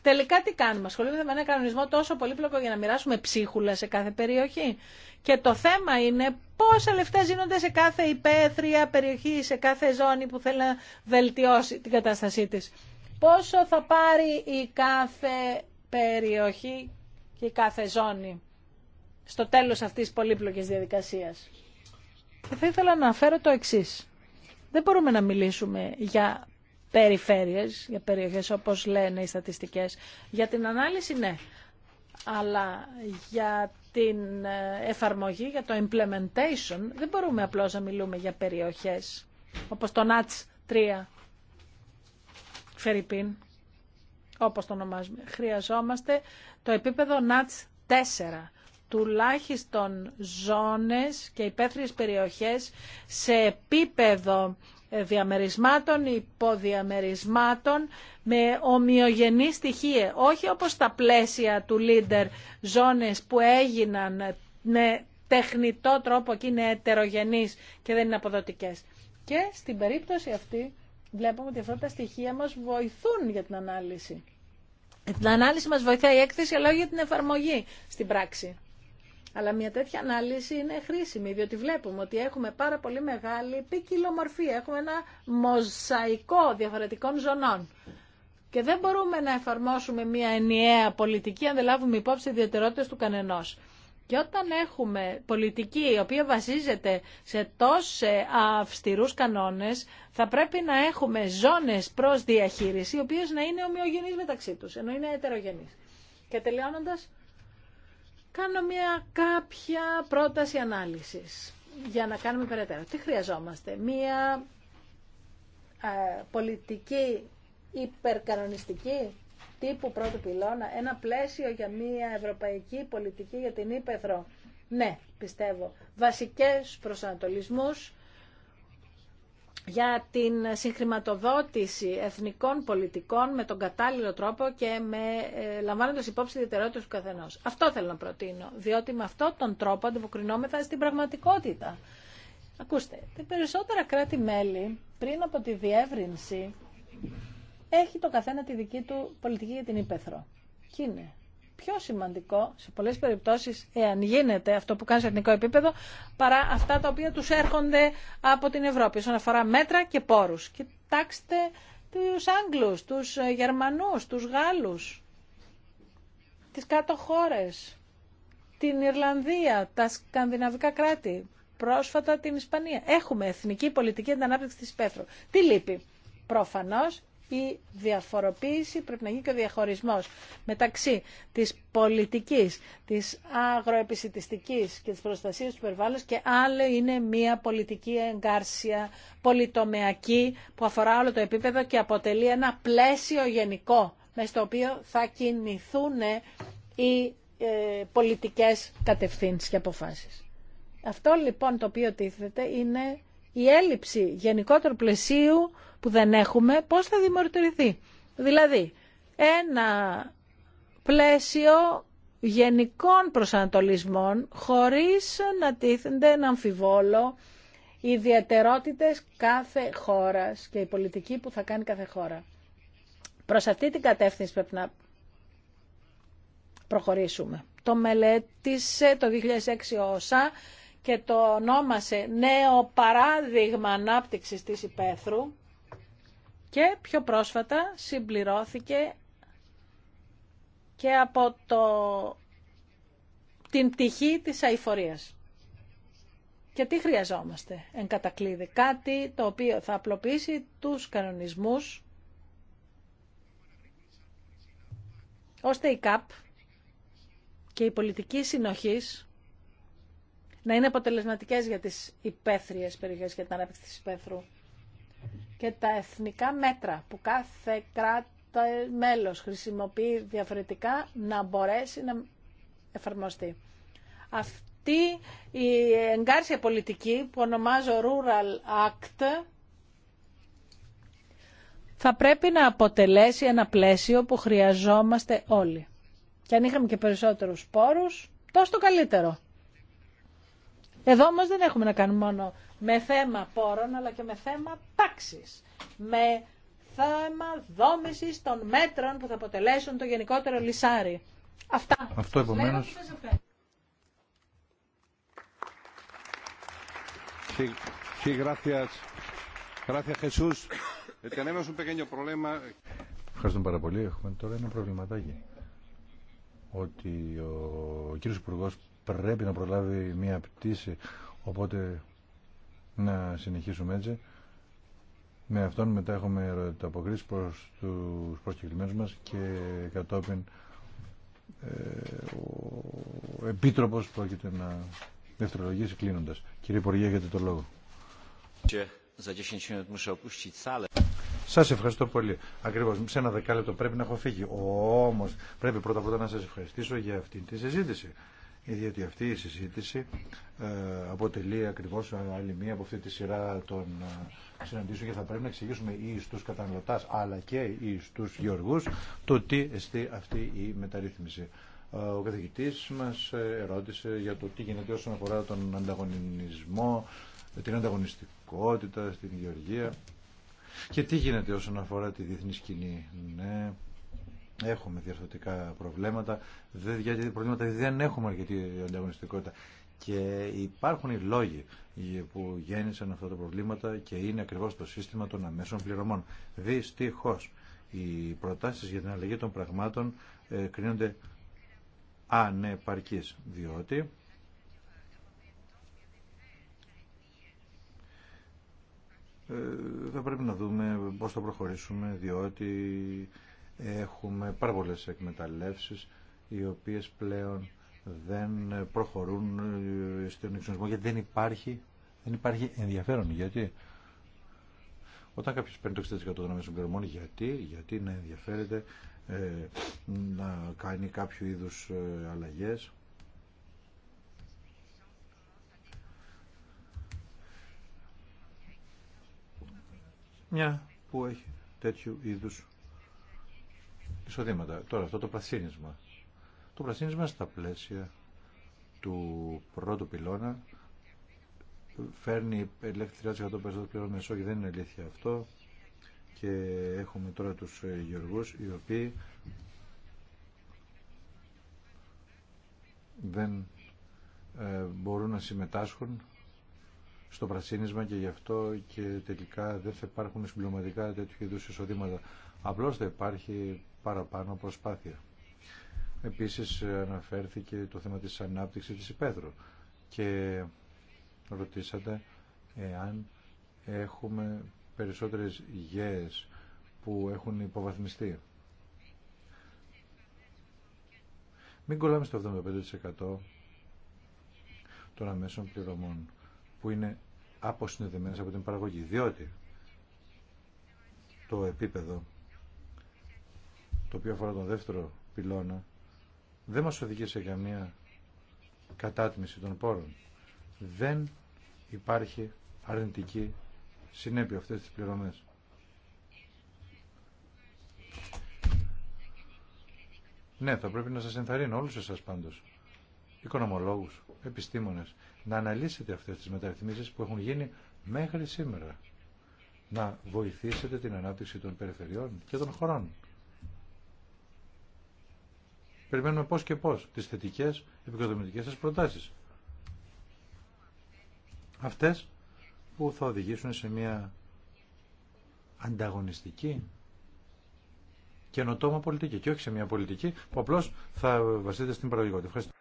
Τελικά τι κάνουμε, ασχολούμαστε με ένα κανονισμό τόσο πολύπλοκο για να μοιράσουμε ψίχουλα σε κάθε περιοχή. Και το θέμα είναι πόσα λεφτά ζήνονται σε κάθε υπαίθρια περιοχή, σε κάθε ζώνη που θέλει να βελτιώσει την κατάστασή της πόσο θα πάρει η κάθε περιοχή και η κάθε ζώνη στο τέλος αυτής της πολύπλοκης διαδικασίας. Και θα ήθελα να αναφέρω το εξής. Δεν μπορούμε να μιλήσουμε για περιφέρειες, για περιοχές όπως λένε οι στατιστικές. Για την ανάλυση ναι, αλλά για την ε, εφαρμογή, για το implementation δεν μπορούμε απλώς να μιλούμε για περιοχές όπως το NATS 3 Φερρυπίν, όπως το ονομάζουμε. Χρειαζόμαστε το επίπεδο ΝΑΤΣ 4 τουλάχιστον ζώνες και υπαίθριες περιοχές σε επίπεδο ε, διαμερισμάτων, υποδιαμερισμάτων με ομοιογενή στοιχεία. Όχι όπως τα πλαίσια του Λίντερ ζώνες που έγιναν με τεχνητό τρόπο και είναι ετερογενείς και δεν είναι αποδοτικές. Και στην περίπτωση αυτή βλέπουμε ότι αυτά τα στοιχεία μας βοηθούν για την ανάλυση. Ε, την ανάλυση μας βοηθάει η έκθεση, αλλά όχι για την εφαρμογή στην πράξη. Αλλά μια τέτοια ανάλυση είναι χρήσιμη, διότι βλέπουμε ότι έχουμε πάρα πολύ μεγάλη ποικιλομορφία. Έχουμε ένα μοζαϊκό διαφορετικών ζωνών. Και δεν μπορούμε να εφαρμόσουμε μια ενιαία πολιτική αν δεν λάβουμε υπόψη ιδιαιτερότητες του κανενός. Και όταν έχουμε πολιτική η οποία βασίζεται σε τόσες αυστηρούς κανόνες, θα πρέπει να έχουμε ζώνες προς διαχείριση, οι οποίες να είναι ομοιογενείς μεταξύ τους, ενώ είναι ετερογενείς. Και τελειώνοντας, κάνω μια κάποια πρόταση ανάλυσης για να κάνουμε περαιτέρω. Τι χρειαζόμαστε. Μια ε, πολιτική υπερκανονιστική τύπου πρώτου πυλώνα, ένα πλαίσιο για μια ευρωπαϊκή πολιτική για την Ήπεθρο. Ναι, πιστεύω. Βασικές προσανατολισμούς για την συγχρηματοδότηση εθνικών πολιτικών με τον κατάλληλο τρόπο και με, ε, λαμβάνοντας υπόψη ιδιαιτερότητες του καθενός. Αυτό θέλω να προτείνω, διότι με αυτόν τον τρόπο αντιποκρινόμεθα στην πραγματικότητα. Ακούστε, τα περισσότερα κράτη-μέλη πριν από τη διεύρυνση έχει το καθένα τη δική του πολιτική για την υπεθρό. Και είναι πιο σημαντικό σε πολλές περιπτώσεις, εάν γίνεται αυτό που κάνει σε εθνικό επίπεδο, παρά αυτά τα οποία τους έρχονται από την Ευρώπη, όσον αφορά μέτρα και πόρους. Κοιτάξτε τους Άγγλους, τους Γερμανούς, τους Γάλλους, τις κάτω χώρες, την Ιρλανδία, τα σκανδιναβικά κράτη, πρόσφατα την Ισπανία. Έχουμε εθνική πολιτική την ανάπτυξη της Πέθρου. Τι λείπει. Προφανώς η διαφοροποίηση, πρέπει να γίνει και ο διαχωρισμός μεταξύ της πολιτικής, της αγροεπισητιστικής και της προστασίας του περιβάλλοντος και άλλο είναι μια πολιτική εγκάρσια, πολυτομεακή που αφορά όλο το επίπεδο και αποτελεί ένα πλαίσιο γενικό με στο οποίο θα κινηθούν οι ε, πολιτικές κατευθύνσεις και αποφάσεις. Αυτό λοιπόν το οποίο τίθεται είναι η έλλειψη γενικότερου πλαισίου που δεν έχουμε, πώς θα δημιουργηθεί, Δηλαδή, ένα πλαίσιο γενικών προσανατολισμών χωρίς να τίθενται να αμφιβόλο οι ιδιαιτερότητες κάθε χώρας και η πολιτική που θα κάνει κάθε χώρα. Προς αυτή την κατεύθυνση πρέπει να προχωρήσουμε. Το μελέτησε το 2006 όσα και το ονόμασε νέο παράδειγμα ανάπτυξης της υπαίθρου και πιο πρόσφατα συμπληρώθηκε και από το... την πτυχή της αηφορίας. Και τι χρειαζόμαστε εν κατακλείδη. Κάτι το οποίο θα απλοποιήσει τους κανονισμούς ώστε η ΚΑΠ και η πολιτική συνοχής να είναι αποτελεσματικές για τις υπαίθριες περιοχές και την ανάπτυξη της υπαίθρου και τα εθνικά μέτρα που κάθε κράτο μέλος χρησιμοποιεί διαφορετικά να μπορέσει να εφαρμοστεί. Αυτή η εγκάρσια πολιτική που ονομάζω Rural Act θα πρέπει να αποτελέσει ένα πλαίσιο που χρειαζόμαστε όλοι. Και αν είχαμε και περισσότερους πόρους, τόσο καλύτερο. Εδώ όμως δεν έχουμε να κάνουμε μόνο με θέμα πόρων, αλλά και με θέμα τάξης, με θέμα δόμησης των μέτρων που θα αποτελέσουν το γενικότερο λισάρι. Αυτά. Αυτό επομένως... Eh, Ευχαριστούμε πάρα πολύ. Έχουμε τώρα ένα προβληματάκι. Ότι ο κύριος Υπουργός πρέπει να προλάβει μία πτήση οπότε να συνεχίσουμε έτσι με αυτόν μετά έχουμε ερωταποκρίσεις προς τους προσκεκλημένους μας και κατόπιν ε, ο Επίτροπος πρόκειται να δευτερολογήσει κλείνοντας. Κύριε Υπουργέ, έχετε το λόγο. Σας ευχαριστώ πολύ. Ακριβώς, σε ένα δεκάλεπτο πρέπει να έχω φύγει. Όμως πρέπει πρώτα όλα να σας ευχαριστήσω για αυτή τη συζήτηση διότι αυτή η συζήτηση ε, αποτελεί ακριβώς άλλη μία από αυτή τη σειρά των ε, συναντήσεων και θα πρέπει να εξηγήσουμε ή στους καταναλωτάς αλλά και ή στους γεωργούς το τι εστί αυτή η μεταρρύθμιση. Ε, ο καθηγητής μας ερώτησε για το τι γίνεται όσον αφορά τον ανταγωνισμό, την ανταγωνιστικότητα στην γεωργία και τι γίνεται όσον αφορά τη διεθνή σκηνή. Ναι, Έχουμε διαρθωτικά προβλήματα, γιατί προβλήματα δεν έχουμε αρκετή ανταγωνιστικότητα. Και υπάρχουν οι λόγοι που γέννησαν αυτά τα προβλήματα και είναι ακριβώ το σύστημα των αμέσων πληρωμών. Δυστυχώ, οι προτάσει για την αλλαγή των πραγμάτων ε, κρίνονται ανεπαρκείς, διότι ε, θα πρέπει να δούμε πώς θα προχωρήσουμε, διότι έχουμε πάρα πολλέ εκμεταλλεύσεις οι οποίες πλέον δεν προχωρούν ε, στον εξονισμό γιατί δεν υπάρχει, δεν υπάρχει ενδιαφέρον. Γιατί όταν κάποιο παίρνει το 60% των αμέσων πληρωμών, γιατί, γιατί να ενδιαφέρεται ε, να κάνει κάποιο είδους ε, αλλαγέ. Μια που έχει τέτοιου είδους εισοδήματα. Τώρα αυτό το πρασίνισμα. Το πρασίνισμα στα πλαίσια του πρώτου πυλώνα φέρνει ελέγχθη το περισσότερο πλέον μεσό και δεν είναι αλήθεια αυτό και έχουμε τώρα τους γεωργούς οι οποίοι δεν ε, μπορούν να συμμετάσχουν στο πρασίνισμα και γι' αυτό και τελικά δεν θα υπάρχουν συμπληρωματικά τέτοιου είδου εισοδήματα. Απλώς θα υπάρχει παραπάνω προσπάθεια. Επίσης αναφέρθηκε το θέμα της ανάπτυξης της υπαίθρου και ρωτήσατε εάν έχουμε περισσότερες γέες που έχουν υποβαθμιστεί. Μην κολλάμε στο 75% των αμέσων πληρωμών που είναι αποσυνδεδεμένες από την παραγωγή, διότι το επίπεδο το οποίο αφορά τον δεύτερο πυλώνα, δεν μας οδηγεί σε καμία κατάτμιση των πόρων. Δεν υπάρχει αρνητική συνέπεια αυτές τις πληρωμές. Ναι, θα πρέπει να σας ενθαρρύνω όλους εσάς πάντως, οικονομολόγους, επιστήμονες, να αναλύσετε αυτές τις μεταρρυθμίσεις που έχουν γίνει μέχρι σήμερα. Να βοηθήσετε την ανάπτυξη των περιφερειών και των χωρών. Περιμένουμε πώς και πώς τις θετικές επικοδομητικές σας προτάσεις. Αυτές που θα οδηγήσουν σε μια ανταγωνιστική καινοτόμα πολιτική και όχι σε μια πολιτική που απλώς θα βασίζεται στην παραγωγικότητα. Ευχαριστώ.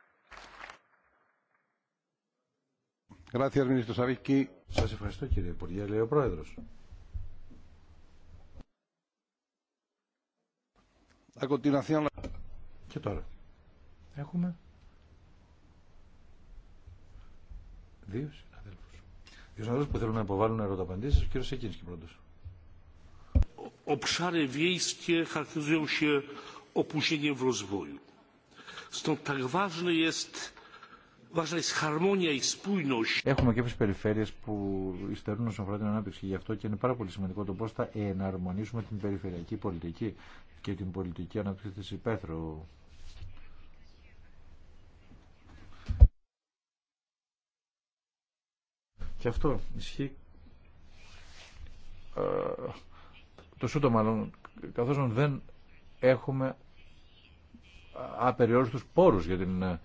Σας ευχαριστώ κύριε Υπουργέ, λέει ο Πρόεδρος. Και τώρα έχουμε δύο συναδέλφους. Δύο συναδέλφους που θέλουν να υποβάλουν ερωταπαντήσεις. Ο κύριος Σεκίνης πρώτος. Obszary wiejskie charakteryzują się opóźnieniem w rozwoju. Stąd tak ważne jest Έχουμε και κάποιε περιφέρειε που υστερούν όσον αφορά την ανάπτυξη. Γι' αυτό και είναι πάρα πολύ σημαντικό το πώ θα εναρμονίσουμε την περιφερειακή πολιτική και την πολιτική ανάπτυξη τη υπαίθρου. Και αυτό ισχύει ε, το σούτο μάλλον, καθώς δεν έχουμε ε, απεριόριστους πόρους για την ε,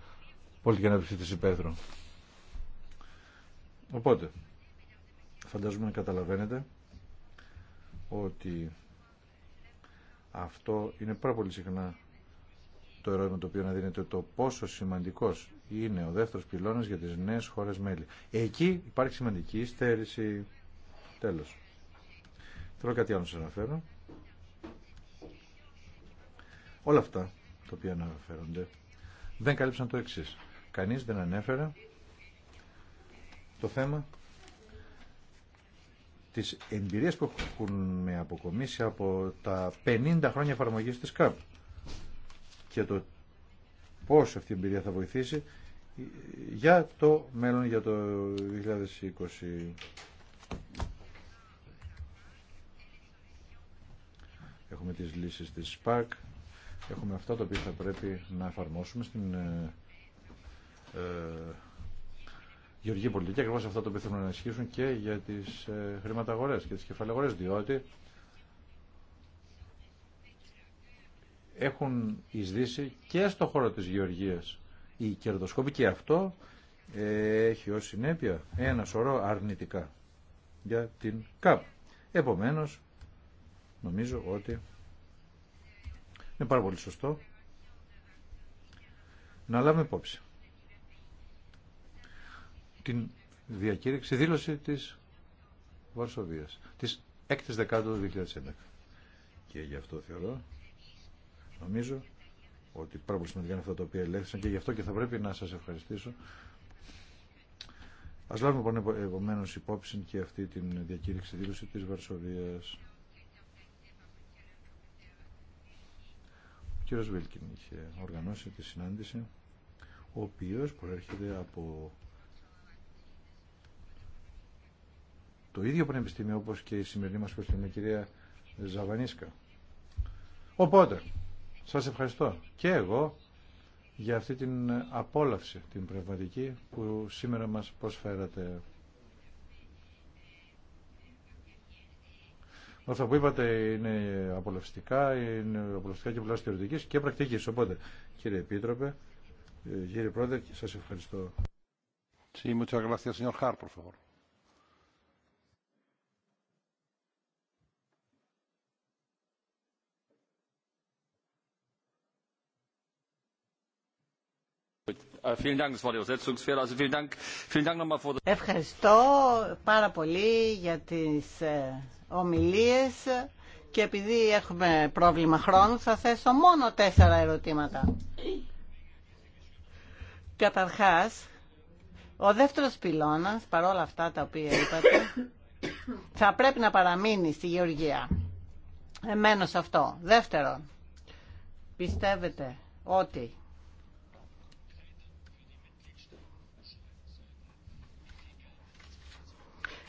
πολιτική ανάπτυξη της υπαίθρου. Οπότε, φαντάζομαι να καταλαβαίνετε ότι αυτό είναι πάρα πολύ συχνά το ερώτημα το οποίο να δίνεται το πόσο σημαντικός είναι ο δεύτερος πυλώνας για τις νέες χώρες μέλη. Εκεί υπάρχει σημαντική στέρηση. Τέλος. Θέλω κάτι άλλο να σας αναφέρω. Όλα αυτά τα οποία αναφέρονται δεν κάλυψαν το εξής. Κανείς δεν ανέφερε το θέμα τις εμπειρία που έχουν αποκομίσει από τα 50 χρόνια εφαρμογή της ΚΑΠ και το πώς αυτή η εμπειρία θα βοηθήσει για το μέλλον, για το 2020. Έχουμε τις λύσεις της ΣΠΑΚ, έχουμε αυτά τα οποία θα πρέπει να εφαρμόσουμε στην ε, ε γεωργική πολιτική, ακριβώς αυτά τα οποία θέλουμε να ενισχύσουν και για τις ε, χρηματαγορές και τις κεφαλαγορές, διότι έχουν εισδύσει και στο χώρο της γεωργίας οι κερδοσκόποι και αυτό έχει ως συνέπεια ένα σωρό αρνητικά για την ΚΑΠ. Επομένως, νομίζω ότι είναι πάρα πολύ σωστό να λάβουμε υπόψη την διακήρυξη, δήλωση της Βαρσοβίας, της 6ης Δεκάτου 2011. Και γι' αυτό θεωρώ Νομίζω ότι πάρα πολύ σημαντικά είναι αυτά τα οποία ελέγχθησαν και γι' αυτό και θα πρέπει να σας ευχαριστήσω. Ας λάβουμε επομένω υπόψη και αυτή την διακήρυξη δήλωση της Βαρσοβίας. Ο κύριος Βίλκιν είχε οργανώσει τη συνάντηση, ο οποίος προέρχεται από το ίδιο πανεπιστήμιο όπως και η σημερινή μας πανεπιστήμια κυρία Ζαβανίσκα. Οπότε, σας ευχαριστώ και εγώ για αυτή την απόλαυση την πνευματική που σήμερα μας προσφέρατε. Αυτά που είπατε είναι απολαυστικά, είναι απολαυστικά και πολλά θεωρητικής και πρακτικής. Οπότε, κύριε Επίτροπε, ε, κύριε Πρόεδρε, σας ευχαριστώ. Sí, muchas gracias, señor por Ευχαριστώ πάρα πολύ για τις ε, ομιλίες και επειδή έχουμε πρόβλημα χρόνου θα θέσω μόνο τέσσερα ερωτήματα. Καταρχάς, ο δεύτερος πυλώνας, παρόλα αυτά τα οποία είπατε, θα πρέπει να παραμείνει στη Γεωργία. Εμένω αυτό. Δεύτερον, πιστεύετε ότι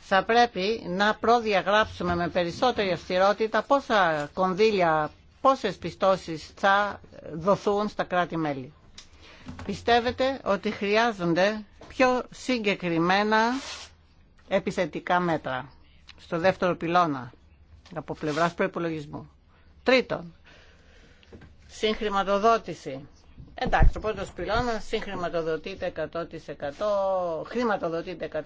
θα πρέπει να προδιαγράψουμε με περισσότερη αυστηρότητα πόσα κονδύλια, πόσες πιστώσεις θα δοθούν στα κράτη-μέλη. Πιστεύετε ότι χρειάζονται πιο συγκεκριμένα επιθετικά μέτρα στο δεύτερο πυλώνα από πλευράς προϋπολογισμού. Τρίτον, συγχρηματοδότηση Εντάξει, ο πρώτος πυλώνας 100%, χρηματοδοτείται 100%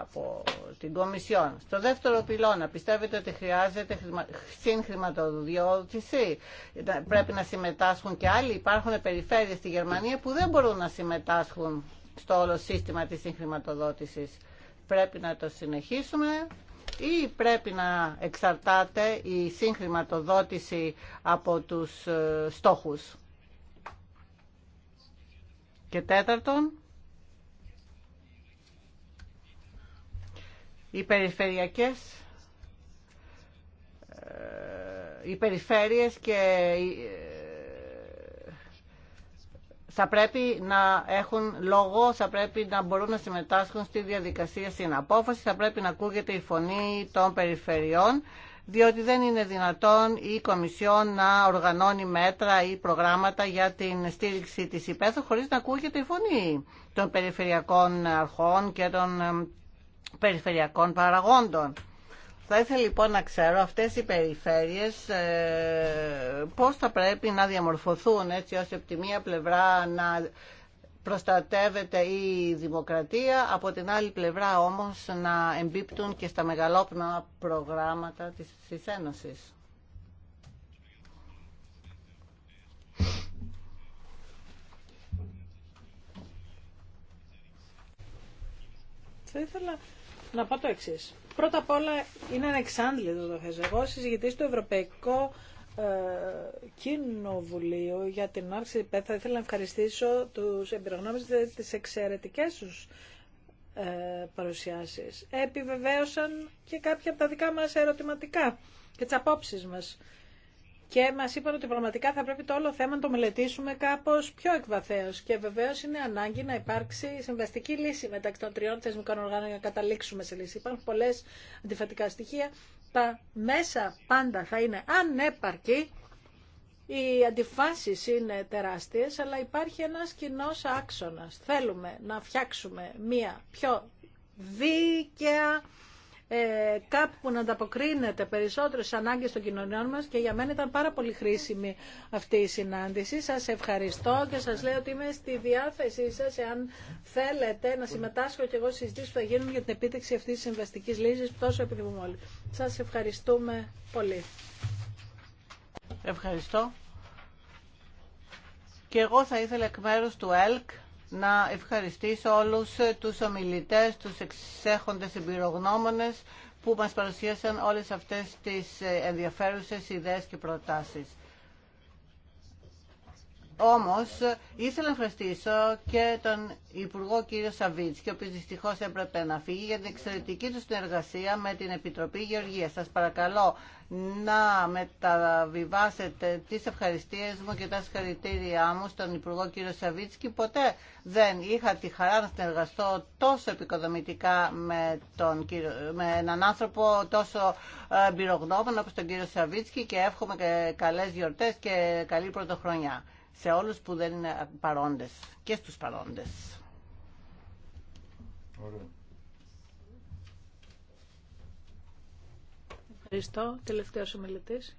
από την Κομισιόν. Στο δεύτερο πυλώνα πιστεύετε ότι χρειάζεται συγχρηματοδότηση. Πρέπει να συμμετάσχουν και άλλοι. Υπάρχουν περιφέρειες στη Γερμανία που δεν μπορούν να συμμετάσχουν στο όλο σύστημα της συγχρηματοδότησης. Πρέπει να το συνεχίσουμε ή πρέπει να εξαρτάται η συγχρηματοδότηση από τους ε, στόχους. Και τέταρτον, οι περιφερειακές ε, οι περιφέρειες και ε, θα πρέπει να έχουν λόγο, θα πρέπει να μπορούν να συμμετάσχουν στη διαδικασία συναπόφαση, θα πρέπει να ακούγεται η φωνή των περιφερειών διότι δεν είναι δυνατόν η Κομισιόν να οργανώνει μέτρα ή προγράμματα για την στήριξη της υπέθρου χωρίς να ακούγεται η φωνή των περιφερειακών αρχών και των περιφερειακών παραγόντων. Θα ήθελα λοιπόν να ξέρω αυτές οι περιφέρειες ε, πώς θα πρέπει να διαμορφωθούν έτσι ώστε από τη μία πλευρά να προστατεύεται η δημοκρατία, από την άλλη πλευρά όμως να εμπίπτουν και στα μεγαλόπνοα προγράμματα της, της Ένωσης. Θα ήθελα να πω το εξή. Πρώτα απ' όλα είναι ανεξάντλητο το εγώ συζητητή στο Ευρωπαϊκό ε, Κοινοβουλίου για την άρξη ΠΕΤ. Θα ήθελα να ευχαριστήσω τους εμπειρογνώμες για τις εξαιρετικές τους ε, παρουσιάσεις. Επιβεβαίωσαν και κάποια από τα δικά μας ερωτηματικά και τις απόψεις μας και μας είπαν ότι πραγματικά θα πρέπει το όλο θέμα να το μελετήσουμε κάπως πιο εκβαθέως και βεβαίω είναι ανάγκη να υπάρξει συμβαστική λύση μεταξύ των τριών θεσμικών οργάνων για να καταλήξουμε σε λύση. Υπάρχουν πολλέ αντιφατικά στοιχεία. Τα μέσα πάντα θα είναι ανέπαρκη. Οι αντιφάσεις είναι τεράστιες, αλλά υπάρχει ένα κοινό άξονα. Θέλουμε να φτιάξουμε μία πιο δίκαια ε, κάπου που να ανταποκρίνεται περισσότερο στις ανάγκες των κοινωνιών μας και για μένα ήταν πάρα πολύ χρήσιμη αυτή η συνάντηση. Σας ευχαριστώ και σας λέω ότι είμαι στη διάθεσή σας εάν θέλετε να συμμετάσχω και εγώ στις συζητήσεις που θα γίνουν για την επίτευξη αυτής της συμβαστικής λύσης που τόσο επιθυμούμε όλοι. Σας ευχαριστούμε πολύ. Ευχαριστώ. Και εγώ θα ήθελα εκ μέρους του ΕΛΚ να ευχαριστήσω όλους τους ομιλητές, τους εξέχοντες εμπειρογνώμονες που μας παρουσίασαν όλες αυτές τις ενδιαφέρουσες ιδέες και προτάσεις. Όμως ήθελα να ευχαριστήσω και τον Υπουργό κύριο Σαββίτσκι, ο οποίος δυστυχώς έπρεπε να φύγει για την εξαιρετική του συνεργασία με την Επιτροπή Γεωργίας. Σας παρακαλώ να μεταβιβάσετε τις ευχαριστίες μου και τα συγχαρητήριά μου στον Υπουργό κύριο Σαββίτσκι. Ποτέ δεν είχα τη χαρά να συνεργαστώ τόσο επικοδομητικά με, τον με έναν άνθρωπο τόσο εμπειρογνώμενο όπως τον κύριο Σαββίτσκι και εύχομαι καλές γιορτές και καλή πρωτοχρονιά σε όλους που δεν είναι παρόντες και στους παρόντες. Ωραία. Ευχαριστώ. Τελευταίος ομιλητής.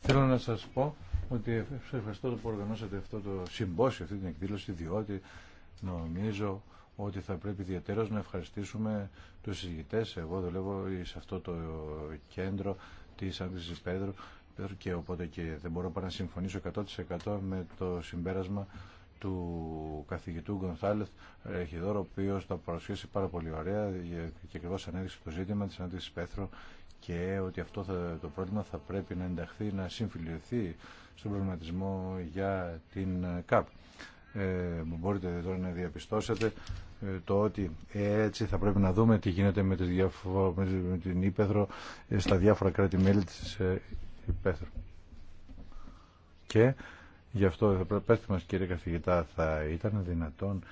Θέλω να σας πω ότι ε, ευχαριστώ που οργανώσατε αυτό το συμπόσιο, αυτή την εκδήλωση, διότι νομίζω ότι θα πρέπει ιδιαίτερα να ευχαριστήσουμε τους συζητητές. Εγώ δουλεύω σε αυτό το κέντρο της Αντισή Πέδρου και οπότε και δεν μπορώ παρά να συμφωνήσω 100% με το συμπέρασμα του καθηγητού Γκονθάλεθ ο οποίο τα παρουσίασε πάρα πολύ ωραία και ακριβώ ανέδειξε το ζήτημα τη ανάπτυξη Πέθρου και ότι αυτό θα, το πρόβλημα θα πρέπει να ενταχθεί, να συμφιλειωθεί στον προβληματισμό για την ΚΑΠ. Ε, μπορείτε τώρα να διαπιστώσετε το ότι έτσι θα πρέπει να δούμε τι γίνεται με, τις με την Ήπεθρο ε, στα διάφορα κράτη-μέλη της ε, Ήπεθρου. Και γι' αυτό θα πρέπει μας κύριε καθηγητά θα ήταν δυνατόν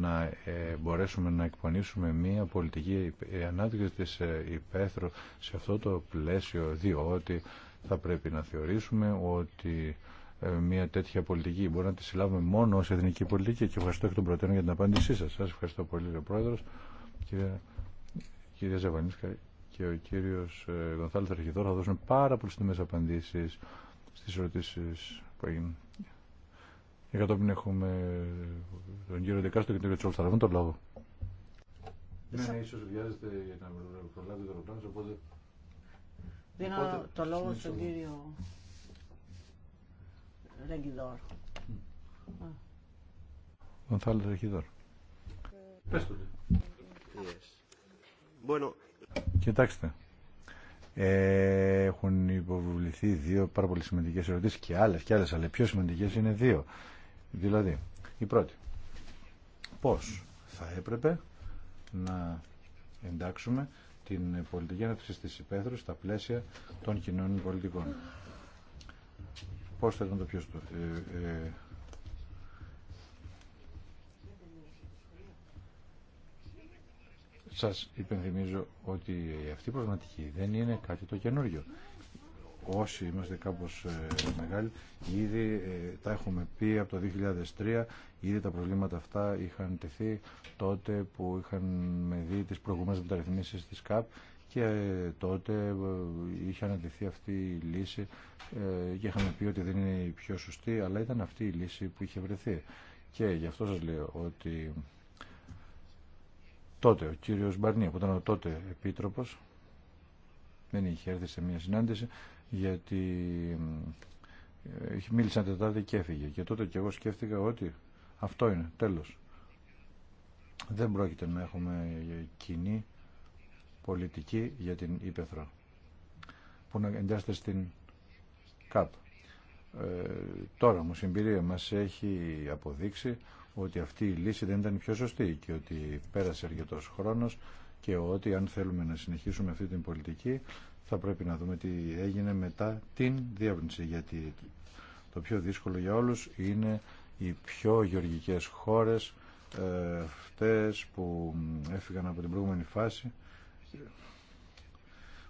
να ε, μπορέσουμε να εκπονήσουμε μια πολιτική ανάδειξη της Ήπεθρου σε αυτό το πλαίσιο διότι θα πρέπει να θεωρήσουμε ότι ε, μια τέτοια πολιτική. Μπορεί να τη συλλάβουμε μόνο ως εθνική πολιτική και ευχαριστώ και τον προτέρων για την απάντησή σα. Σα ευχαριστώ πολύ ο πρόεδρο, κύριε κυρία Ζεβανίσκα και ο κύριος ε, Γονθάλης Αρχιδόρ θα δώσουν πάρα πολλέ τιμέ απαντήσει στι ερωτήσει που έγιναν. Και έχουμε τον κύριο Δεκάστο και τον κύριο Τσόλ. Θα τον λόγο. Ναι, ναι, ίσως βιάζεται να προλάβει το αεροπλάνο, οπότε... Δίνω το λόγο στον κύριο ρεγκιδόρ. Mm. ρεγκιδόρ. Πες το. Ναι. Κοιτάξτε. Ε, έχουν υποβληθεί δύο πάρα πολύ σημαντικέ ερωτήσει και άλλε και άλλε, αλλά οι πιο σημαντικέ είναι δύο. Δηλαδή, η πρώτη. Πώ θα έπρεπε να εντάξουμε την πολιτική ανάπτυξη τη υπαίθρου στα πλαίσια των κοινών πολιτικών. Πώς το πιο στο... Ε, ε, σας υπενθυμίζω ότι αυτή η προβληματική δεν είναι κάτι το καινούριο. Όσοι είμαστε κάπως ε, μεγάλοι, ήδη ε, τα έχουμε πει από το 2003, ήδη τα προβλήματα αυτά είχαν τεθεί τότε που είχαν δει τις προηγούμενες μεταρρυθμίσεις της ΚΑΠ και τότε ε, είχε αναδειχθεί αυτή η λύση ε, και είχαμε πει ότι δεν είναι η πιο σωστή αλλά ήταν αυτή η λύση που είχε βρεθεί και γι' αυτό σας λέω ότι τότε ο κύριος Μπαρνία που ήταν ο τότε επίτροπος δεν είχε έρθει σε μια συνάντηση γιατί ε, μίλησαν τετάρτη και έφυγε και τότε και εγώ σκέφτηκα ότι αυτό είναι τέλος δεν πρόκειται να έχουμε κοινή πολιτική για την Ήπεθρο που να εντάσσεται στην ΚΑΠ. Ε, τώρα όμως η εμπειρία μας έχει αποδείξει ότι αυτή η λύση δεν ήταν πιο σωστή και ότι πέρασε αρκετό χρόνος και ότι αν θέλουμε να συνεχίσουμε αυτή την πολιτική θα πρέπει να δούμε τι έγινε μετά την διεύρυνση γιατί το πιο δύσκολο για όλους είναι οι πιο γεωργικές χώρες ε, αυτές που έφυγαν από την προηγούμενη φάση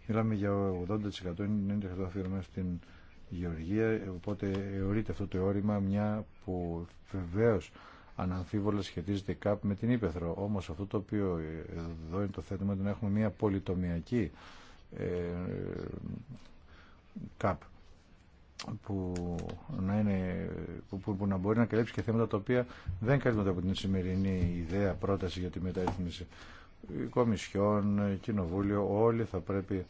Μιλάμε για 80% είναι αφιερωμένο στην γεωργία, οπότε εωρείται αυτό το όριμα μια που βεβαίω αναμφίβολα σχετίζεται κάπου με την Ήπεθρο. Όμως αυτό το οποίο εδώ είναι το θέτημα είναι να έχουμε μια πολυτομιακή ε, ΚΑΠ που να, είναι, που, που, να μπορεί να καλύψει και θέματα τα οποία δεν καλύπτονται από την σημερινή ιδέα πρόταση για τη μεταρρύθμιση. Κομισιόν, Κοινοβούλιο, όλοι θα πρέπει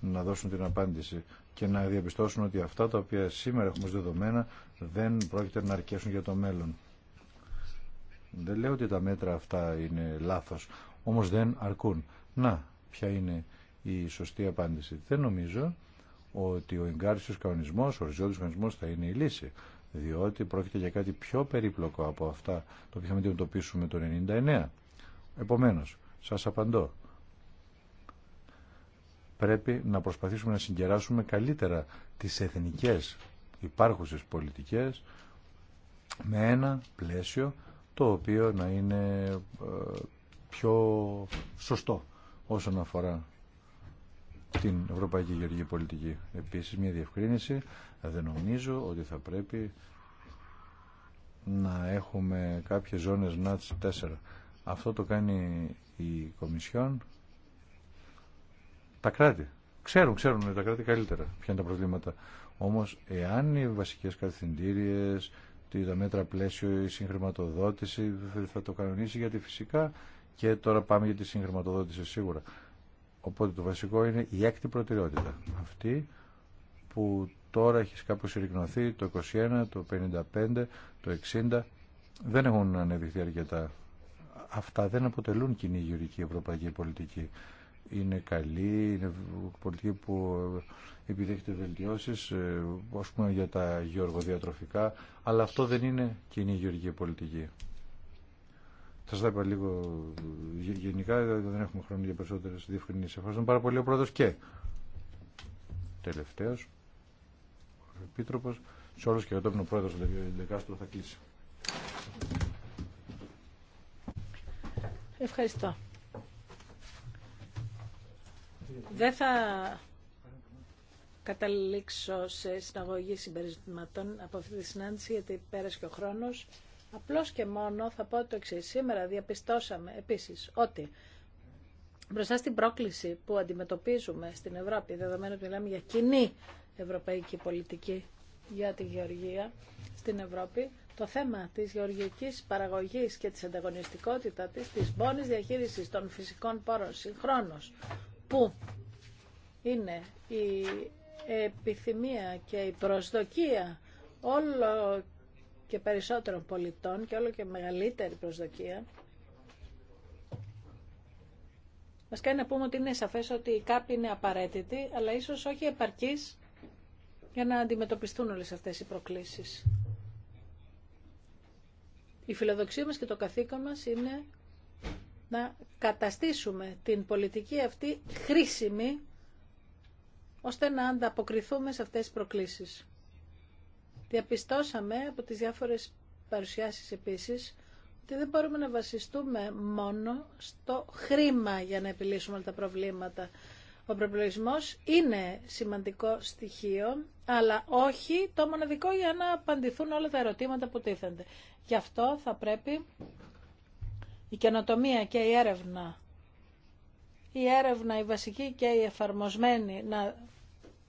να δώσουν την απάντηση και να διαπιστώσουν ότι αυτά τα οποία σήμερα έχουμε δεδομένα δεν πρόκειται να αρκέσουν για το μέλλον. Δεν λέω ότι τα μέτρα αυτά είναι λάθος, όμως δεν αρκούν. Να, ποια είναι η σωστή απάντηση. Δεν νομίζω ότι ο εγκάρισιος κανονισμός, ο οριζόντιος κανονισμός θα είναι η λύση, διότι πρόκειται για κάτι πιο περίπλοκο από αυτά το οποίο είχαμε αντιμετωπίσουμε το 1999. Επομένως, σας απαντώ. Πρέπει να προσπαθήσουμε να συγκεράσουμε καλύτερα τις εθνικές υπάρχουσες πολιτικές με ένα πλαίσιο το οποίο να είναι ε, πιο σωστό όσον αφορά την Ευρωπαϊκή Γεωργική Πολιτική. Επίσης μια διευκρίνηση δεν νομίζω ότι θα πρέπει να έχουμε κάποιες ζώνες ΝΑΤΣ 4 αυτό το κάνει η Κομισιόν. Τα κράτη. Ξέρουν, ξέρουν τα κράτη καλύτερα ποια είναι τα προβλήματα. Όμως, εάν οι βασικές καθυντήριες, τα μέτρα πλαίσιο, η συγχρηματοδότηση θα το κανονίσει γιατί φυσικά και τώρα πάμε για τη συγχρηματοδότηση σίγουρα. Οπότε το βασικό είναι η έκτη προτεραιότητα. Αυτή που τώρα έχει κάπως συρρυκνωθεί το 21, το 55, το 60 δεν έχουν ανέβηθει αρκετά αυτά δεν αποτελούν κοινή γεωρική ευρωπαϊκή πολιτική. Είναι καλή, είναι πολιτική που επιδέχεται βελτιώσεις, ε, α πούμε για τα γεωργοδιατροφικά, αλλά αυτό δεν είναι κοινή γεωργική πολιτική. Θα σας τα λίγο γενικά, δηλαδή δεν έχουμε χρόνο για περισσότερες διευκρινήσει. Ευχαριστώ πάρα πολύ ο πρόεδρος και τελευταίο, ο σε όλου και ο ο πρόεδρος ο Δεκάστρο θα κλείσει. Ευχαριστώ. Δεν θα καταλήξω σε συναγωγή συμπεριστηματών από αυτή τη συνάντηση, γιατί πέρασε και ο χρόνος. Απλώς και μόνο θα πω το εξή. Σήμερα διαπιστώσαμε επίσης ότι μπροστά στην πρόκληση που αντιμετωπίζουμε στην Ευρώπη, δεδομένου ότι μιλάμε για κοινή ευρωπαϊκή πολιτική για τη γεωργία στην Ευρώπη, το θέμα της γεωργικής παραγωγής και της ανταγωνιστικότητας της, της μόνης διαχείρισης των φυσικών πόρων συγχρόνως, που είναι η επιθυμία και η προσδοκία όλο και περισσότερων πολιτών και όλο και μεγαλύτερη προσδοκία, μας κάνει να πούμε ότι είναι σαφές ότι η ΚΑΠ είναι απαραίτητη, αλλά ίσως όχι επαρκής για να αντιμετωπιστούν όλες αυτές οι προκλήσεις. Η φιλοδοξία μας και το καθήκον μας είναι να καταστήσουμε την πολιτική αυτή χρήσιμη ώστε να ανταποκριθούμε σε αυτές τις προκλήσεις. Διαπιστώσαμε από τις διάφορες παρουσιάσεις επίσης ότι δεν μπορούμε να βασιστούμε μόνο στο χρήμα για να επιλύσουμε τα προβλήματα. Ο προβληματισμός είναι σημαντικό στοιχείο αλλά όχι το μοναδικό για να απαντηθούν όλα τα ερωτήματα που τίθενται. Γι' αυτό θα πρέπει η καινοτομία και η έρευνα, η έρευνα, η βασική και η εφαρμοσμένη να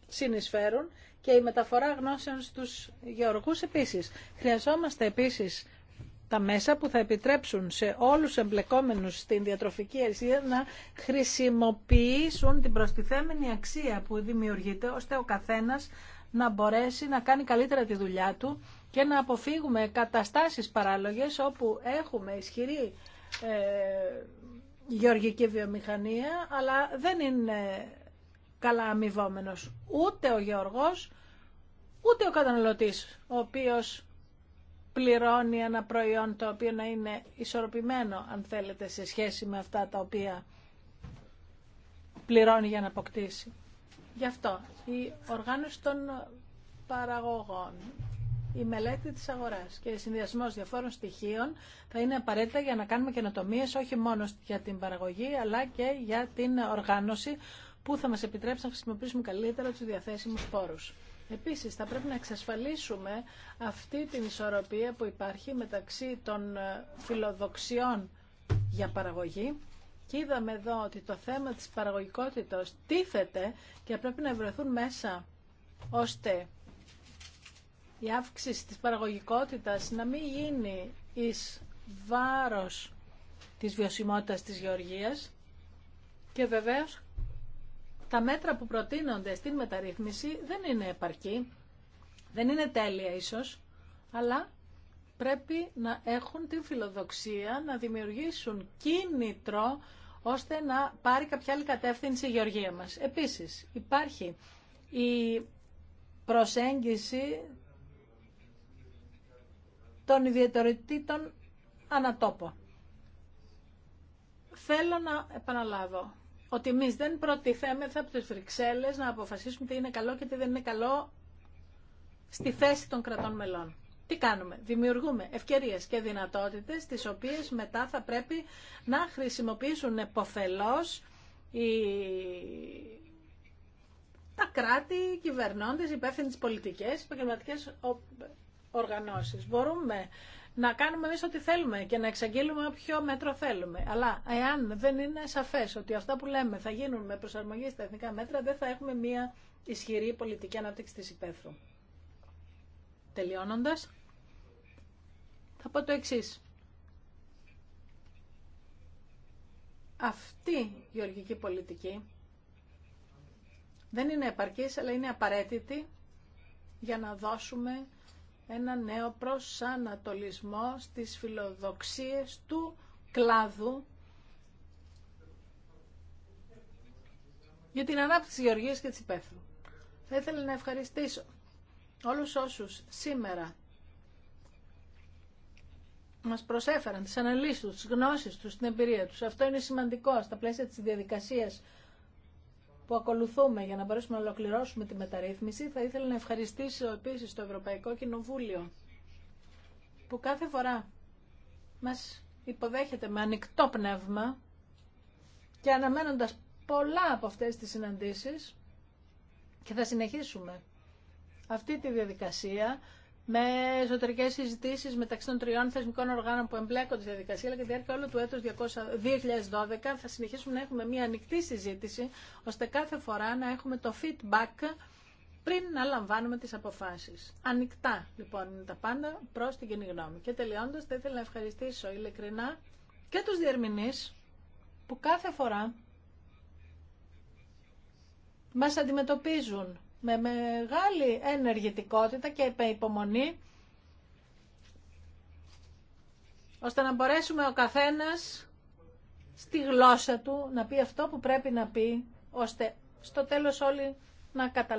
συνεισφέρουν και η μεταφορά γνώσεων στους γεωργούς επίσης. Χρειαζόμαστε επίσης τα μέσα που θα επιτρέψουν σε όλους τους εμπλεκόμενους στην διατροφική αισθία να χρησιμοποιήσουν την προστιθέμενη αξία που δημιουργείται ώστε ο καθένας να μπορέσει να κάνει καλύτερα τη δουλειά του και να αποφύγουμε καταστάσεις παράλογες όπου έχουμε ισχυρή ε, γεωργική βιομηχανία αλλά δεν είναι καλά αμοιβόμενο ούτε ο γεωργός ούτε ο καταναλωτής ο οποίος πληρώνει ένα προϊόν το οποίο να είναι ισορροπημένο αν θέλετε σε σχέση με αυτά τα οποία πληρώνει για να αποκτήσει. Γι' αυτό η οργάνωση των παραγωγών, η μελέτη της αγοράς και η συνδυασμός διαφόρων στοιχείων θα είναι απαραίτητα για να κάνουμε καινοτομίες όχι μόνο για την παραγωγή αλλά και για την οργάνωση που θα μας επιτρέψει να χρησιμοποιήσουμε καλύτερα τους διαθέσιμους πόρους. Επίσης, θα πρέπει να εξασφαλίσουμε αυτή την ισορροπία που υπάρχει μεταξύ των φιλοδοξιών για παραγωγή και είδαμε εδώ ότι το θέμα της παραγωγικότητας τίθεται και πρέπει να βρεθούν μέσα ώστε η αύξηση της παραγωγικότητας να μην γίνει εις βάρος της βιωσιμότητας της γεωργίας και βεβαίως τα μέτρα που προτείνονται στην μεταρρύθμιση δεν είναι επαρκή, δεν είναι τέλεια ίσως, αλλά πρέπει να έχουν την φιλοδοξία να δημιουργήσουν κίνητρο ώστε να πάρει κάποια άλλη κατεύθυνση η γεωργία μας. Επίσης, υπάρχει η προσέγγιση των ιδιαιτεροτήτων ανατόπο. Θέλω να επαναλάβω ότι εμεί δεν προτιθέμεθα από τις Βρυξέλλες να αποφασίσουμε τι είναι καλό και τι δεν είναι καλό στη θέση των κρατών μελών τι κάνουμε. Δημιουργούμε ευκαιρίες και δυνατότητες τις οποίες μετά θα πρέπει να χρησιμοποιήσουν εποφελώς οι... τα κράτη, οι κυβερνώντες, οι υπεύθυνοι πολιτικές, οι επαγγελματικές οργανώσεις. Μπορούμε να κάνουμε εμείς ό,τι θέλουμε και να εξαγγείλουμε όποιο μέτρο θέλουμε. Αλλά εάν δεν είναι σαφές ότι αυτά που λέμε θα γίνουν με προσαρμογή στα εθνικά μέτρα, δεν θα έχουμε μια ισχυρή πολιτική ανάπτυξη τη υπαίθρου. Τελειώνοντας, θα πω το εξής. Αυτή η γεωργική πολιτική δεν είναι επαρκής, αλλά είναι απαραίτητη για να δώσουμε ένα νέο προσανατολισμό στις φιλοδοξίες του κλάδου για την ανάπτυξη της γεωργίας και της υπαίθρου. Θα ήθελα να ευχαριστήσω όλους όσους σήμερα μας προσέφεραν τις αναλύσεις τους, τις γνώσεις τους, την εμπειρία τους. Αυτό είναι σημαντικό στα πλαίσια της διαδικασίας που ακολουθούμε για να μπορέσουμε να ολοκληρώσουμε τη μεταρρύθμιση. Θα ήθελα να ευχαριστήσω επίσης το Ευρωπαϊκό Κοινοβούλιο που κάθε φορά μας υποδέχεται με ανοιχτό πνεύμα και αναμένοντας πολλά από αυτές τις συναντήσεις και θα συνεχίσουμε αυτή τη διαδικασία με εσωτερικέ συζητήσει μεταξύ των τριών θεσμικών οργάνων που εμπλέκονται στη διαδικασία, αλλά και τη διάρκεια όλου του έτου 2012 θα συνεχίσουμε να έχουμε μια ανοιχτή συζήτηση, ώστε κάθε φορά να έχουμε το feedback πριν να λαμβάνουμε τι αποφάσει. Ανοιχτά λοιπόν είναι τα πάντα προ την κοινή γνώμη. Και τελειώντα θα ήθελα να ευχαριστήσω ειλικρινά και του διερμηνεί που κάθε φορά μας αντιμετωπίζουν με μεγάλη ενεργητικότητα και υπομονή ώστε να μπορέσουμε ο καθένας στη γλώσσα του να πει αυτό που πρέπει να πει ώστε στο τέλος όλοι να καταλάβουν.